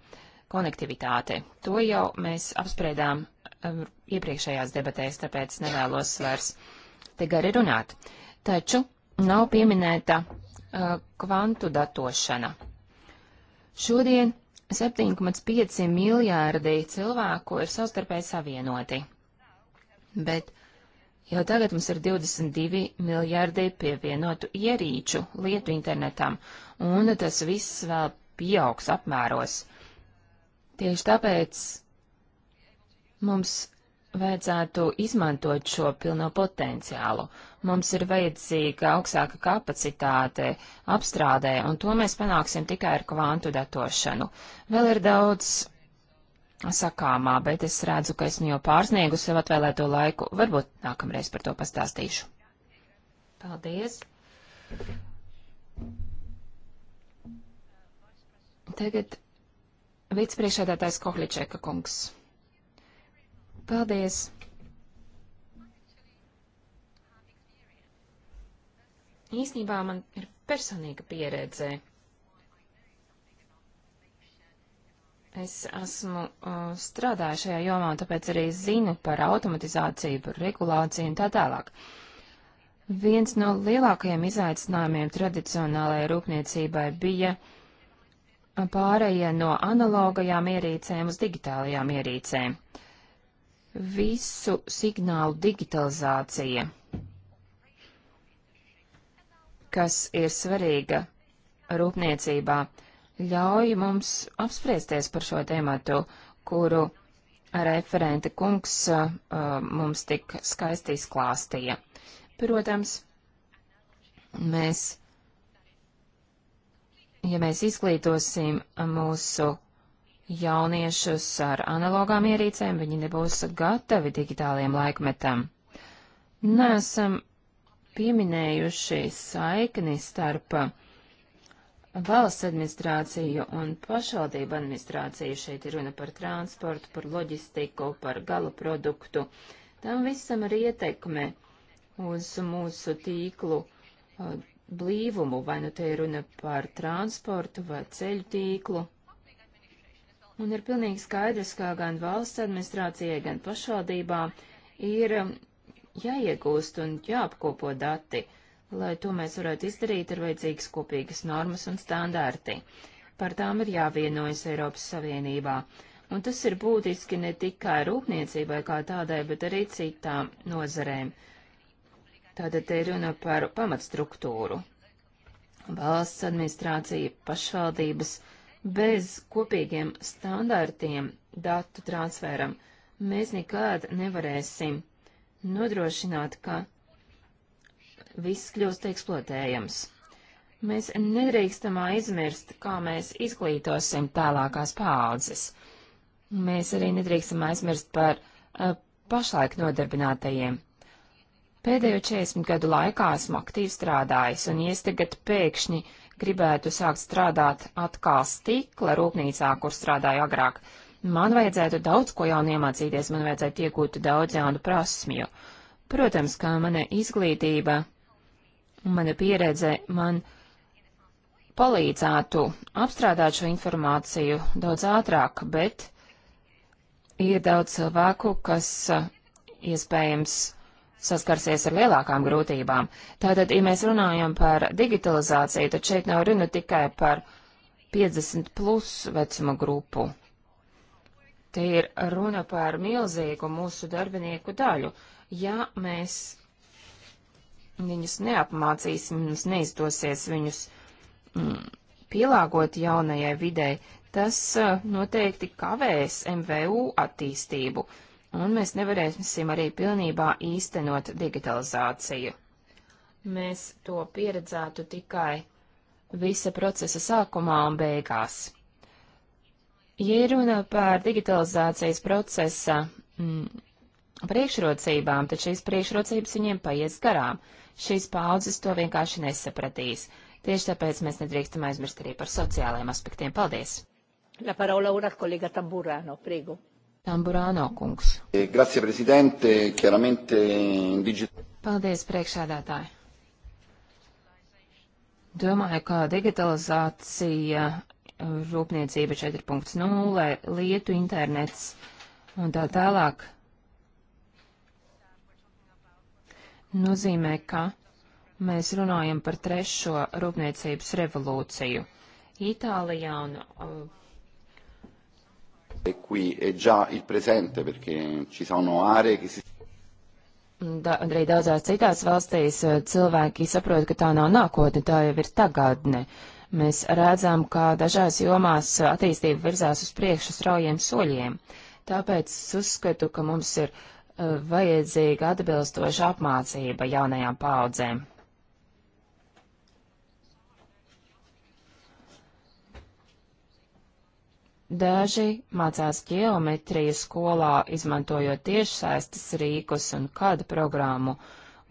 konektivitāte. To jau mēs apspriedām um, iepriekšējās debatēs, tāpēc nevēlos vairs te gari runāt. Taču nav pieminēta uh, kvantu datošana. Šodien 7,5 miljārdi cilvēku ir savstarpēji savienoti, bet Jau tagad mums ir 22 miljārdi pievienotu ierīču lietu internetam, un tas viss vēl pieaugs apmēros. Tieši tāpēc mums vajadzētu izmantot šo pilno potenciālu. Mums ir vajadzīga augstāka kapacitāte apstrādē, un to mēs panāksim tikai ar kvantu datošanu. Vēl ir daudz sakāmā, bet es redzu, ka esmu jau pārsniegu sev atvēlēto laiku. Varbūt nākamreiz par to pastāstīšu. Paldies. Tagad vicepriekšēdētājs Kohličēka kungs. Paldies. Īsnībā man ir personīga pieredze Es esmu uh, strādājis šajā jomā, tāpēc arī zinu par automatizāciju, par regulāciju un tā tālāk. Viens no lielākajiem izaicinājumiem tradicionālajai rūpniecībai bija uh, pārējie no analogajām ierīcēm uz digitālajām ierīcēm. Visu signālu digitalizācija, kas ir svarīga rūpniecībā. Uh, ļauj mums apspriesties par šo tēmatu, kuru referente kungs uh, uh, mums tik skaisti izklāstīja. Protams, mēs, ja mēs izglītosim mūsu jauniešus ar analogām ierīcēm, viņi nebūs gatavi digitāliem laikmetam. Nesam pieminējuši saikni starp uh, valsts administrāciju un pašvaldību administrāciju. Šeit ir runa par transportu, par loģistiku, par gala produktu. Tam visam ir ietekme uz mūsu tīklu uh, blīvumu, vai nu te ir runa par transportu vai ceļu tīklu. Un ir pilnīgi skaidrs, kā gan valsts administrācijai, gan pašvaldībām ir um, jāiegūst un jāapkopo dati. Uh, Lai to mēs varētu izdarīt, ir vajadzīgas kopīgas normas un standārti. Par tām ir jāvienojas Eiropas Savienībā, un tas ir būtiski ne tikai rūpniecībai kā tādai, bet arī citām nozarēm. Tātad te ir runa par pamatstruktūru. Valsts administrācija, pašvaldības, bez kopīgiem standartiem datu transferam mēs nekad nevarēsim nodrošināt, ka viss kļūst eksploatējams. Mēs nedrīkstam aizmirst, kā mēs izglītosim tālākās paaudzes. Mēs arī nedrīkstam aizmirst par uh, pašlaik nodarbinātajiem. Pēdējo 40 gadu laikā esmu aktīvi strādājis, un ja es tagad pēkšņi gribētu sākt strādāt atkal stikla rūpnīcā, kur strādāju agrāk, man vajadzētu daudz ko jaunu iemācīties, man vācīties, man vajadzētu iegūt daudz jaunu prasmju. Protams, kā mana izglītība un mana pieredze man palīdzētu apstrādāt šo informāciju daudz ātrāk, bet ir daudz cilvēku, kas uh, iespējams saskarsies ar lielākām grūtībām. Tātad, ja mēs runājam par digitalizāciju, tad šeit nav runa tikai par 50 plus vecuma grupu. Te ir runa par milzīgu mūsu darbinieku daļu. Ja mēs viņus neapmācīsim, mums neizdosies viņus mm, pielāgot jaunajai videi, tas eh, noteikti kavēs MVU attīstību, un mēs nevarēsim arī pilnībā īstenot digitalizāciju. Mēs to pieredzētu tikai visa procesa sākumā un beigās. Ja runa par digitalizācijas procesa mm, priekšrocībām, tad šīs priekšrocības viņiem paies garām. Uh, šīs paudzes to vienkārši nesapratīs. Tieši tāpēc mēs nedrīkstam aizmirst arī par sociālajiem aspektiem. Paldies! La parola ora al collega Tamburano, prego. Tamburano kungs. Eh, grazie, presidente, chiaramente in digital. Paldies, priekšādātāji. Domāju, ka digitalizācija, rūpniecība 4.0, lietu internets un tā tālāk nozīmē, ka mēs runājam par trešo rūpniecības revolūciju. Itālijā un uh, e qui è già il presente perché ci sono aree che si. Da, arī daudzās citās valstīs uh, cilvēki saprot, ka tā nav nākotne, tā jau ir tagadne. Mēs redzam, ka dažās jomās uh, attīstība virzās uz priekšu straujiem soļiem. Tāpēc es uzskatu, ka mums ir Uh, vajadzīga atbilstoša apmācība jaunajām paudzēm. Daži mācās ģeometriju skolā, izmantojot tiešsaistes rīkus un kādu programmu.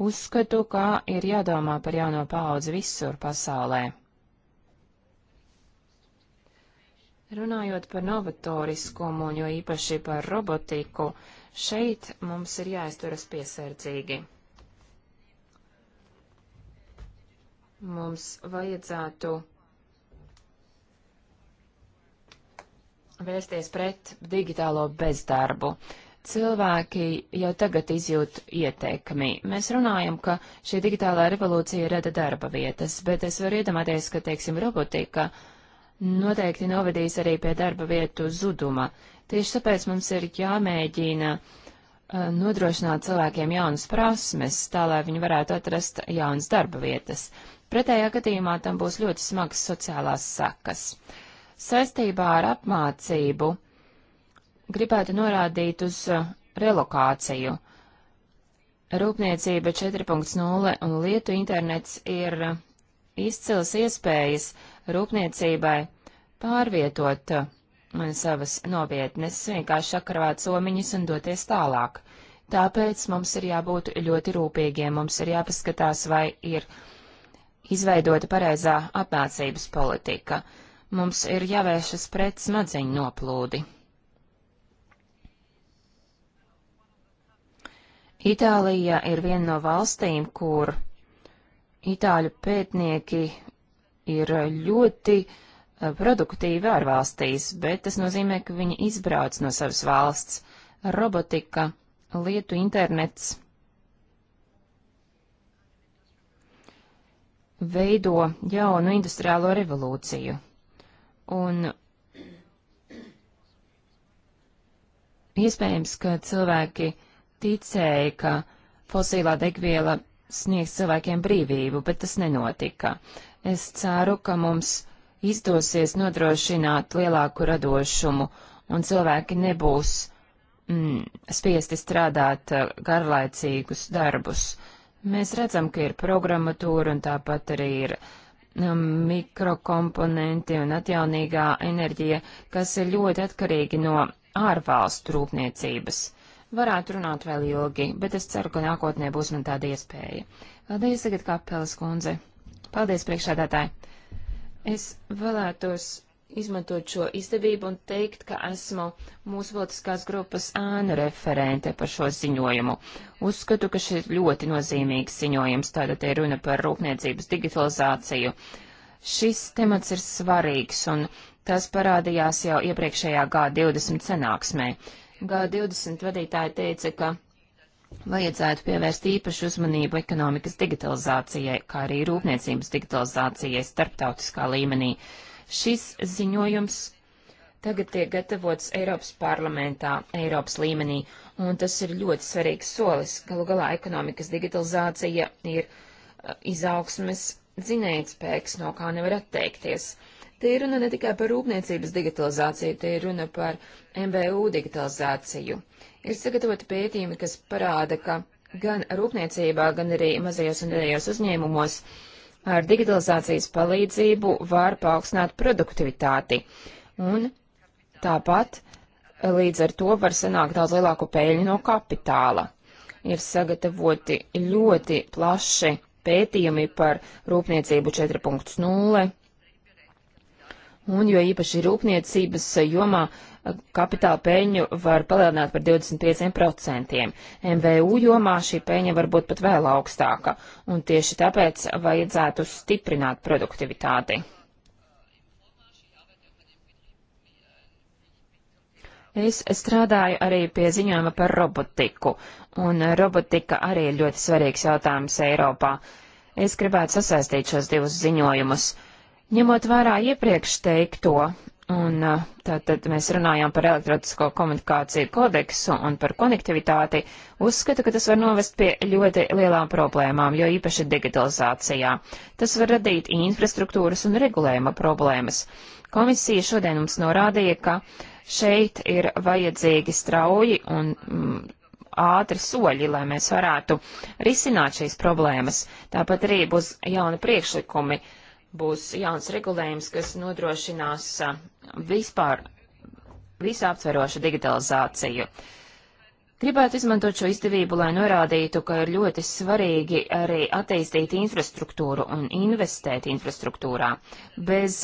Uzskatu, ka ir jādomā par jauno paudzi visur pasaulē. Runājot par novatoriskumu, jo īpaši par robotiku, uh, Šeit mums ir jāizturas piesardzīgi. Mums vajadzētu vērsties pret digitālo bezdarbu. Cilvēki jau tagad izjūt ietekmi. Mēs runājam, ka šī digitālā revolūcija rada darba vietas, bet es varu iedomāties, ka, teiksim, robotika uh, noteikti novedīs arī pie darba vietu zuduma. Tieši tāpēc mums ir jāmēģina uh, nodrošināt cilvēkiem jaunas prasmes, tā lai viņi varētu atrast jaunas darba vietas. Pretējā gadījumā tam būs ļoti smagas sociālās sekas. Saistībā ar apmācību gribētu norādīt uz uh, relokāciju. Rūpniecība 4.0 un lietu internets ir uh, izcils iespējas rūpniecībai pārvietot uh, savas novietnes, vienkārši sakarvāt somiņas un doties tālāk. Tāpēc mums ir jābūt ļoti rūpīgiem, mums ir jāpaskatās, vai ir izveidota pareizā apmācības politika. Mums ir jāvēršas pret smadzeņu noplūdi. Itālija ir viena no valstīm, kur itāļu pētnieki ir ļoti eh, produktīvi ārvalstīs, bet tas nozīmē, ka viņi izbrauc no savas valsts. Robotika, lietu internets veido jaunu industriālo revolūciju. Un iespējams, ka cilvēki ticēja, ka fosilā degviela sniegs cilvēkiem brīvību, bet tas nenotika. Es ceru, ka mums izdosies nodrošināt lielāku radošumu, un cilvēki nebūs mm, spiesti strādāt eh, garlaicīgus darbus. Mēs redzam, ka ir programmatūra un tāpat arī ir mm, mikrokomponenti un atjaunīgā enerģija, kas ir ļoti atkarīgi no ārvalstu rūpniecības. Varētu runāt vēl ilgi, bet es ceru, ka nākotnē būs man tāda iespēja. Paldies, tagad Kapelas kundze. Paldies, priekšādātāji! Es vēlētos izmantot šo izdevību un teikt, ka esmu mūsu politiskās grupas ānu referente par šo ziņojumu. Uzskatu, ka šis ļoti nozīmīgs ziņojums, tāda te runa par rūpniecības digitalizāciju. Šis temats ir svarīgs un tas parādījās jau iepriekšējā G20 sanāksmē. G20 vadītāji teica, ka Vajadzētu pievērst īpašu uzmanību ekonomikas digitalizācijai, kā arī rūpniecības digitalizācijai starptautiskā līmenī. Šis ziņojums tagad tiek gatavots Eiropas parlamentā, Eiropas līmenī, un tas ir ļoti svarīgs solis. Galu galā ekonomikas digitalizācija ir uh, izaugsmes dzinējspēks, no kā nevar atteikties. Te ir runa ne tikai par rūpniecības digitalizāciju, te ir runa par MBU digitalizāciju. Ir sagatavoti pētījumi, kas parāda, ka gan rūpniecībā, gan arī mazajos un vidējos uzņēmumos ar digitalizācijas palīdzību var paaugstināt produktivitāti. Un tāpat līdz ar to var sanākt daudz lielāku peļņu no kapitāla. Ir sagatavoti ļoti plaši pētījumi par rūpniecību 4.0. Un jo īpaši rūpniecības jomā uh, kapitāla peļņu var palielināt par 25%. MVU jomā šī peļņa var būt pat vēl augstāka, un tieši tāpēc vajadzētu stiprināt produktivitāti. Es strādāju arī pie ziņojuma par robotiku, un robotika arī ir ļoti svarīgs jautājums Eiropā. Es gribētu sasaistīt šos divus ziņojumus. Ņemot vērā iepriekš teikto, Un uh, tātad mēs runājām par elektronisko komunikāciju kodeksu un par konektivitāti. Uzskatu, ka tas var novest pie ļoti lielām problēmām, jo īpaši digitalizācijā. Tas var radīt infrastruktūras un regulējuma problēmas. Komisija šodien mums norādīja, ka šeit ir vajadzīgi strauji un mm, ātri soļi, lai mēs varētu risināt šīs problēmas. Tāpat arī būs jauni priekšlikumi būs jauns regulējums, kas nodrošinās vispār visaptverošu digitalizāciju. Gribētu izmantot šo izdevību, lai norādītu, ka ir ļoti svarīgi arī attīstīt infrastruktūru un investēt infrastruktūrā. Bez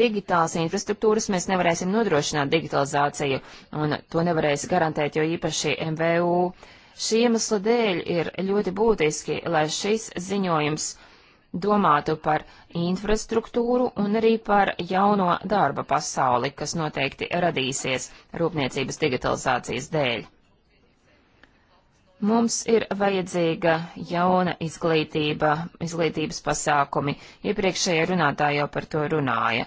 digitālas infrastruktūras mēs nevarēsim nodrošināt digitalizāciju, un to nevarēs garantēt jo īpaši MVU. Šī iemesla dēļ ir ļoti būtiski, lai šis ziņojums domātu par infrastruktūru un arī par jauno darba pasauli, kas noteikti radīsies rūpniecības digitalizācijas dēļ. Mums ir vajadzīga jauna izglītība, izglītības pasākumi. Iepriekšējā runātā jau par to runāja.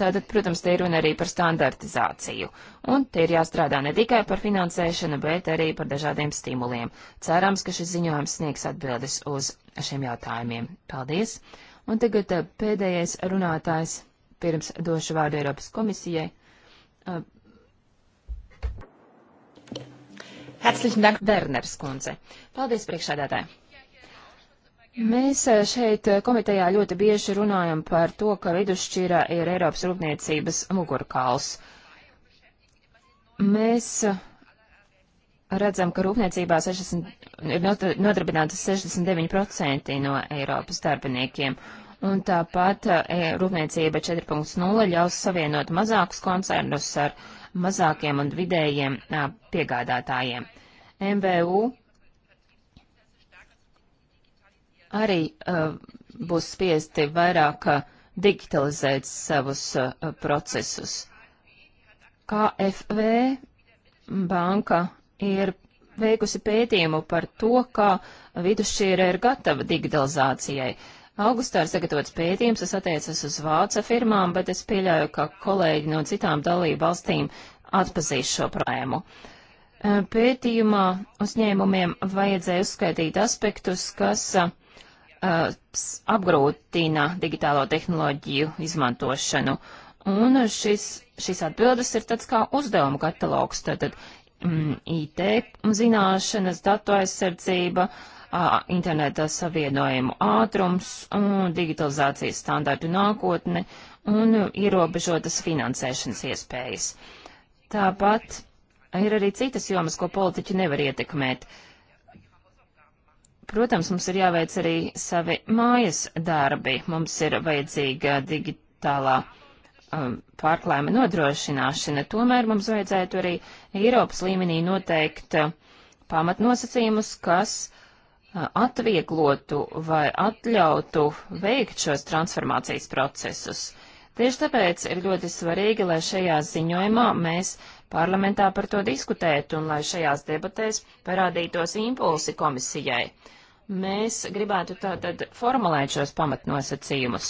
Tātad, protams, te ir runa arī par standartizāciju. Un te ir jāstrādā ne tikai par finansēšanu, bet arī par dažādiem stimuliem. Cerams, ka šis ziņojums sniegs atbildes uz šiem jautājumiem. Paldies! Un tagad pēdējais runātājs, pirms došu vārdu Eiropas komisijai. Herzlichen Dank, Werners kundze. Paldies, priekšādātāji! Mēs eh, šeit eh, komitejā ļoti bieži runājam par to, ka vidusšķīra ir Eiropas rūpniecības mugurkauls. Mēs eh, redzam, ka rūpniecībā 60, ir nodarbinātas 69% no Eiropas darbiniekiem. Un tāpat rūpniecība 4.0 ļaus savienot mazākus koncernus ar mazākiem un vidējiem piegādātājiem. MBU arī uh, būs spiesti vairāk uh, digitalizēt savus uh, procesus. KFV banka ir veikusi pētījumu par to, kā vidusšķīra ir gatava digitalizācijai. Augustā ir sagatavots pētījums, tas attiecas uz vāca firmām, bet es pieļauju, ka kolēģi no citām dalību valstīm atpazīs šo problēmu. Pētījumā uzņēmumiem vajadzēja uzskaitīt aspektus, kas uh, Uh, apgrūtina digitālo tehnoloģiju izmantošanu. Un šis, šis atbildes ir tāds kā uzdevuma katalogs, tātad mm, IT zināšanas, datu aizsardzība, interneta savienojumu ātrums un digitalizācijas standartu nākotne un ierobežotas finansēšanas iespējas. Tāpat ir arī citas jomas, ko politiķi nevar ietekmēt. Uh, Protams, mums ir jāveic arī savi mājas darbi. Mums ir vajadzīga digitālā um, pārklājuma nodrošināšana. Tomēr mums vajadzētu arī Eiropas līmenī noteikt uh, pamatnosacījumus, kas uh, atvieglotu vai atļautu veikt šos transformācijas procesus. Tieši tāpēc ir ļoti svarīgi, lai šajā ziņojumā mēs uh, parlamentā par to diskutēt un lai šajās debatēs parādītos impulsi komisijai. Mēs gribētu tātad formulēt šos pamatnosacījumus.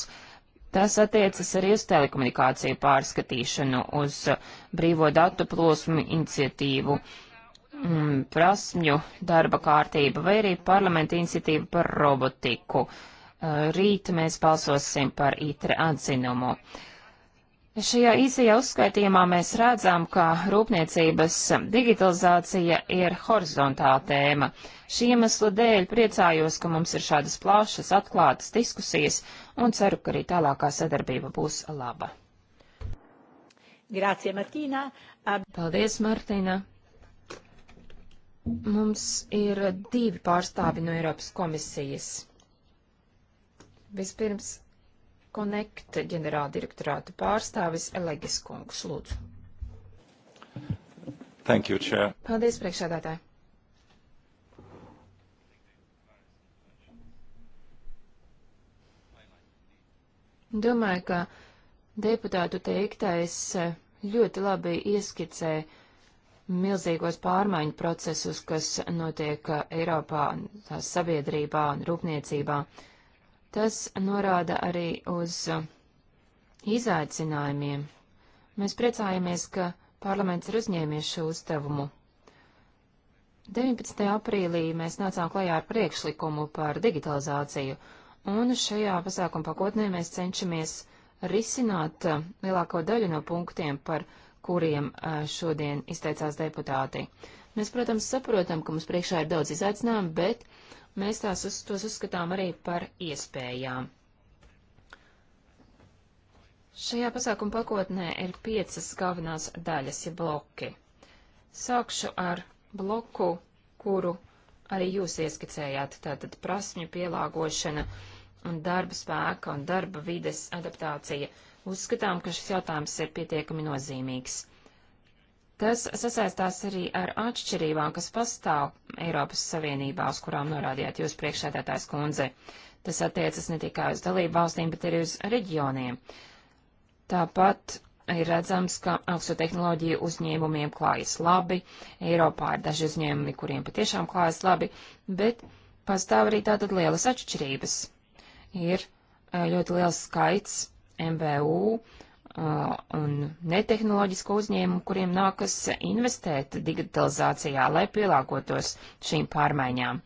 Tas attiecas arī uz telekomunikāciju pārskatīšanu, uz brīvo datu plosmu iniciatīvu, mm, prasmju darba kārtība vai arī parlamenta iniciatīva par robotiku. Rīt mēs balsosim par ITRE atzinumu. Uh, Šajā īsajā uzskaitījumā mēs redzam, ka rūpniecības digitalizācija ir horizontāla tēma. Šī iemesla dēļ priecājos, ka mums ir šādas plašas, atklātas diskusijas un ceru, ka arī tālākā sadarbība būs laba. Grācie, Martīna. Ab... Paldies, Martīna. Mums ir divi pārstāvi no Eiropas komisijas. Vispirms Connect ģenerāldirektorāta pārstāvis Elegis Kungs. Lūdzu. Thank you, Chair. Paldies, priekšsēdētāji. Domāju, ka deputātu teiktais ļoti labi ieskicē milzīgos pārmaiņu procesus, kas notiek Eiropā, tās sabiedrībā un rūpniecībā. Uh, Tas norāda arī uz uh, izaicinājumiem. Mēs priecājamies, ka parlaments ir uzņēmies šo uzdevumu. 19. aprīlī mēs nācām klajā ar priekšlikumu par digitalizāciju, un šajā pasākuma pakotnē mēs cenšamies risināt uh, lielāko daļu no punktiem, par kuriem uh, šodien izteicās deputāti. Mēs, protams, saprotam, ka mums priekšā ir daudz izaicinājumu, bet mēs tās, uz, tos uzskatām arī par iespējām. Šajā pasākuma pakotnē ir piecas galvenās daļas, ja bloki. Sākšu ar bloku, kuru arī jūs ieskicējāt, tātad prasmju pielāgošana un darba spēka un darba vides adaptācija. Uzskatām, ka šis jautājums ir pietiekami nozīmīgs. Tas sasaistās arī ar atšķirībām, kas pastāv Eiropas Savienībā, uz kurām norādījāt jūs priekšsēdētājs kundze. Tas attiecas ne tikai uz dalību valstīm, bet arī uz reģioniem. Tāpat ir redzams, ka augsto tehnoloģiju uzņēmumiem klājas labi, Eiropā ir daži uzņēmumi, kuriem patiešām klājas labi, bet pastāv arī tātad lielas atšķirības. Ir eh, ļoti liels skaits MVU, un netehnoloģisku uzņēmumu, kuriem nākas investēt digitalizācijā, lai pielāgotos šīm pārmaiņām.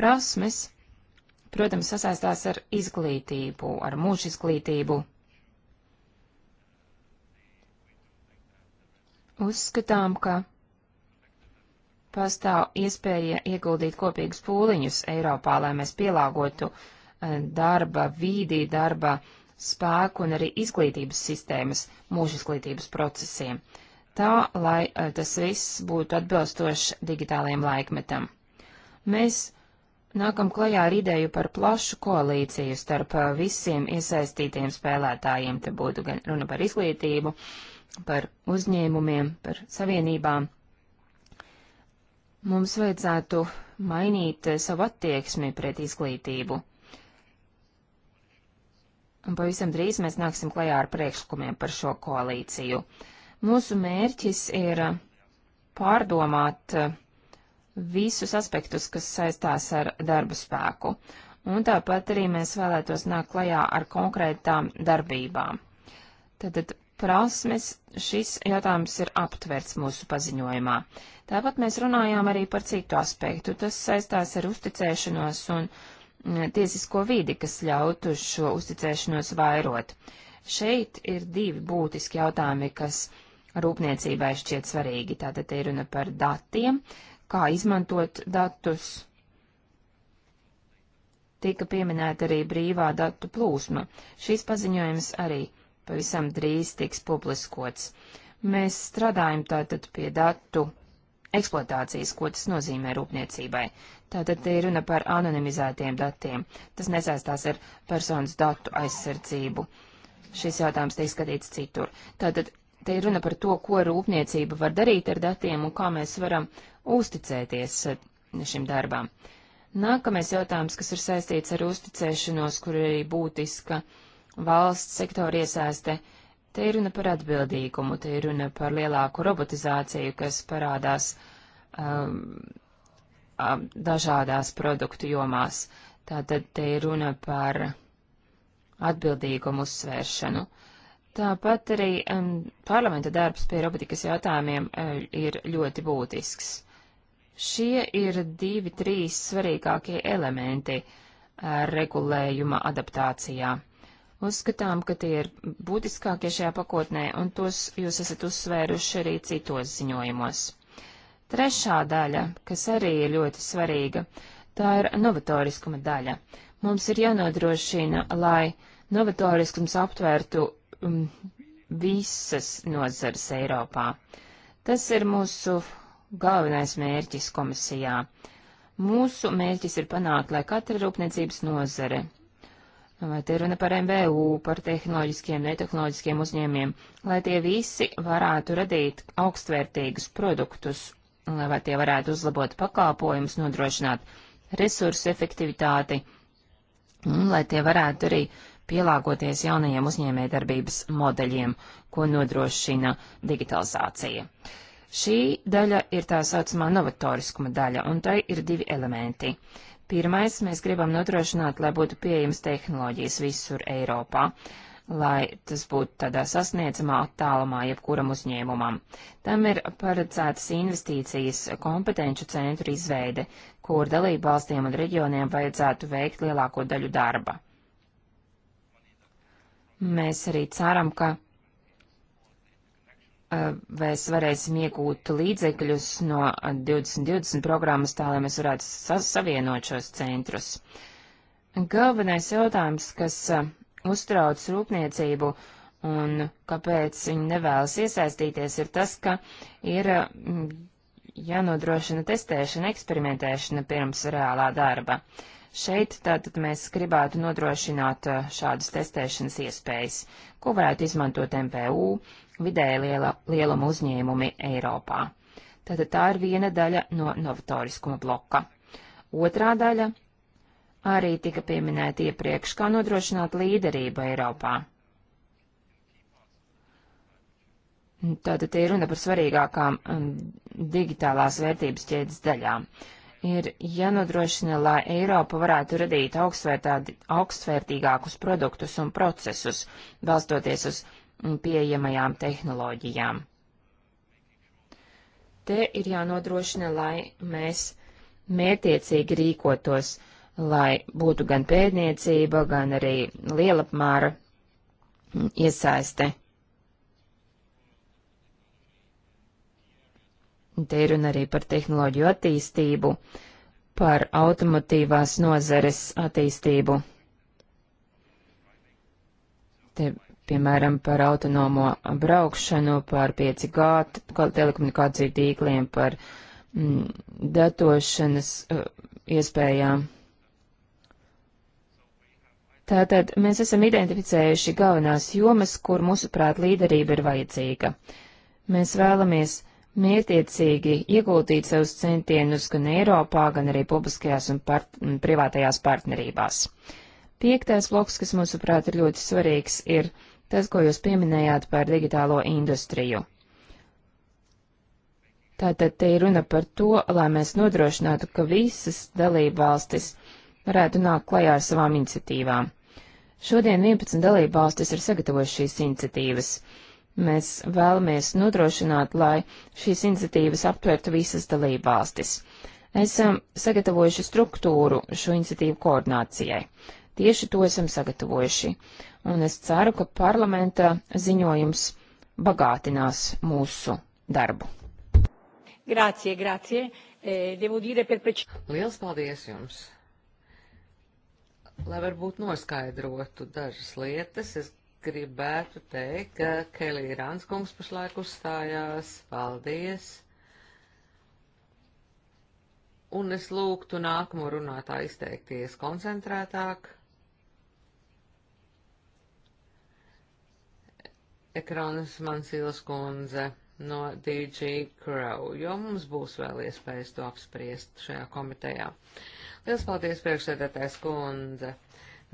Prasmes, protams, sasaistās ar izglītību, ar mūža izglītību. Uzskatām, ka pastāv iespēja ieguldīt kopīgus pūliņus Eiropā, lai mēs pielāgotu darba vīdī, darba uh, spēku un arī izglītības sistēmas mūža izglītības procesiem, tā, lai e, tas viss būtu atbilstoši digitālajiem laikmetam. Mēs nākam klajā ar ideju par plašu koalīciju starp e, visiem iesaistītiem spēlētājiem, te būtu gan runa par izglītību, par uzņēmumiem, par savienībām. Mums vajadzētu mainīt e, savu attieksmi pret izglītību un pavisam drīz mēs nāksim klajā ar priekšlikumiem par šo koalīciju. Mūsu mērķis ir pārdomāt eh, visus aspektus, kas saistās ar darba spēku, un tāpat arī mēs vēlētos nākt klajā ar konkrētām darbībām. Tātad prasmes šis jautājums ir aptverts mūsu paziņojumā. Tāpat mēs runājām arī par citu aspektu, tas saistās ar uzticēšanos un uzticēšanos tiesisko vidi, kas ļautu šo uzticēšanos vairot. Šeit ir divi būtiski jautājumi, kas rūpniecībai šķiet svarīgi. Tātad ir runa par datiem, kā izmantot datus. Tika pieminēta arī brīvā datu plūsma. Šīs paziņojums arī pavisam drīz tiks publiskots. Mēs strādājam tātad pie datu eksploatācijas, ko tas nozīmē rūpniecībai. Tātad te ir runa par anonimizētiem datiem. Tas nesaistās ar personas datu aizsardzību. Šis jautājums te izskatīts citur. Tātad te ir runa par to, ko rūpniecība var darīt ar datiem un kā mēs varam uzticēties eh, šim darbam. Nākamais jautājums, kas ir saistīts ar uzticēšanos, kur ir arī būtiska valsts sektora iesaiste, te ir runa par atbildīgumu, te ir runa par lielāku robotizāciju, kas parādās um, um, dažādās produktu jomās. Tātad te ir runa par atbildīgumu uzsvēršanu. Tāpat arī um, parlamenta darbs pie robotikas jautājumiem um, ir ļoti būtisks. Šie ir divi, trīs svarīgākie elementi uh, regulējuma adaptācijā. Uzskatām, ka tie ir būtiskākie šajā pakotnē, un tos jūs esat uzsvēruši arī citos ziņojumos. Trešā daļa, kas arī ir ļoti svarīga, tā ir novatoriskuma daļa. Mums ir jānodrošina, lai novatoriskums aptvērtu um, visas nozares Eiropā. Tas ir mūsu galvenais mērķis komisijā. Mūsu mērķis ir panākt, lai katra rūpniecības nozare, vai te runa par MVU, par tehnoloģiskiem, netehnoloģiskiem uzņēmiem, lai tie visi varētu radīt augstvērtīgus produktus lai tie varētu uzlabot pakalpojumus, nodrošināt resursu efektivitāti, un lai tie varētu arī pielāgoties jaunajiem uzņēmējdarbības modeļiem, ko nodrošina digitalizācija. Šī daļa ir tā saucamā novatoriskuma daļa, un tai ir divi elementi. Pirmais, mēs gribam nodrošināt, lai būtu pieejams tehnoloģijas visur Eiropā. Uh, lai tas būtu tādā sasniedzamā attālumā jebkuram uzņēmumam. Tam ir paredzētas investīcijas kompetenču centru izveide, kur dalību valstiem un reģioniem vajadzētu veikt lielāko daļu darba. Mēs arī ceram, ka eh, mēs varēsim iegūt līdzekļus no 2020 eh, programmas, tā lai mēs varētu savienot šos centrus. Galvenais jautājums, kas eh, uztrauc rūpniecību un kāpēc viņi nevēlas iesaistīties, ir tas, ka ir mm, jānodrošina testēšana, eksperimentēšana pirms reālā darba. Šeit tātad mēs gribētu nodrošināt eh, šādas testēšanas iespējas, ko varētu izmantot MPU, vidēja liela, lieluma uzņēmumi Eiropā. Tātad tā ir viena daļa no novatoriskuma bloka. Otrā daļa arī tika pieminēti iepriekš, kā nodrošināt līderību Eiropā. Tātad ir runa par svarīgākām um, digitālās vērtības ķēdes daļām. Ir jānodrošina, lai Eiropa varētu radīt augstvērtīgākus produktus un procesus, balstoties uz um, pieejamajām tehnoloģijām. Te ir jānodrošina, lai mēs mētiecīgi rīkotos, uh, lai būtu gan pētniecība, gan arī lielapmāra iesaiste. Te ir un arī par tehnoloģiju attīstību, par automotīvās nozares attīstību. Te, piemēram, par autonomo braukšanu, par 5G telekomunikāciju tīkliem, par mm, datošanas uh, iespējām. Tātad mēs esam identificējuši galvenās jomas, kur mūsuprāt līderība ir vajadzīga. Mēs vēlamies mērtiecīgi ieguldīt savus centienus gan Eiropā, gan arī publiskajās un part privātajās partnerībās. Piektais bloks, kas mūsuprāt ir ļoti svarīgs, ir tas, ko jūs pieminējāt par digitālo industriju. Tātad te ir runa par to, lai mēs nodrošinātu, ka visas dalībvalstis varētu nākt klajā ar savām iniciatīvām. Šodien 11 dalībvalstis ir sagatavojuši šīs iniciatīvas. Mēs vēlamies nodrošināt, lai šīs iniciatīvas aptvertu visas dalībvalstis. Esam sagatavojuši struktūru šo iniciatīvu koordinācijai. Tieši to esam sagatavojuši, un es ceru, ka parlamenta ziņojums bagātinās mūsu darbu. Grācie, grācie. E, eh, devo dire per preci... Liels paldies jums! Lai varbūt noskaidrotu dažas lietas, es gribētu teikt, ka Kelija Ranskungs pašlaik uzstājās. Paldies! Un es lūgtu nākamo runātā izteikties koncentrētāk. Ekranas Mansīlas kundze no DG Crow, jo mums būs vēl iespējas to apspriest šajā komitejā. Uh, Liels paldies, priekšsēdētājs kundze!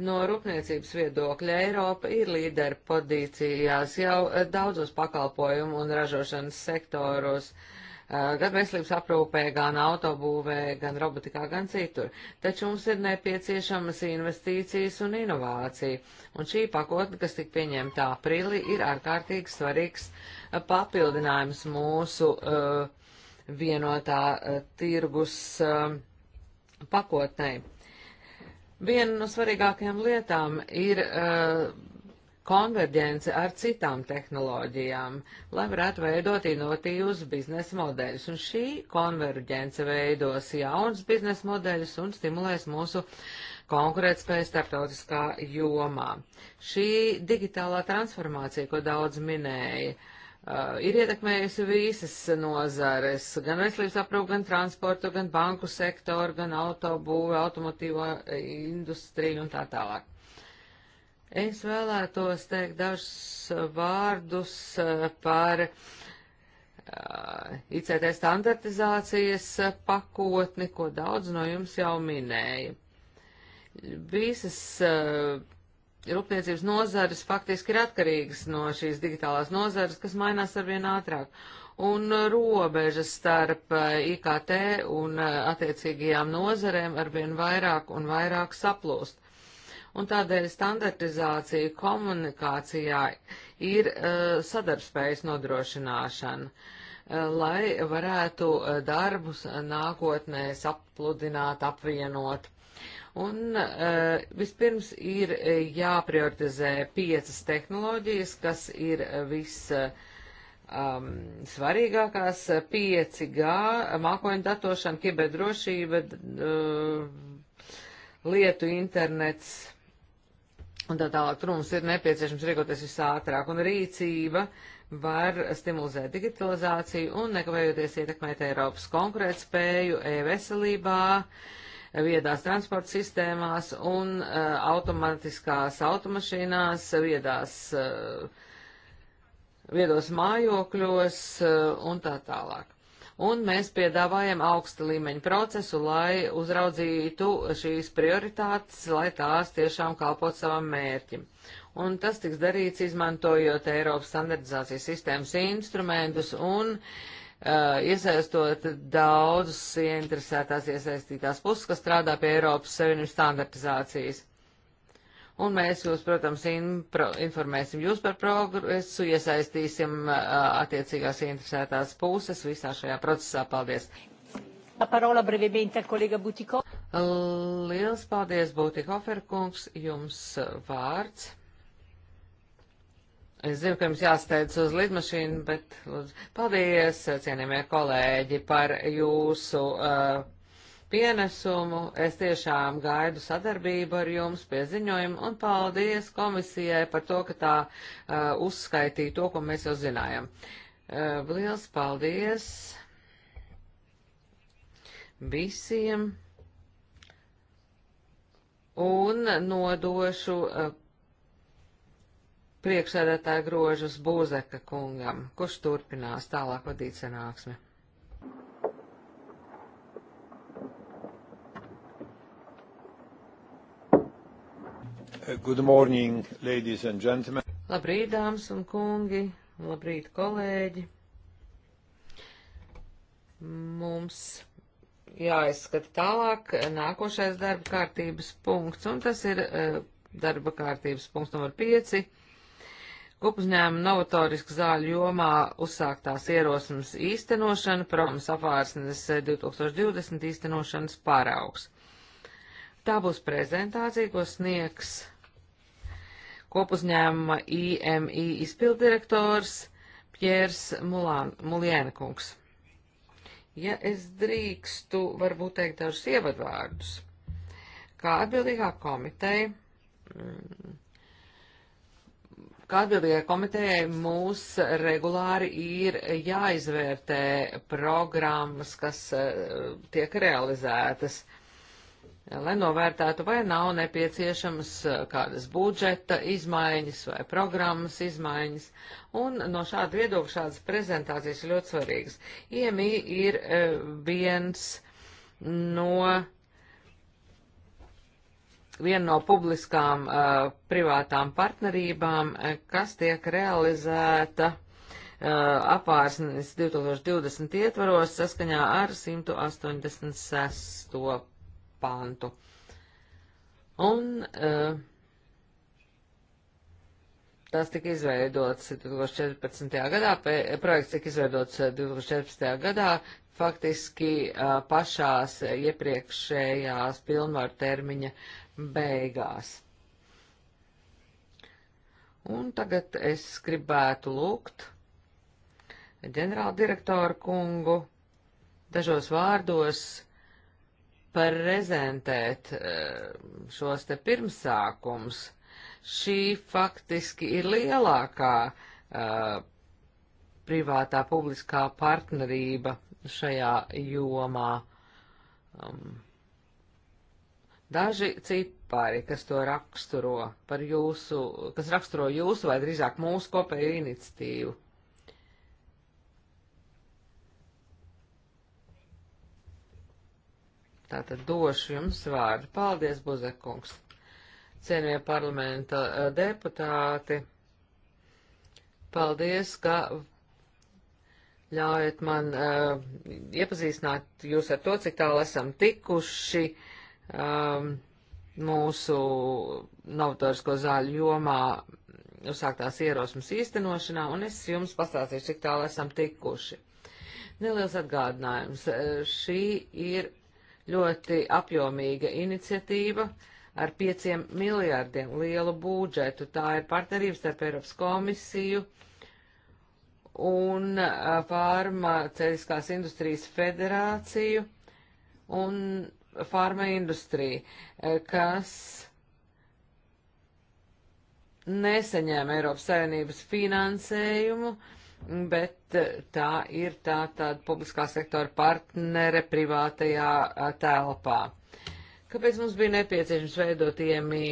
No rūpniecības viedokļa Eiropa ir līderi pozīcijās jau eh, daudzos pakalpojumu un ražošanas sektoros, eh, gan veselības aprūpē, gan autobūvē, gan robotikā, gan citur. Taču mums ir nepieciešamas investīcijas un inovācija, un šī pakotne, kas tika pieņemta aprīlī, ir ārkārtīgi svarīgs eh, papildinājums mūsu uh, vienotā uh, tirgus. Uh, pakotnei. Viena no svarīgākajām lietām ir uh, konverģence ar citām tehnoloģijām, lai varētu veidot inovatīvus biznesa modeļus. Un šī konverģence veidos jaunas biznesa modeļus un stimulēs mūsu konkurētspēju starptautiskā jomā. Šī digitālā transformācija, ko daudz minēja, uh, Uh, ir ietekmējusi visas nozares, gan veselības aprūpu, gan transportu, gan banku sektoru, gan autobūvu, automotīvo e, industriju un tā tālāk. Es vēlētos teikt dažus vārdus e, par uh, e, ICT standartizācijas pakotni, ko daudz no jums jau minēja. Visas uh, rūpniecības nozares faktiski ir atkarīgas no šīs digitālās nozares, kas mainās arvien ātrāk. Un robežas starp eh, IKT un eh, attiecīgajām nozarēm arvien vairāk un vairāk saplūst. Un tādēļ standartizācija komunikācijā ir uh, sadarbspējas nodrošināšana, uh, lai varētu darbus nākotnē sapludināt, apvienot Un uh, vispirms ir eh, jāprioritizē piecas tehnoloģijas, kas ir eh, viss um, svarīgākās - 5G, mākoņu datošana, kiberdrošība, uh, lietu internets un tā tālāk. Tur mums ir nepieciešams rīkoties visātrāk un rīcība var stimulēt digitalizāciju un nekavējoties ietekmēt Eiropas konkurētspēju e-veselībā. Uh, viedās transporta sistēmās un uh, automatiskās automašīnās, viedās, uh, viedos mājokļos uh, un tā tālāk. Un mēs piedāvājam augsta līmeņa procesu, lai uzraudzītu šīs prioritātes, lai tās tiešām kalpot savam mērķim. Un tas tiks darīts izmantojot Eiropas standartizācijas sistēmas instrumentus un uh, Uh, iesaistot daudzas interesētās iesaistītās puses, kas strādā pie Eiropas Savienības standartizācijas. Un mēs jūs, protams, impro, informēsim jūs par progresu, iesaistīsim uh, attiecīgās interesētās puses visā šajā procesā. Paldies! La parola brevemente al collega Butiko. Liels paldies, Butikofer kungs, jums vārds. Es zinu, ka jums jāsteidz uz lidmašīnu, bet lūdzu. paldies, cienījamie kolēģi, par jūsu uh, pienesumu. Es tiešām gaidu sadarbību ar jums pie ziņojuma un paldies komisijai par to, ka tā uh, uzskaitīja to, ko mēs jau zinājam. Uh, liels paldies visiem un nodošu. Uh, priekšsēdētāja grožas Būzeka kungam, kurš turpinās tālāk vadīt sanāksmi. Good morning, ladies and gentlemen. Labrīt, dāmas un kungi, labrīt, kolēģi. Mums jāizskata tālāk nākošais darba kārtības punkts, un tas ir eh, darba kārtības punkts numur 5 Kopuzņēmuma novatoriski zāļu jomā uzsāktās ierosmes īstenošana, programmas apvārsnes 2020 eh, īstenošanas pāraugs. Tā būs prezentācija, ko sniegs kopuzņēmuma IMI izpildirektors Pjērs Mulienkungs. Ja es drīkstu, varbūt teikt dažus ievadvārdus. Kā atbildīgā komiteja, mm, Kā atbildīgai komitejai mūs regulāri ir jāizvērtē programmas, kas eh, tiek realizētas lai novērtētu, vai nav nepieciešamas eh, kādas budžeta izmaiņas vai programmas izmaiņas. Un no šāda viedokļa šādas prezentācijas ļoti svarīgas. IMI ir eh, viens no viena no publiskām uh, privātām partnerībām, eh, kas tiek realizēta uh, apvārsnes 2020 ietvaros saskaņā ar 186. pantu. Un uh, Tas tika izveidots 2014. gadā, projekts tika izveidots 2014. gadā, faktiski pašās iepriekšējās pilnvaru termiņa uh, beigās. Un tagad es gribētu lūgt ģenerāldirektoru kungu dažos vārdos prezentēt eh, šos te pirmsākums. Šī faktiski ir lielākā uh, privātā publiskā partnerība šajā jomā. Um, Daži cipari, kas to raksturo par jūsu, kas raksturo jūsu vai drīzāk mūsu kopēju iniciatīvu. Tātad došu jums vārdu. Paldies, Buzekungs. Cienie parlamenta eh, deputāti, paldies, ka ļaujat man uh, iepazīstināt jūs ar to, cik tālu esam tikuši. Uh, um, mūsu novatorisko zāļu jomā uzsāktās ierosmes īstenošanā, un es jums pastāstīšu, cik tālu esam tikuši. Neliels atgādinājums. Šī ir ļoti apjomīga iniciatīva ar pieciem miljārdiem lielu budžetu. Tā ir partnerības starp Eiropas komisiju un uh, farmaceļiskās industrijas federāciju un farma industrija, eh, kas neseņēma Eiropas Savienības finansējumu, bet eh, tā ir tā tāda publiskā sektora partnere privātajā eh, telpā. Kāpēc mums bija nepieciešams veidot iemī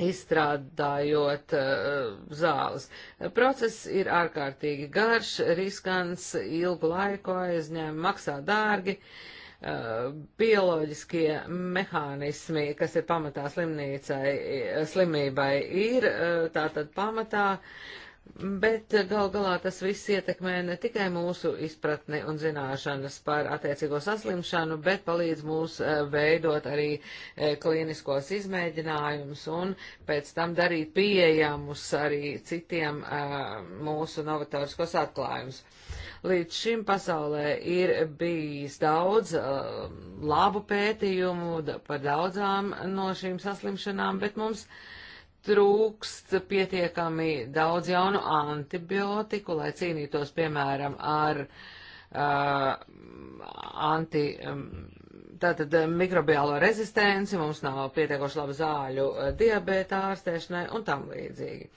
izstrādājot uh, zāles? Process ir ārkārtīgi garš, riskants, ilgu laiku aizņēma, maksā dārgi. Uh, bioloģiskie mehānismi, kas ir pamatā slimnīcai, slimībai, ir eh, tātad pamatā Bet gal galā tas viss ietekmē ne tikai mūsu izpratni un zināšanas par attiecīgo saslimšanu, bet palīdz mūs eh, veidot arī eh, klīniskos izmēģinājumus un pēc tam darīt pieejamus arī citiem eh, mūsu novatoriskos atklājumus. Līdz šim pasaulē ir bijis daudz labu pētījumu par daudzām no šīm saslimšanām, bet mums. Uh, trūkst pietiekami daudz jaunu antibiotiku, lai cīnītos, piemēram, ar uh, anti, um, tātad uh, mikrobiālo rezistenci, mums nav pietiekoši labu zāļu uh, diabēta ārstēšanai un tam līdzīgi.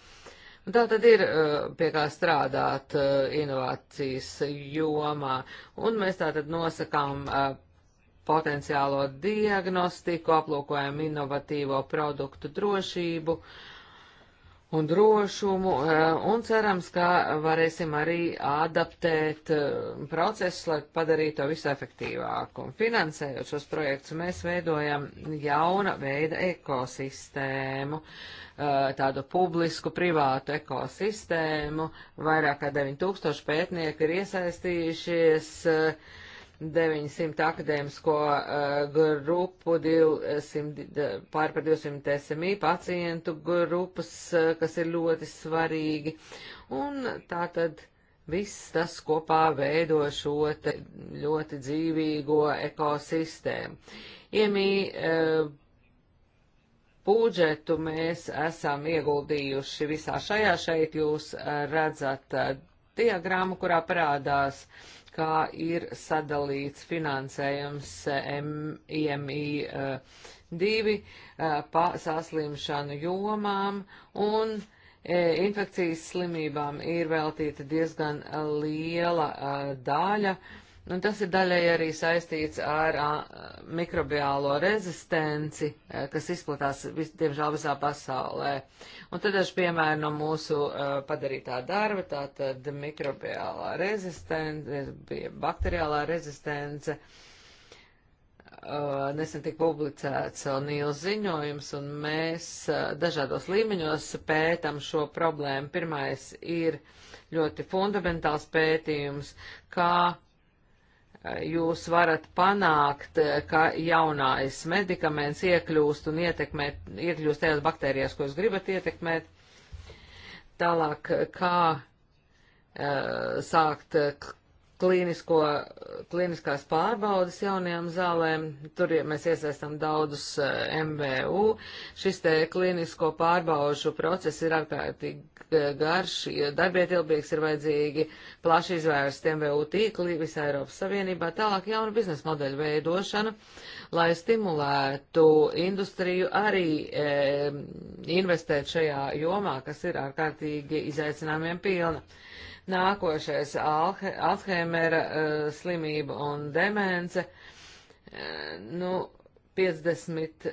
Un tā tad ir uh, pie kā strādāt uh, inovācijas jomā, un mēs tā tad nosakām potenciālo diagnostiku, aplūkojam inovatīvo produktu drošību un drošumu, eh, un cerams, ka varēsim arī adaptēt eh, procesus, lai padarītu to visu efektīvāku. Finansējot šos projektus, mēs veidojam jauna veida ekosistēmu, eh, tādu publisku privātu ekosistēmu. Vairāk kā 9000 pētnieki ir iesaistījušies 900 akadēmisko uh, grupu, 200, pār par 200 SMI pacientu grupas, uh, kas ir ļoti svarīgi. Un tā tad viss tas kopā veido šo ļoti dzīvīgo ekosistēmu. Iemī uh, budžetu mēs esam ieguldījuši visā šajā šeit. Jūs redzat diagrammu, kurā parādās kā ir sadalīts finansējums IMI 2 eh, eh, pa saslimšanu jomām un eh, infekcijas slimībām ir veltīta diezgan liela daļa. Uh, Un nu, tas ir daļai arī saistīts ar a, mikrobiālo rezistenci, a, kas izplatās, vis, diemžēl, visā pasaulē. Un tad daži piemēri no mūsu a, padarītā darba, tātad mikrobiālā rezistence, bija bakteriālā rezistence. Nesen tika publicēts Nīls ziņojums, un mēs dažādos līmeņos pētam šo problēmu. Pirmais ir ļoti fundamentāls pētījums, kā jūs varat panākt, eh, ka jaunais medikaments iekļūst un ietekmē, iekļūst tajās baktērijās, ko jūs gribat ietekmēt. Tālāk, kā eh, sākt klīnisko, klīniskās pārbaudas jaunajām zālēm. Tur ja mēs iesaistam daudzus eh, MVU. Šis te klīnisko pārbaužu process ir ārkārtīgi eh, garš, darbietilpīgs, ir vajadzīgi plaši izvērst MVU tīkli visā Eiropas Savienībā. Tālāk jaunu biznesa modeļu veidošana, lai stimulētu industriju arī e, investēt šajā jomā, kas ir ārkārtīgi izaicinājumiem pilna. Nākošais - Alzheimera uh, slimība un demence. Uh, nu, 50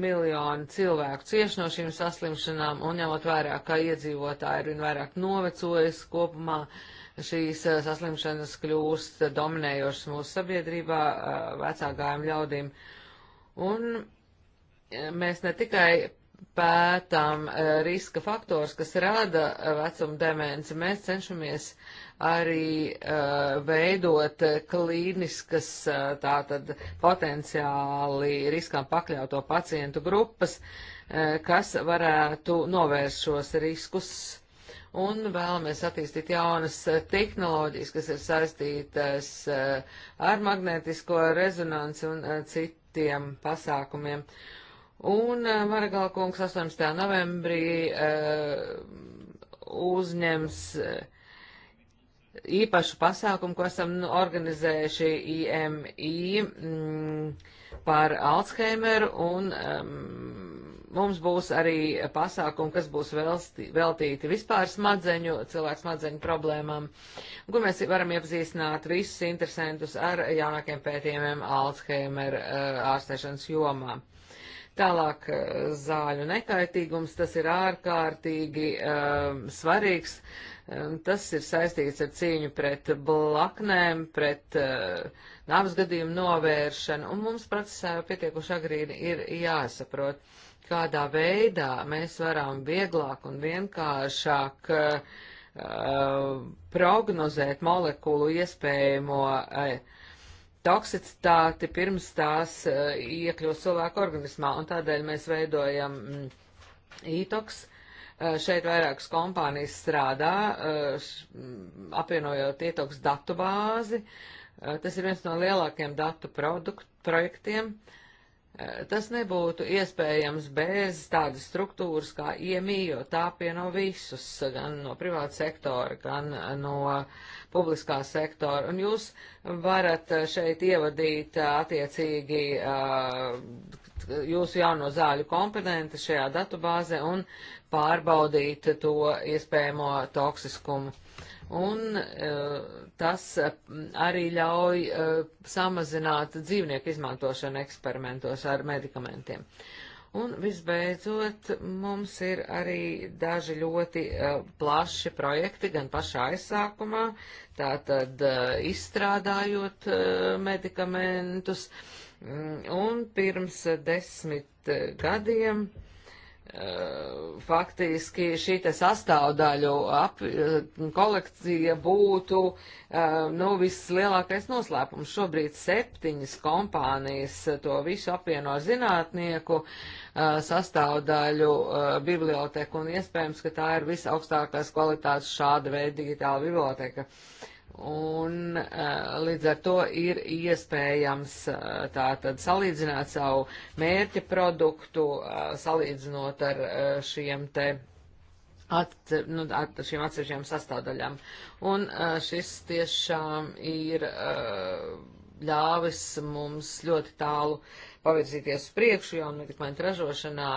miljoni cilvēku cieš no šīm saslimšanām, un ņemot vērā, ka iedzīvotāji ir vien vairāk novecojis kopumā, šīs uh, saslimšanas kļūst dominējošas mūsu sabiedrībā vecākajiem ļaudīm. Un mēs ne tikai pētām eh, riska faktors, kas rada eh, vecuma demenci, mēs cenšamies arī uh, veidot klīniskas uh, tātad potenciāli riskam pakļauto pacientu grupas, uh, kas varētu novērst šos riskus. Un vēlamies attīstīt jaunas tehnoloģijas, kas ir saistītas ar magnetisko rezonanci un citiem pasākumiem. Uh, Un eh, Maragala kungs 18. novembrī uh, uzņems eh, īpašu pasākumu, ko esam nu, organizējuši IMI mm, par Alzheimeru, un um, mums būs arī pasākumi, kas būs velsti, veltīti vispār smadzeņu, cilvēku smadzeņu problēmām, kur mēs varam iepazīstināt visus interesantus ar jaunākiem pētījumiem Alzheimer uh, ārstēšanas jomām. Tālāk eh, zāļu nekaitīgums, tas ir ārkārtīgi um, svarīgs. Um, tas ir saistīts ar cīņu pret blaknēm, pret uh, nāves gadījumu novēršanu, un mums procesā jau pietiekuši agrīni ir jāsaprot, kādā veidā mēs varam vieglāk un vienkāršāk uh, prognozēt molekulu iespējamo uh, toksicitāti pirms tās uh, iekļūst cilvēku organismā, un tādēļ mēs veidojam ītoks. Mm, e uh, šeit vairākas kompānijas strādā, e, š, mm, apvienojot ietoks datu bāzi. E, tas ir viens no lielākiem datu produktu, projektiem. Tas nebūtu iespējams bez tādas struktūras kā iemī, jo tā pieno visus, gan no privāta sektora, gan no uh, publiskā sektora, un jūs varat eh, šeit ievadīt eh, attiecīgi eh, jūsu jauno zāļu komponentu šajā datubāzē un pārbaudīt to iespējamo toksiskumu. Un tas arī ļauj samazināt dzīvnieku izmantošanu eksperimentos ar medikamentiem. Uh, Un visbeidzot, mums ir arī daži ļoti uh, plaši projekti, gan pašā aizsākumā, tātad uh, izstrādājot uh, medikamentus, mm, un pirms desmit gadiem uh, faktiski šī te sastāvdaļu ap, kolekcija būtu eh, nu, vislielākais noslēpums. Šobrīd septiņas kompānijas to visu apvieno zinātnieku eh, sastāvdaļu eh, biblioteku un iespējams, ka tā ir visaugstākās kvalitātes šāda veida digitāla biblioteka. Uh, un eh, līdz ar to ir iespējams eh, tātad salīdzināt savu mērķa produktu, eh, salīdzinot ar šiem te at, nu, at šiem atsevišķiem sastāvdaļām. Un šis tiešām ir ļāvis mums ļoti tālu pavirzīties uz priekšu jau medikamentu ražošanā,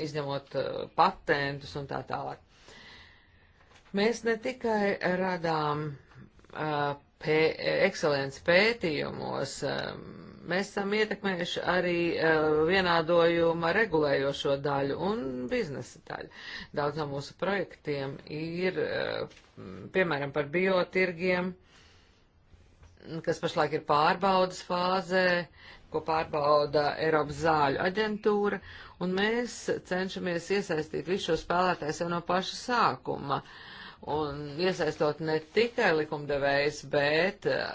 izņemot patentus un tā tālāk. Mēs ne tikai radām pē, ekscelences pētījumos mēs esam ietekmējuši arī vienādojuma regulējošo daļu un biznesa daļu. Daudz no mūsu projektiem ir, piemēram, par biotirgiem, kas pašlaik ir pārbaudas fāzē, ko pārbauda Eiropas zāļu aģentūra, un mēs cenšamies iesaistīt visu šo spēlētājs jau no paša sākuma. Uh, un iesaistot ne tikai likumdevējs, bet eh,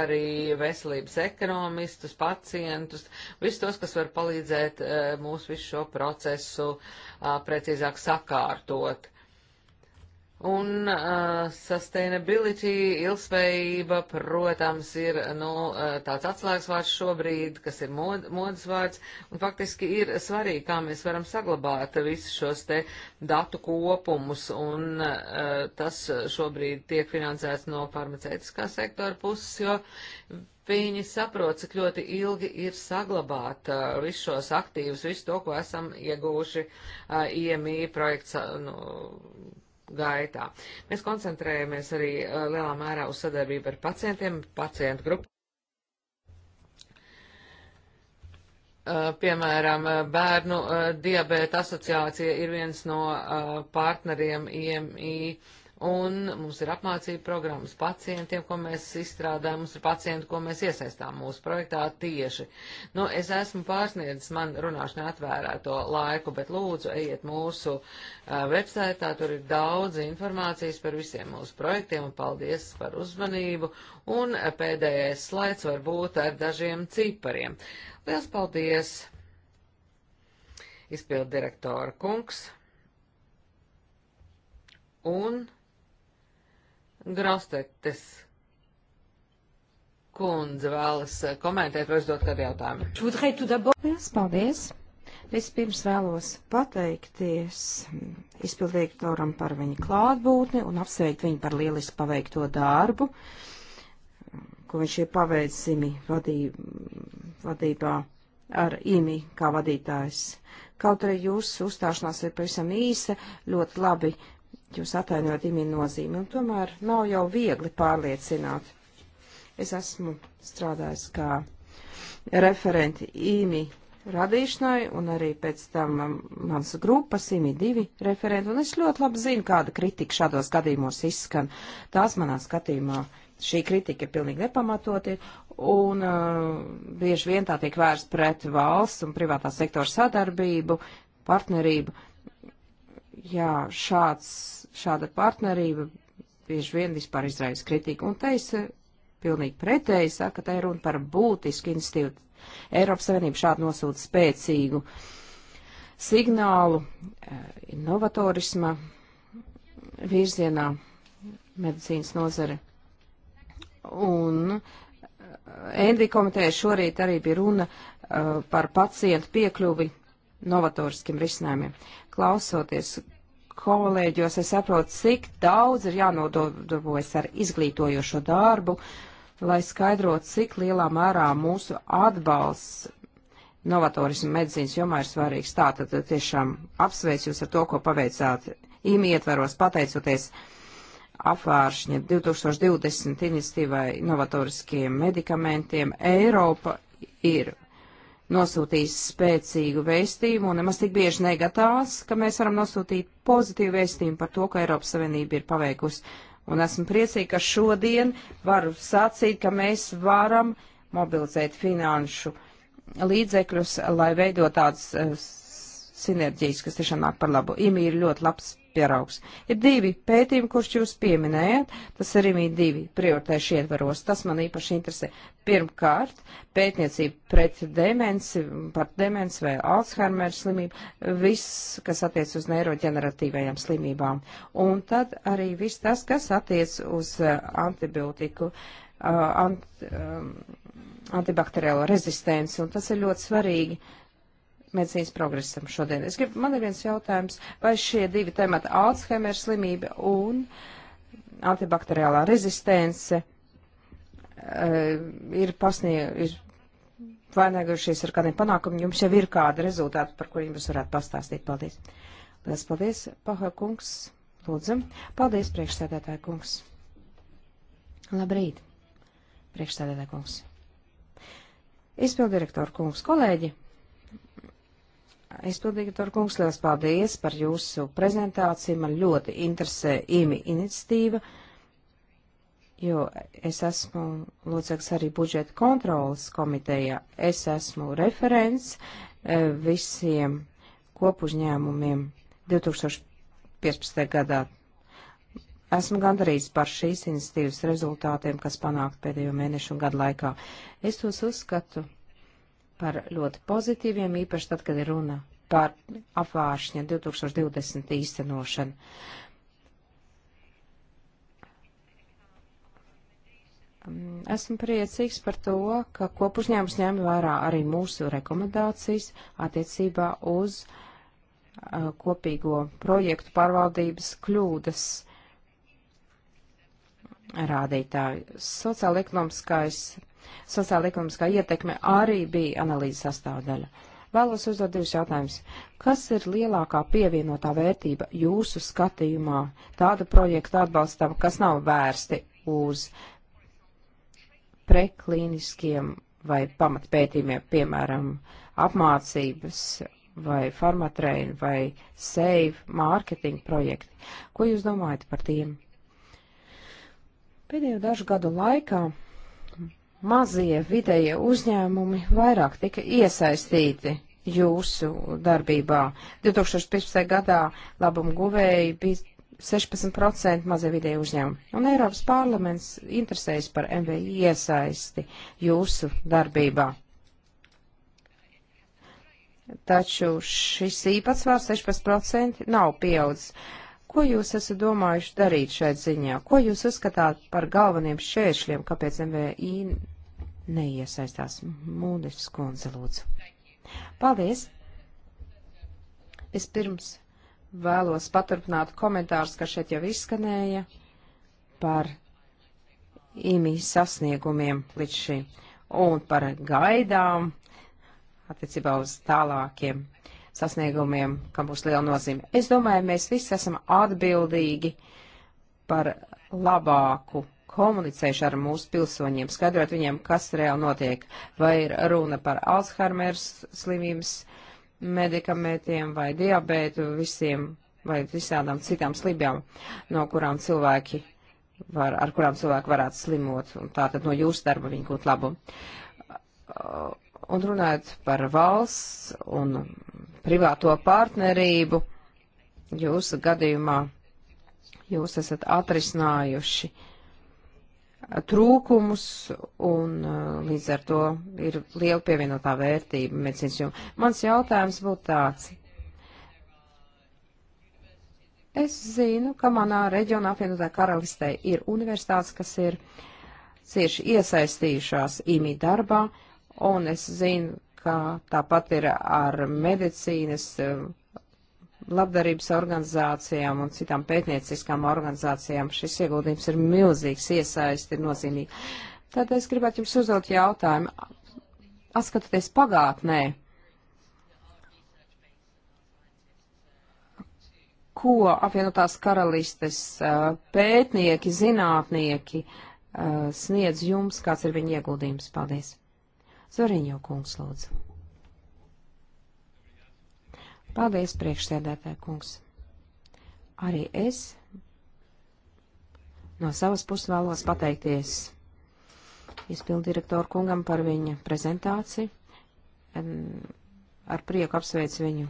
arī veselības ekonomistus, pacientus, visus tos, kas var palīdzēt eh, mūsu visu šo procesu eh, precīzāk sakārtot. Un uh, sustainability, ilgspējība, protams, ir nu, uh, tāds atslēgas vārds šobrīd, kas ir mod, modas vārds, un faktiski ir svarīgi, kā mēs varam saglabāt visus šos te datu kopumus, un uh, tas šobrīd tiek finansēts no farmaceitiskā sektora puses, jo viņi saprot, cik ļoti ilgi ir saglabāt uh, visus šos aktīvus, visu to, ko esam iegūši uh, IMI projekts. Uh, nu, gaitā. Mēs koncentrējamies arī uh, lielā mērā uz sadarbību ar pacientiem, pacientu grupu. Uh, piemēram, uh, Bērnu uh, diabēta asociācija ir viens no uh, partneriem IMI un mums ir apmācība programmas pacientiem, ko mēs izstrādājam, mums ir pacienti, ko mēs iesaistām mūsu projektā tieši. Nu, es esmu pārsniedzis man runāšanā atvērēto laiku, bet lūdzu, ejiet mūsu uh, websaitā, tur ir daudz informācijas par visiem mūsu projektiem, un paldies par uzmanību, un pēdējais slaids var būt ar dažiem cipariem. Liels paldies, izpildirektora kungs! un Graustetes kundze vēlas eh, komentēt vai uzdot kādu jautājumu. Lielas paldies! Vispirms vēlos pateikties mm, izpilddirektoram par viņa klātbūtni un apsveikt viņu par lieliski paveikto darbu, ko viņš ir paveicis IMI vadībā ar IMI kā vadītājs. Kaut arī jūsu uzstāšanās ir pavisam īsa, ļoti labi jūs atainojat imīnu nozīmi, un tomēr nav jau viegli pārliecināt. Es esmu strādājis kā referenti īmi radīšanai, un arī pēc tam mans grupas īmi divi referenti, un es ļoti labi zinu, kāda kritika šādos gadījumos izskan. Tās manā skatījumā šī kritika ir pilnīgi nepamatoti, un uh, bieži vien tā tiek vērsta pret valsts un privātā sektora sadarbību, partnerību. Jā, šāds šāda partnerība bieži vien vispār izraisa kritiku. Un te es eh, pilnīgi pretēji saku, ka te ir runa par būtisku institūtu. Eiropas Savienība šādi nosūta spēcīgu signālu eh, novatorisma virzienā medicīnas nozare. Un eh, Endri komiteja šorīt arī bija runa par pacientu piekļuvi novatoriskiem risinājumiem. Klausoties kolēģos es saprotu, cik daudz ir jānodarbojas ar izglītojošo darbu, lai skaidrotu, cik lielā mērā mūsu atbalsts novatorismu medicīnas jomā ir svarīgs. Tātad tiešām apsveicu jūs ar to, ko paveicāt īmi ietveros, pateicoties apvāršņa 2020 iniciatīvai novatoriskiem medikamentiem. Eiropa ir nosūtīs spēcīgu vēstījumu un nemaz tik bieži negatās, ka mēs varam nosūtīt pozitīvu vēstījumu par to, ka Eiropas Savienība ir paveikusi. Un esmu priecīga, ka šodien varu sacīt, ka mēs varam mobilizēt finanšu līdzekļus, lai veidot tādas eh, sinerģijas, kas tiešām nāk par labu. IMI ir ļoti labs pieraugs. Ir divi pētījumi, kurus jūs pieminējat, tas arī ir divi prioritēši ietvaros, tas man īpaši interesē. Pirmkārt, pētniecība pret demenci, par demenci vai Alzheimer slimību, viss, kas attiec uz neiroģeneratīvajām slimībām. Un tad arī viss tas, kas attiec uz uh, antibiotiku. Uh, ant, um, antibakteriālo rezistenci, un tas ir ļoti svarīgi. Uh, medicīnas progresam šodien. Es gribu, man ir viens jautājums, vai šie divi temati - Alzheimer slimība un antibakteriālā rezistence eh, ir pasnieguši, ir vainagojušies ar kādiem panākumiem. Jums jau ir kādi rezultāti, par kuriem jūs varētu pastāstīt. Paldies. Lielas paldies, Paha kungs. Lūdzam. Paldies, priekšstādātāja kungs. Labrīt, priekšstādātāja kungs. Izpildirektora kungs, kolēģi. Izpildīgatoru kungs, liels paldies par jūsu prezentāciju. Man ļoti interesē IMI iniciatīva, jo es esmu loceklis arī budžeta kontrolas komitejā. Es esmu referents eh, visiem kopužņēmumiem 2015. gadā. Esmu gandarīts par šīs iniciatīvas rezultātiem, kas panākt pēdējo mēnešu un gadu laikā. Es tos uzskatu par ļoti pozitīviem, īpaši tad, kad ir runa par apvāršņa 2020 īstenošanu. Mm, esmu priecīgs par to, ka kopušņēmums ņem vērā arī mūsu rekomendācijas attiecībā uz uh, kopīgo projektu pārvaldības kļūdas rādītāju. Sociāla ekonomiskais sociāla-ekonomiskā ietekme arī bija analīzes sastāvdaļa. Vēlos uzdot divus jautājumus. Kas ir lielākā pievienotā vērtība jūsu skatījumā tādu projektu atbalstam, kas nav vērsti uz preklīniskiem vai pamatpētījumiem, piemēram, apmācības vai farmatrēni vai save mārketinga projekti. Ko jūs domājat par tiem? Pēdējo dažu gadu laikā mazie vidējie uzņēmumi vairāk tika iesaistīti jūsu darbībā. 2015. gadā labumu guvēji bija 16% mazie vidēji uzņēmumi. Un Eiropas parlaments interesējas par MVI iesaisti jūsu darbībā. Taču šis īpatsvars 16% nav pieaudzis. Ko jūs esat domājuši darīt šai ziņā? Ko jūs uzskatāt par galveniem šķēršļiem, kāpēc MVI neiesaistās. Mūdešs kundze, lūdzu. Paldies! Es pirms vēlos paturpināt komentārus, kas šeit jau izskanēja par IMI sasniegumiem līdz šim un par gaidām attiecībā uz tālākiem sasniegumiem, kam būs liela nozīme. Es domāju, mēs visi esam atbildīgi par labāku komunicējuši ar mūsu pilsoņiem, skaidrot viņiem, kas reāli notiek, vai ir runa par Alzheimer's slimības medikamentiem vai diabētu visiem vai visādām citām slībām, no kurām cilvēki var, ar kurām cilvēki varētu slimot, un tātad no jūsu darba viņi gūt labu. Un runājot par valsts un privāto partnerību, jūsu gadījumā jūs esat atrisinājuši uh, trūkumus, un uh, līdz ar to ir liela pievienotā vērtība medicīnas jomā. Mans jautājums būtu tāds. Es zinu, ka manā reģionā apvienotā karalistē ir universitātes, kas ir cieši iesaistījušās imī darbā, un es zinu, ka tāpat ir ar medicīnas uh, labdarības organizācijām un citām pētnieciskām organizācijām. Šis ieguldījums ir milzīgs, iesaisti ir nozīmīgi. Tad es gribētu jums uzdot jautājumu. Atskatoties pagātnē, ko apvienotās karalistes pētnieki, zinātnieki sniedz jums, kāds ir viņa ieguldījums? Paldies! Zoriņo kungs, lūdzu. Paldies, priekšsēdētāja kungs. Arī es no savas puses vēlos pateikties izpildirektoru kungam par viņa prezentāciju. Ar prieku apsveicu viņu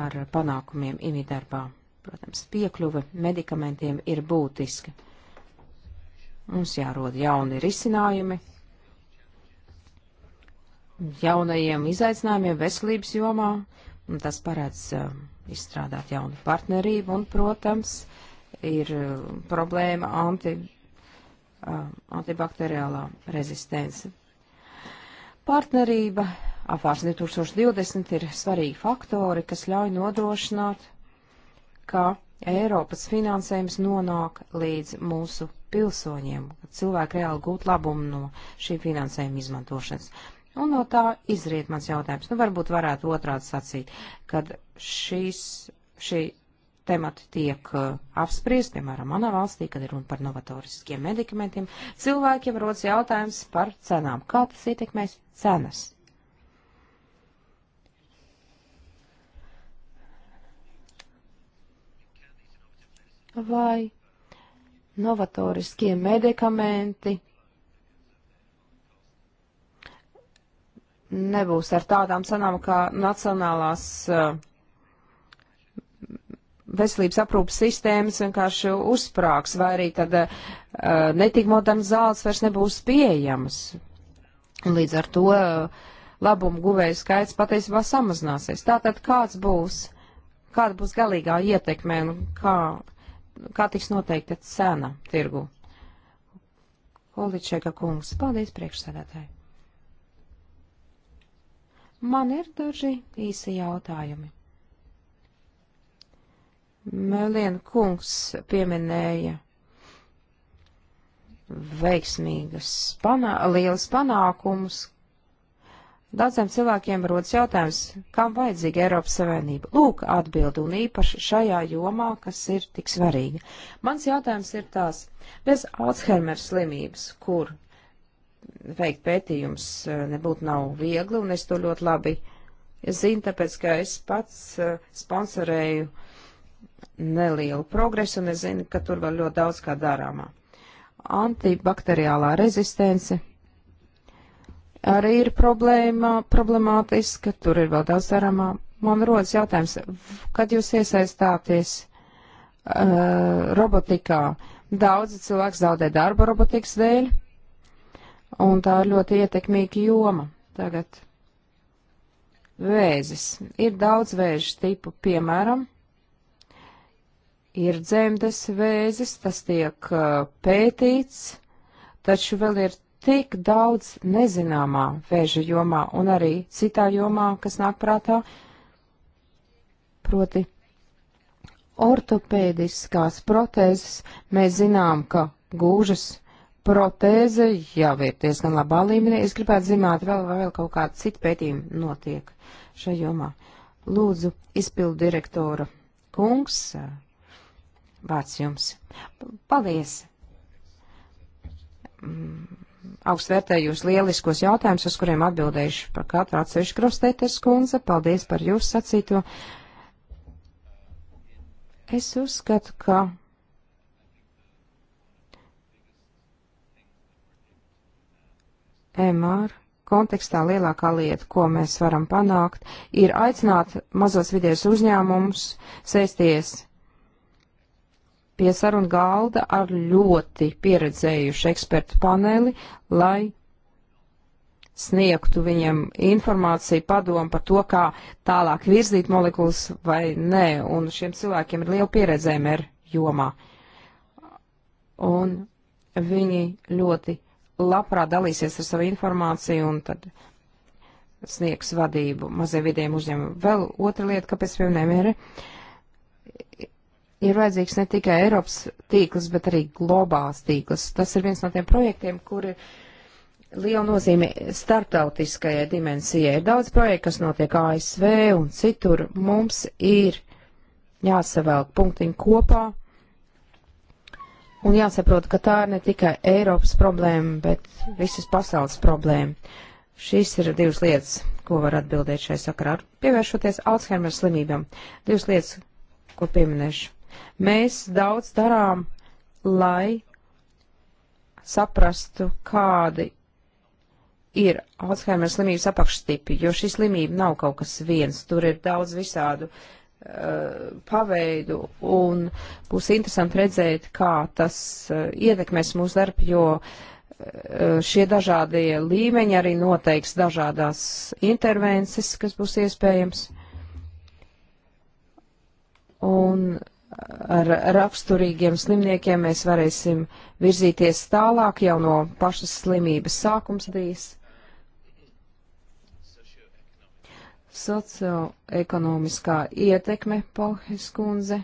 ar panākumiem IMI darbā. Protams, piekļuve medikamentiem ir būtiska. Mums jārod jauni risinājumi jaunajiem izaicinājumiem veselības jomā, Tas paredz izstrādāt jaunu partnerību un, protams, ir problēma anti, antibakteriālā rezistence. Partnerība apvārs 2020 ir svarīgi faktori, kas ļauj nodrošināt, ka Eiropas finansējums nonāk līdz mūsu pilsoņiem, kad cilvēki reāli gūt labumu no šī finansējuma izmantošanas. Un no tā izriet mans jautājums. Nu, varbūt varētu otrādi sacīt, kad šīs, šī temati tiek uh, apspriest, piemēram, manā valstī, kad ir runa par novatoriskiem medikamentiem, cilvēkiem rodas jautājums par cenām. Kā tas ietekmēs cenas? Vai novatoriskie medikamenti nebūs ar tādām sanām kā nacionālās uh, veselības aprūpas sistēmas vienkārši uzsprāgs, vai arī tad uh, netik modernas zāles vairs nebūs pieejamas. Līdz ar to uh, labumu guvēju skaits patiesībā samazināsies. Tātad kāds būs, kāda būs galīgā ietekme un kā, kā tiks noteikta cena tirgu? Količēka kungs, paldies priekšsēdētāji. Man ir daži īsi jautājumi. Mēlien kungs pieminēja veiksmīgas panā liels panākumus. Daudziem cilvēkiem rodas jautājums, kam vajadzīga Eiropas Savienība. Lūk, atbildi un īpaši šajā jomā, kas ir tik svarīga. Mans jautājums ir tās, bez Alzheimer slimības, kur veikt pētījums eh, nebūtu nav viegli, un es to ļoti labi zinu, tāpēc, ka es pats eh, sponsorēju nelielu progresu, un es zinu, ka tur vēl ļoti daudz kā darāmā. Antibakteriālā rezistence arī ir problēma, problemātiska, tur ir vēl daudz darāmā. Man rodas jautājums, kad jūs iesaistāties uh, robotikā, daudzi cilvēki zaudē darbu robotikas dēļ, un tā ir ļoti ietekmīga joma tagad. Vēzis. Ir daudz vēža tipu, piemēram, ir dzemdes vēzis, tas tiek uh, pētīts, taču vēl ir tik daudz nezināmā vēža jomā un arī citā jomā, kas nāk prātā, proti ortopēdiskās protēzes, mēs zinām, ka gūžas protēze jau ir diezgan labā līmenī. Es gribētu zināt, vēl, vēl kaut kāda cita pētījuma notiek šajā jomā. Lūdzu, izpildu direktora kungs, vārds jums. Paldies! Mm, Augst vērtēju jūs lieliskos jautājumus, uz kuriem atbildējuši par katru atsevišķu krustēters kundze. Paldies par jūsu sacīto. Es uzskatu, ka MR kontekstā lielākā lieta, ko mēs varam panākt, ir aicināt mazos vidies uzņēmumus sēsties pie sarunu galda ar ļoti pieredzējušu ekspertu paneli, lai sniegtu viņam informāciju, padomu par to, kā tālāk virzīt molekulas vai nē, un šiem cilvēkiem ir liela pieredzēme ar jomā. Un viņi ļoti labprāt dalīsies ar savu informāciju un tad sniegs vadību maziem vidiem uzņēmumiem. Vēl otra lieta, kāpēc pieminējumi ir, ir vajadzīgs ne tikai Eiropas tīkls, bet arī globāls tīkls. Tas ir viens no tiem projektiem, kuri liela nozīme startautiskajai dimensijai. Ir daudz projektu, kas notiek ASV un citur. Mums ir jāsavēl punktiņu kopā Un jāsaprot, ka tā ir ne tikai Eiropas problēma, bet visas pasaules problēma. Šīs ir divas lietas, ko var atbildēt šai sakarā. Pievēršoties Alzheimer slimībam, divas lietas, ko pieminēšu. Mēs daudz darām, lai saprastu, kādi ir Alzheimer slimības apakšstipi, jo šī slimība nav kaut kas viens, tur ir daudz visādu Eh, paveidu, un būs interesanti redzēt, kā tas eh, ietekmēs mūsu darbu, jo eh, šie dažādie līmeņi arī noteiks dažādās intervences, kas būs iespējams. Un ar raksturīgiem slimniekiem mēs varēsim virzīties tālāk jau no pašas slimības sākums bijis. socioekonomiskā ietekme, Pohes kundze.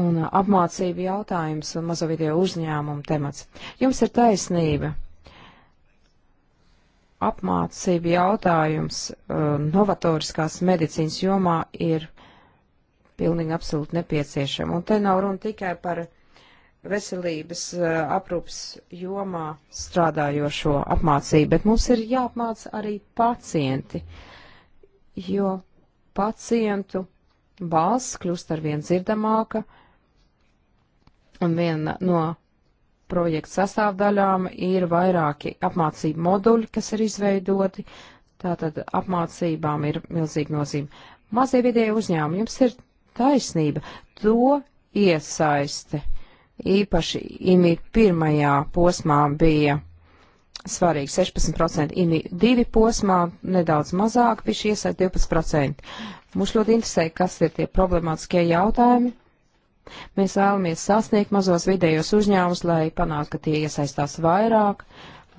Un apmācība jautājums un mazovidēju uzņēmumu temats. Jums ir taisnība. Apmācība jautājums uh, novatoriskās medicīnas jomā ir pilnīgi absolūti nepieciešama. Un te nav runa tikai par veselības eh, aprūpas jomā strādājošo apmācību, bet mums ir jāapmāca arī pacienti, jo pacientu balss kļūst ar vien dzirdamāka, un viena no projekta sastāvdaļām ir vairāki apmācību moduļi, kas ir izveidoti, tātad apmācībām ir milzīga nozīme. Mazie vidēji uzņēmumi, jums ir taisnība, to iesaiste īpaši IMI pirmajā posmā bija svarīgi 16%, IMI divi posmā nedaudz mazāk, piši iesaist 12%. Mums ļoti interesē, kas ir tie problemātiskie jautājumi. Mēs vēlamies sasniegt mazos vidējos uzņēmumus, lai panāktu, ka tie iesaistās vairāk,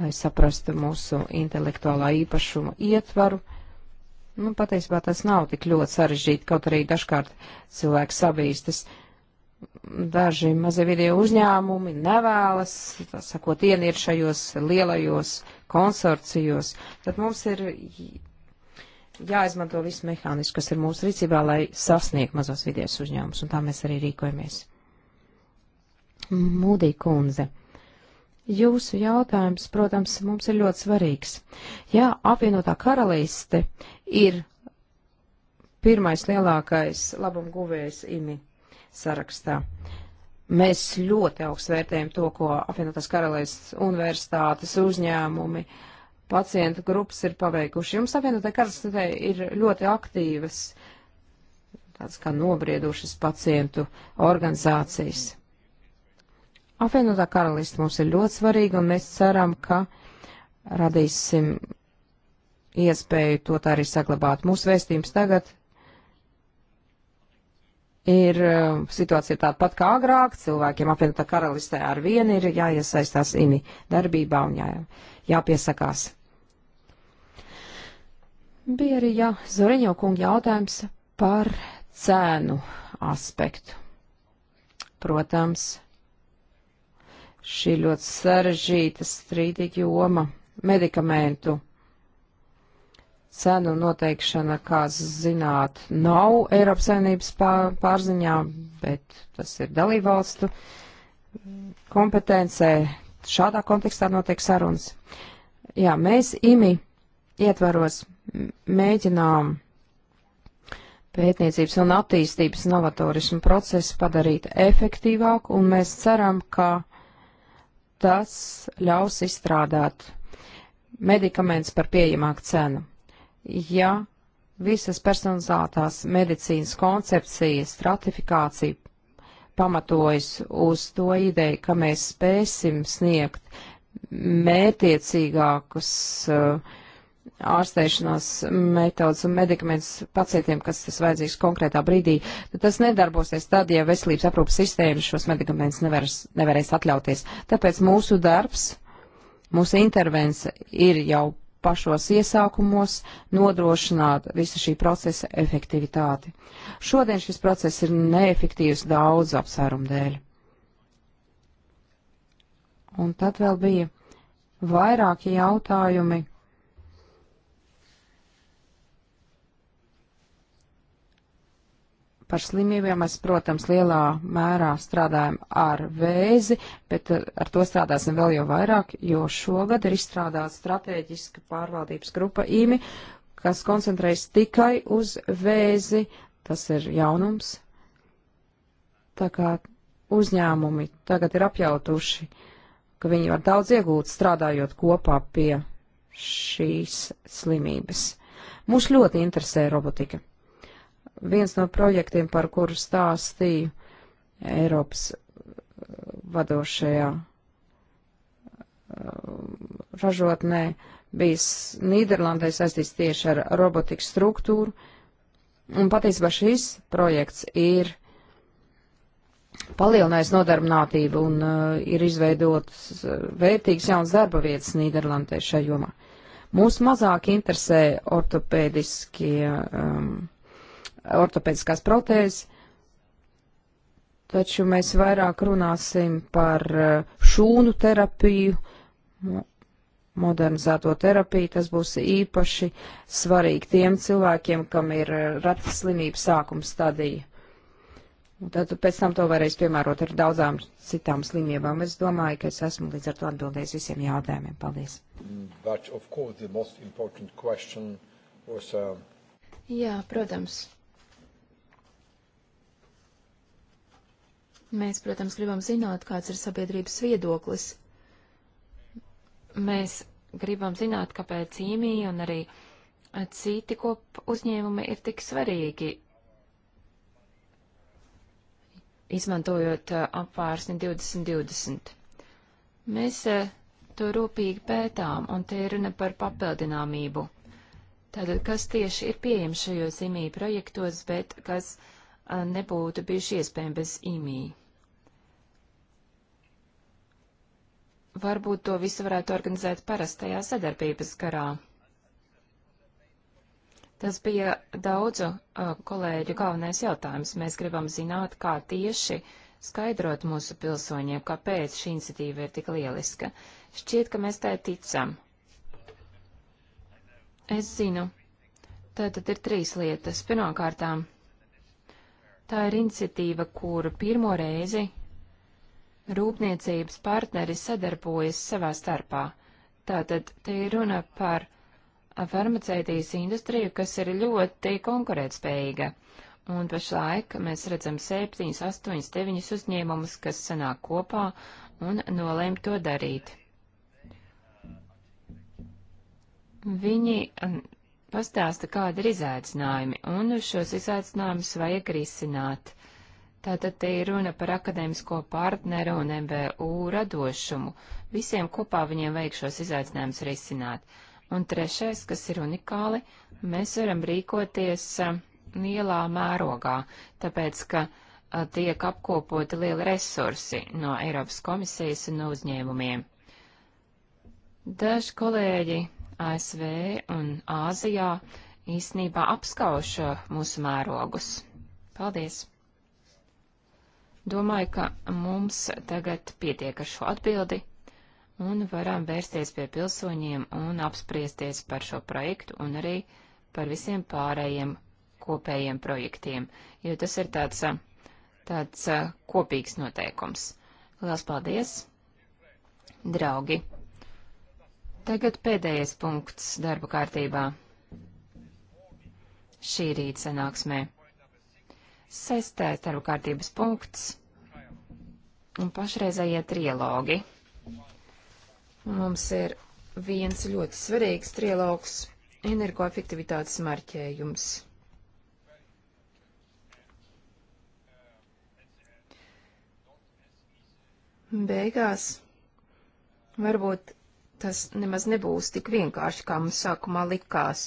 lai saprastu mūsu intelektuālā īpašuma ietvaru. Nu, patiesībā tas nav tik ļoti sarežģīti, kaut arī dažkārt cilvēks sabīstas. Uh, daži mazie video uzņēmumi nevēlas, tā sakot, ieniet šajos lielajos konsorcijos, tad mums ir jāizmanto viss mehānisms, kas ir mūsu rīcībā, lai sasniegtu mazos vidējos uzņēmumus, un tā mēs arī rīkojamies. Mūdī kundze. Jūsu jautājums, protams, mums ir ļoti svarīgs. Jā, apvienotā karalīste ir pirmais lielākais labumguvējs imi sarakstā. Mēs ļoti augstu vērtējam to, ko apvienotās karalists universitātes uzņēmumi, pacientu grupas ir paveikuši. Jums apvienotā karalistē ir ļoti aktīvas, tāds kā nobriedušas pacientu organizācijas. Apvienotā karalista mums ir ļoti svarīga, un mēs ceram, ka radīsim iespēju to tā arī saglabāt. Mūsu vēstījums tagad ir um, situācija tāda pat kā agrāk, cilvēkiem apvienotā karalistē ar vienu ir jāiesaistās imi darbībā un jā, jāpiesakās. Bija arī jā, Zoriņo kunga jautājums par cēnu aspektu. Protams, šī ļoti sarežģīta strīdīga joma medikamentu cenu noteikšana, kā zināt, nav Eiropas Savienības pārziņā, bet tas ir dalībvalstu kompetencē. Šādā kontekstā notiek sarunas. Jā, mēs imi ietvaros mēģinām pētniecības un attīstības novatorismu procesu padarīt efektīvāku, un mēs ceram, ka tas ļaus izstrādāt medikaments par pieejamāku cenu ja visas personalizētās medicīnas koncepcijas stratifikācija pamatojas uz to ideju, ka mēs spēsim sniegt mērtiecīgākus uh, ārstēšanās metodas un medikamentus pacientiem, kas tas vajadzīgs konkrētā brīdī, tad tas nedarbosies tad, ja veselības aprūpas sistēma šos medikamentus nevarēs, nevarēs atļauties. Tāpēc mūsu darbs, mūsu intervence ir jau pašos iesākumos nodrošināt visu šī procesa efektivitāti. Šodien šis process ir neefektīvs daudz apsvērumu dēļ. Un tad vēl bija vairāki jautājumi par slimībām mēs, protams, lielā mērā strādājam ar vēzi, bet eh, ar to strādāsim vēl jau vairāk, jo šogad ir izstrādāta strateģiska pārvaldības grupa īmi, kas koncentrējas tikai uz vēzi. Tas ir jaunums. Tā kā uzņēmumi tagad ir apjautuši, ka viņi var daudz iegūt strādājot kopā pie šīs slimības. Mūs ļoti interesē robotika viens no projektiem, par kuru stāstīju Eiropas uh, vadošajā uh, ražotnē, bija Nīderlandē saistīts tieši ar robotikas struktūru. Un patiesībā šis projekts ir palielinājis nodarbinātību un uh, ir izveidotas uh, vērtīgas jaunas darba vietas Nīderlandē šajā jomā. Mūs mazāk interesē ortopēdiskie um, ortopēdiskās protēzes, taču mēs vairāk runāsim par eh, šūnu terapiju, modernizēto terapiju. Tas būs īpaši svarīgi tiem cilvēkiem, kam ir eh, reta slimība sākuma stadija. Un tad pēc tam to varēs piemērot ar daudzām citām slimībām. Es domāju, ka es esmu līdz ar to atbildējis visiem jautājumiem. Paldies. Course, question was, uh... Jā, protams. Mēs, protams, gribam zināt, kāds ir sabiedrības viedoklis. Mēs gribam zināt, kāpēc īmija un arī citi kop uzņēmumi ir tik svarīgi, izmantojot eh, apvārsni 2020. Mēs eh, to rūpīgi pētām, un te ir runa par papildināmību. Tātad, kas tieši ir pieejams šajos imī projektos, bet kas nebūtu bijuši iespējami bez IMI. Varbūt to visu varētu organizēt parastajā sadarbības garā. Tas bija daudzu uh, kolēģu galvenais jautājums. Mēs gribam zināt, kā tieši skaidrot mūsu pilsoņiem, kāpēc šī iniciatīva ir tik lieliska. Šķiet, ka mēs tai ticam. Es zinu. Tātad ir trīs lietas. Pirmkārtām Tā ir iniciatīva, kuru pirmo reizi rūpniecības partneri sadarbojas savā starpā. Tātad te ir runa par farmaceitijas industriju, kas ir ļoti konkurētspējīga. Un pašlaik mēs redzam 7, 8, 9 uzņēmumus, kas sanāk kopā un nolēma to darīt. Viņi pastāsta, kāda ir izaicinājumi, un šos izaicinājumus vajag risināt. Tātad te ir runa par akadēmisko partneru un MBU radošumu. Visiem kopā viņiem vajag šos izaicinājumus risināt. Un trešais, kas ir unikāli, mēs varam rīkoties a, lielā mērogā, tāpēc, ka a, tiek apkopoti lieli resursi no Eiropas komisijas un no uzņēmumiem. Daži kolēģi ASV un Āzijā īsnībā apskauž uh, mūsu mērogus. Paldies! Domāju, ka mums tagad pietiek ar šo atbildi un varam vērsties pie pilsoņiem un apspriesties par šo projektu un arī par visiem pārējiem kopējiem projektiem, jo tas ir tāds, uh, tāds uh, kopīgs noteikums. Lielas paldies, draugi! Tagad pēdējais punkts darba kārtībā. Šī rīta sanāksmē. Sestais darba kārtības punkts un pašreizējie trilogi. Mums ir viens ļoti svarīgs trilogs - energoefektivitātes marķējums. Beigās varbūt tas nemaz nebūs tik vienkārši, kā mums sākumā likās.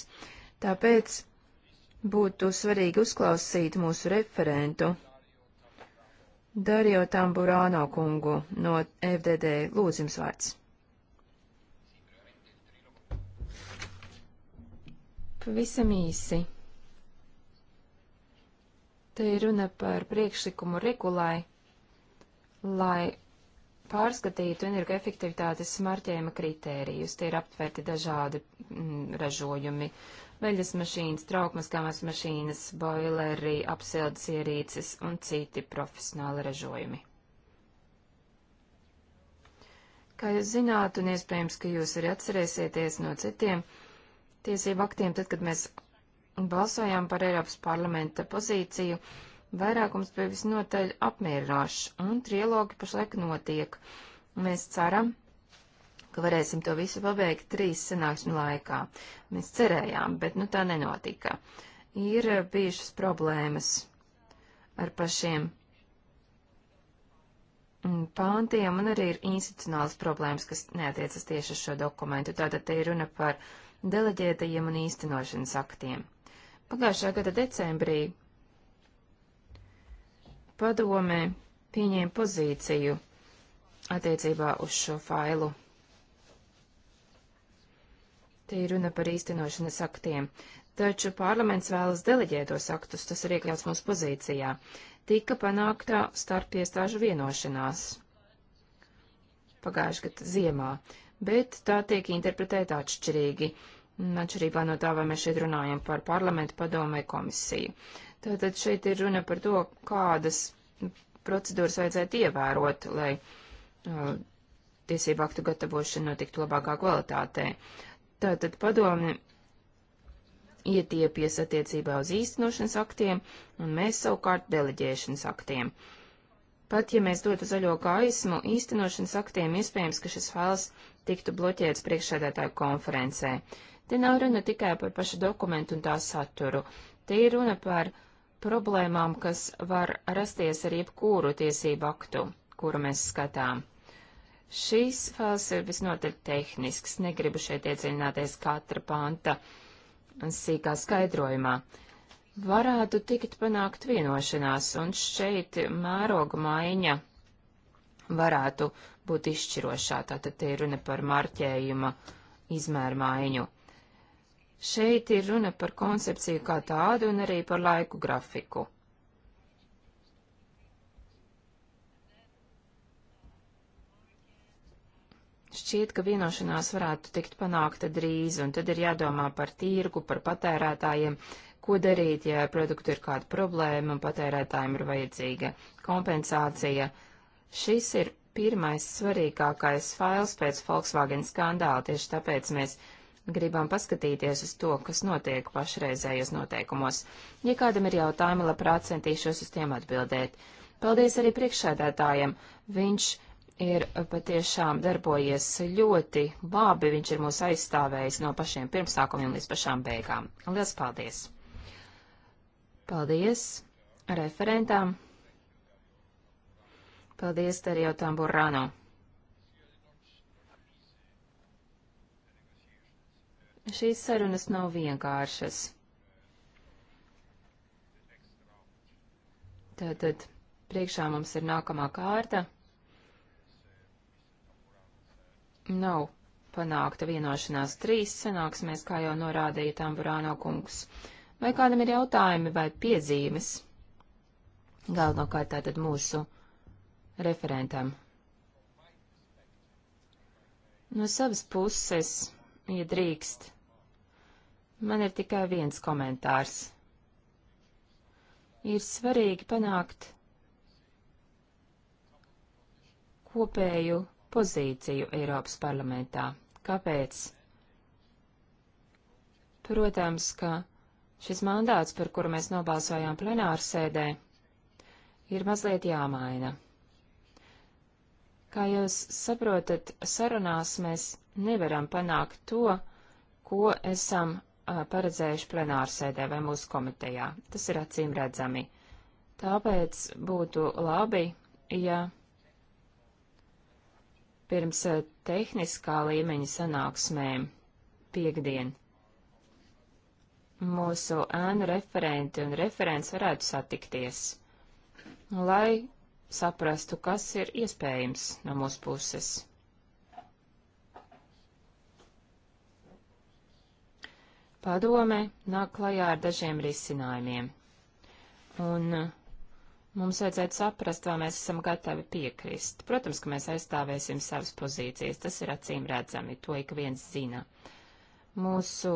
Tāpēc būtu svarīgi uzklausīt mūsu referentu Dario Tamburāno kungu no FDD. Lūdzu, jums vārds. Pavisam īsi. Te ir runa par priekšlikumu regulai, lai pārskatītu energoefektivitātes smarķējuma kritērijus. Tie ir aptverti dažādi mm, ražojumi - veļas mašīnas, traukmaskāmas mašīnas, boileri, apsildes ierīces un citi profesionāli ražojumi. Kā jūs zināt, un iespējams, ka jūs arī atcerēsieties no citiem tiesību aktiem, tad, kad mēs balsojām par Eiropas parlamenta pozīciju, uh, vairākums bija visnotaļ apmierinošs, un trilogi pašlaik notiek. Mēs ceram, ka varēsim to visu pabeigt trīs sanāksmu laikā. Mēs cerējām, bet nu tā nenotika. Ir bijušas problēmas ar pašiem mm, pāntiem, un arī ir institucionālas problēmas, kas neatiecas tieši uz šo dokumentu. Tātad te ir runa par deleģētajiem un īstenošanas aktiem. Pagājušā gada decembrī padomē pieņēma pozīciju attiecībā uz šo failu. Te ir runa par īstenošanas aktiem, taču parlaments vēlas deleģētos aktus, tas ir iekļauts mūsu pozīcijā. Tika panākta starp iestāžu vienošanās pagājušajā gadā ziemā, bet tā tiek interpretēta atšķirīgi, atšķirībā no tā, vai mēs šeit runājam par parlamentu padomē komisiju. Uh, Tātad šeit ir runa par to, kādas procedūras vajadzētu ievērot, lai uh, tiesību aktu gatavošana notiktu labākā kvalitātē. Tātad padomi ietiepjas attiecībā uz īstenošanas aktiem, un mēs savukārt deleģēšanas aktiem. Pat ja mēs dotu zaļo gaismu īstenošanas aktiem, iespējams, ka šis fails tiktu bloķēts priekšsēdētāju konferencē. Te nav runa tikai par pašu dokumentu un tā saturu. Te ir runa par uh, problēmām, kas var rasties ar jebkuru tiesību aktu, kuru mēs skatām. Šīs fāzes ir visnotaļ tehnisks, negribu šeit iedziļināties katra panta sīkā skaidrojumā. Varētu tikt panākt vienošanās, un šeit mēroga maiņa varētu būt izšķirošā, tātad te ir runa par marķējuma izmēru maiņu. Šeit ir runa par koncepciju kā tādu un arī par laiku grafiku. Šķiet, ka vienošanās varētu tikt panākta drīz, un tad ir jādomā par tirgu, par patērētājiem, ko darīt, ja produktu ir kāda problēma un patērētājiem ir vajadzīga kompensācija. Šis ir pirmais svarīgākais fails pēc Volkswagen skandāla, tieši tāpēc mēs gribam paskatīties uz to, kas notiek pašreizējos noteikumos. Ja kādam ir jautājumi, labprāt centīšos uz tiem atbildēt. Paldies arī priekšsēdētājiem. Viņš ir patiešām darbojies ļoti labi, viņš ir mūs aizstāvējis no pašiem pirmsākumiem līdz pašām beigām. Lielas paldies! Paldies referentām! Paldies, Terjau Tamburāno! Šīs sarunas nav vienkāršas. Tātad priekšā mums ir nākamā kārta. Nav panākta vienošanās trīs sanāksmēs, kā jau norādīja Tamburāno kungs. Vai kādam ir jautājumi vai piezīmes? Galvenokārt tātad mūsu referentam. No savas puses, ja drīkst, Man ir tikai viens komentārs. Ir svarīgi panākt kopēju pozīciju Eiropas parlamentā. Kāpēc? Protams, ka šis mandāts, par kuru mēs nobalsojām plenārsēdē, ir mazliet jāmaina. Kā jūs saprotat, sarunās mēs nevaram panākt to, ko esam paredzējuši plenārsēdē vai mūsu komitejā. Tas ir acīm redzami. Tāpēc būtu labi, ja pirms tehniskā līmeņa sanāksmēm piekdien mūsu ēnu referenti un referents varētu satikties, lai saprastu, kas ir iespējams no mūsu puses. Padome nāk klajā ar dažiem risinājumiem. Un uh, mums vajadzētu saprast, vai mēs esam gatavi piekrist. Protams, ka mēs aizstāvēsim savas pozīcijas, tas ir acīm redzami, to ik viens zina. Mūsu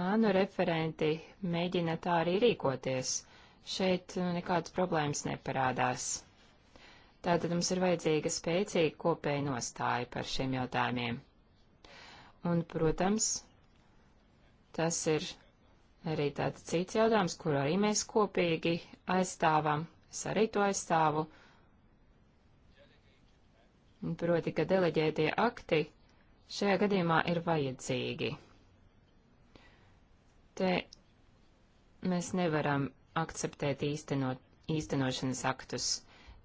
ānu referenti mēģina tā arī rīkoties. Šeit uh, nekādas problēmas neparādās. Tātad mums ir vajadzīga spēcīga kopēja nostāja par šiem jautājumiem. Un, protams, Tas ir arī tāds cits jautājums, kuru arī mēs kopīgi aizstāvam. Es arī to aizstāvu. Proti, ka deleģētie akti šajā gadījumā ir vajadzīgi. Te mēs nevaram akceptēt īstenot, īstenošanas aktus.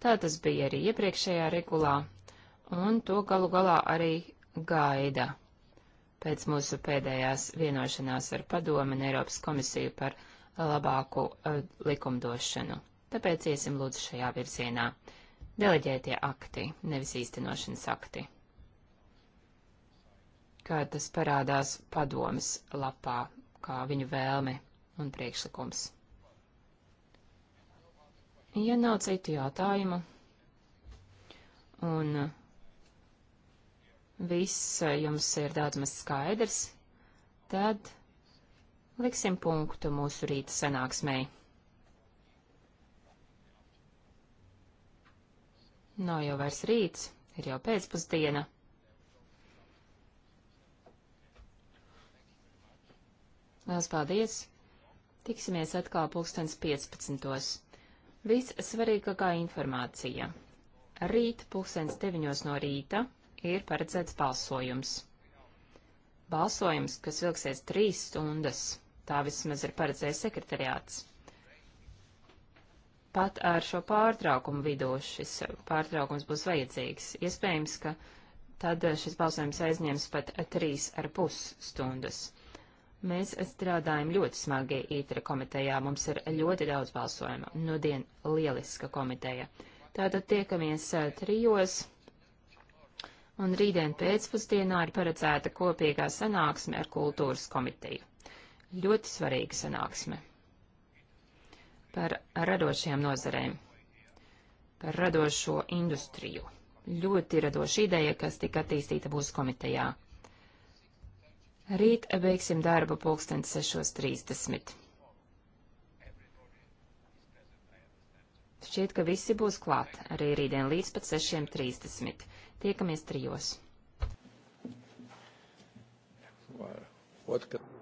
Tā tas bija arī iepriekšējā regulā, un to galu galā arī gaida pēc mūsu pēdējās vienošanās ar padomu un Eiropas komisiju par uh, labāku uh, likumdošanu. Tāpēc iesim lūdzu šajā virzienā. Deleģētie akti, nevis īstenošanas akti. Kā tas parādās padomas lapā, kā viņu vēlme un priekšlikums. Ja nav citu jautājumu, un viss eh, jums ir daudz maz skaidrs, tad liksim punktu mūsu rīta sanāksmei. Nav jau vairs rīts, ir jau pēcpusdiena. Lielas paldies! Tiksimies atkal pulkstens 15. Viss svarīgākā informācija. Rīt pulkstens 9 no rīta ir paredzēts balsojums. Balsojums, kas vilksies trīs stundas, tā vismaz ir paredzējis sekretariāts. Pat ar šo pārtraukumu vidū šis pārtraukums būs vajadzīgs. Iespējams, ka tad šis balsojums aizņems pat trīs ar pus stundas. Mēs strādājam ļoti smagi ītra komitejā, mums ir ļoti daudz balsojuma, nudien lieliska komiteja. Tātad tiekamies trijos, un rītdien pēcpusdienā ir paredzēta kopīgā sanāksme ar kultūras komiteju. Ļoti svarīga sanāksme. Par radošajām nozarēm. Par radošo industriju. Ļoti radoša ideja, kas tika attīstīta mūsu komitejā. Rīt beigsim darbu pulksten 6.30. Šķiet, ka visi būs klāt arī rītdien līdz pat 6.30. Tiekamies trijos. What could...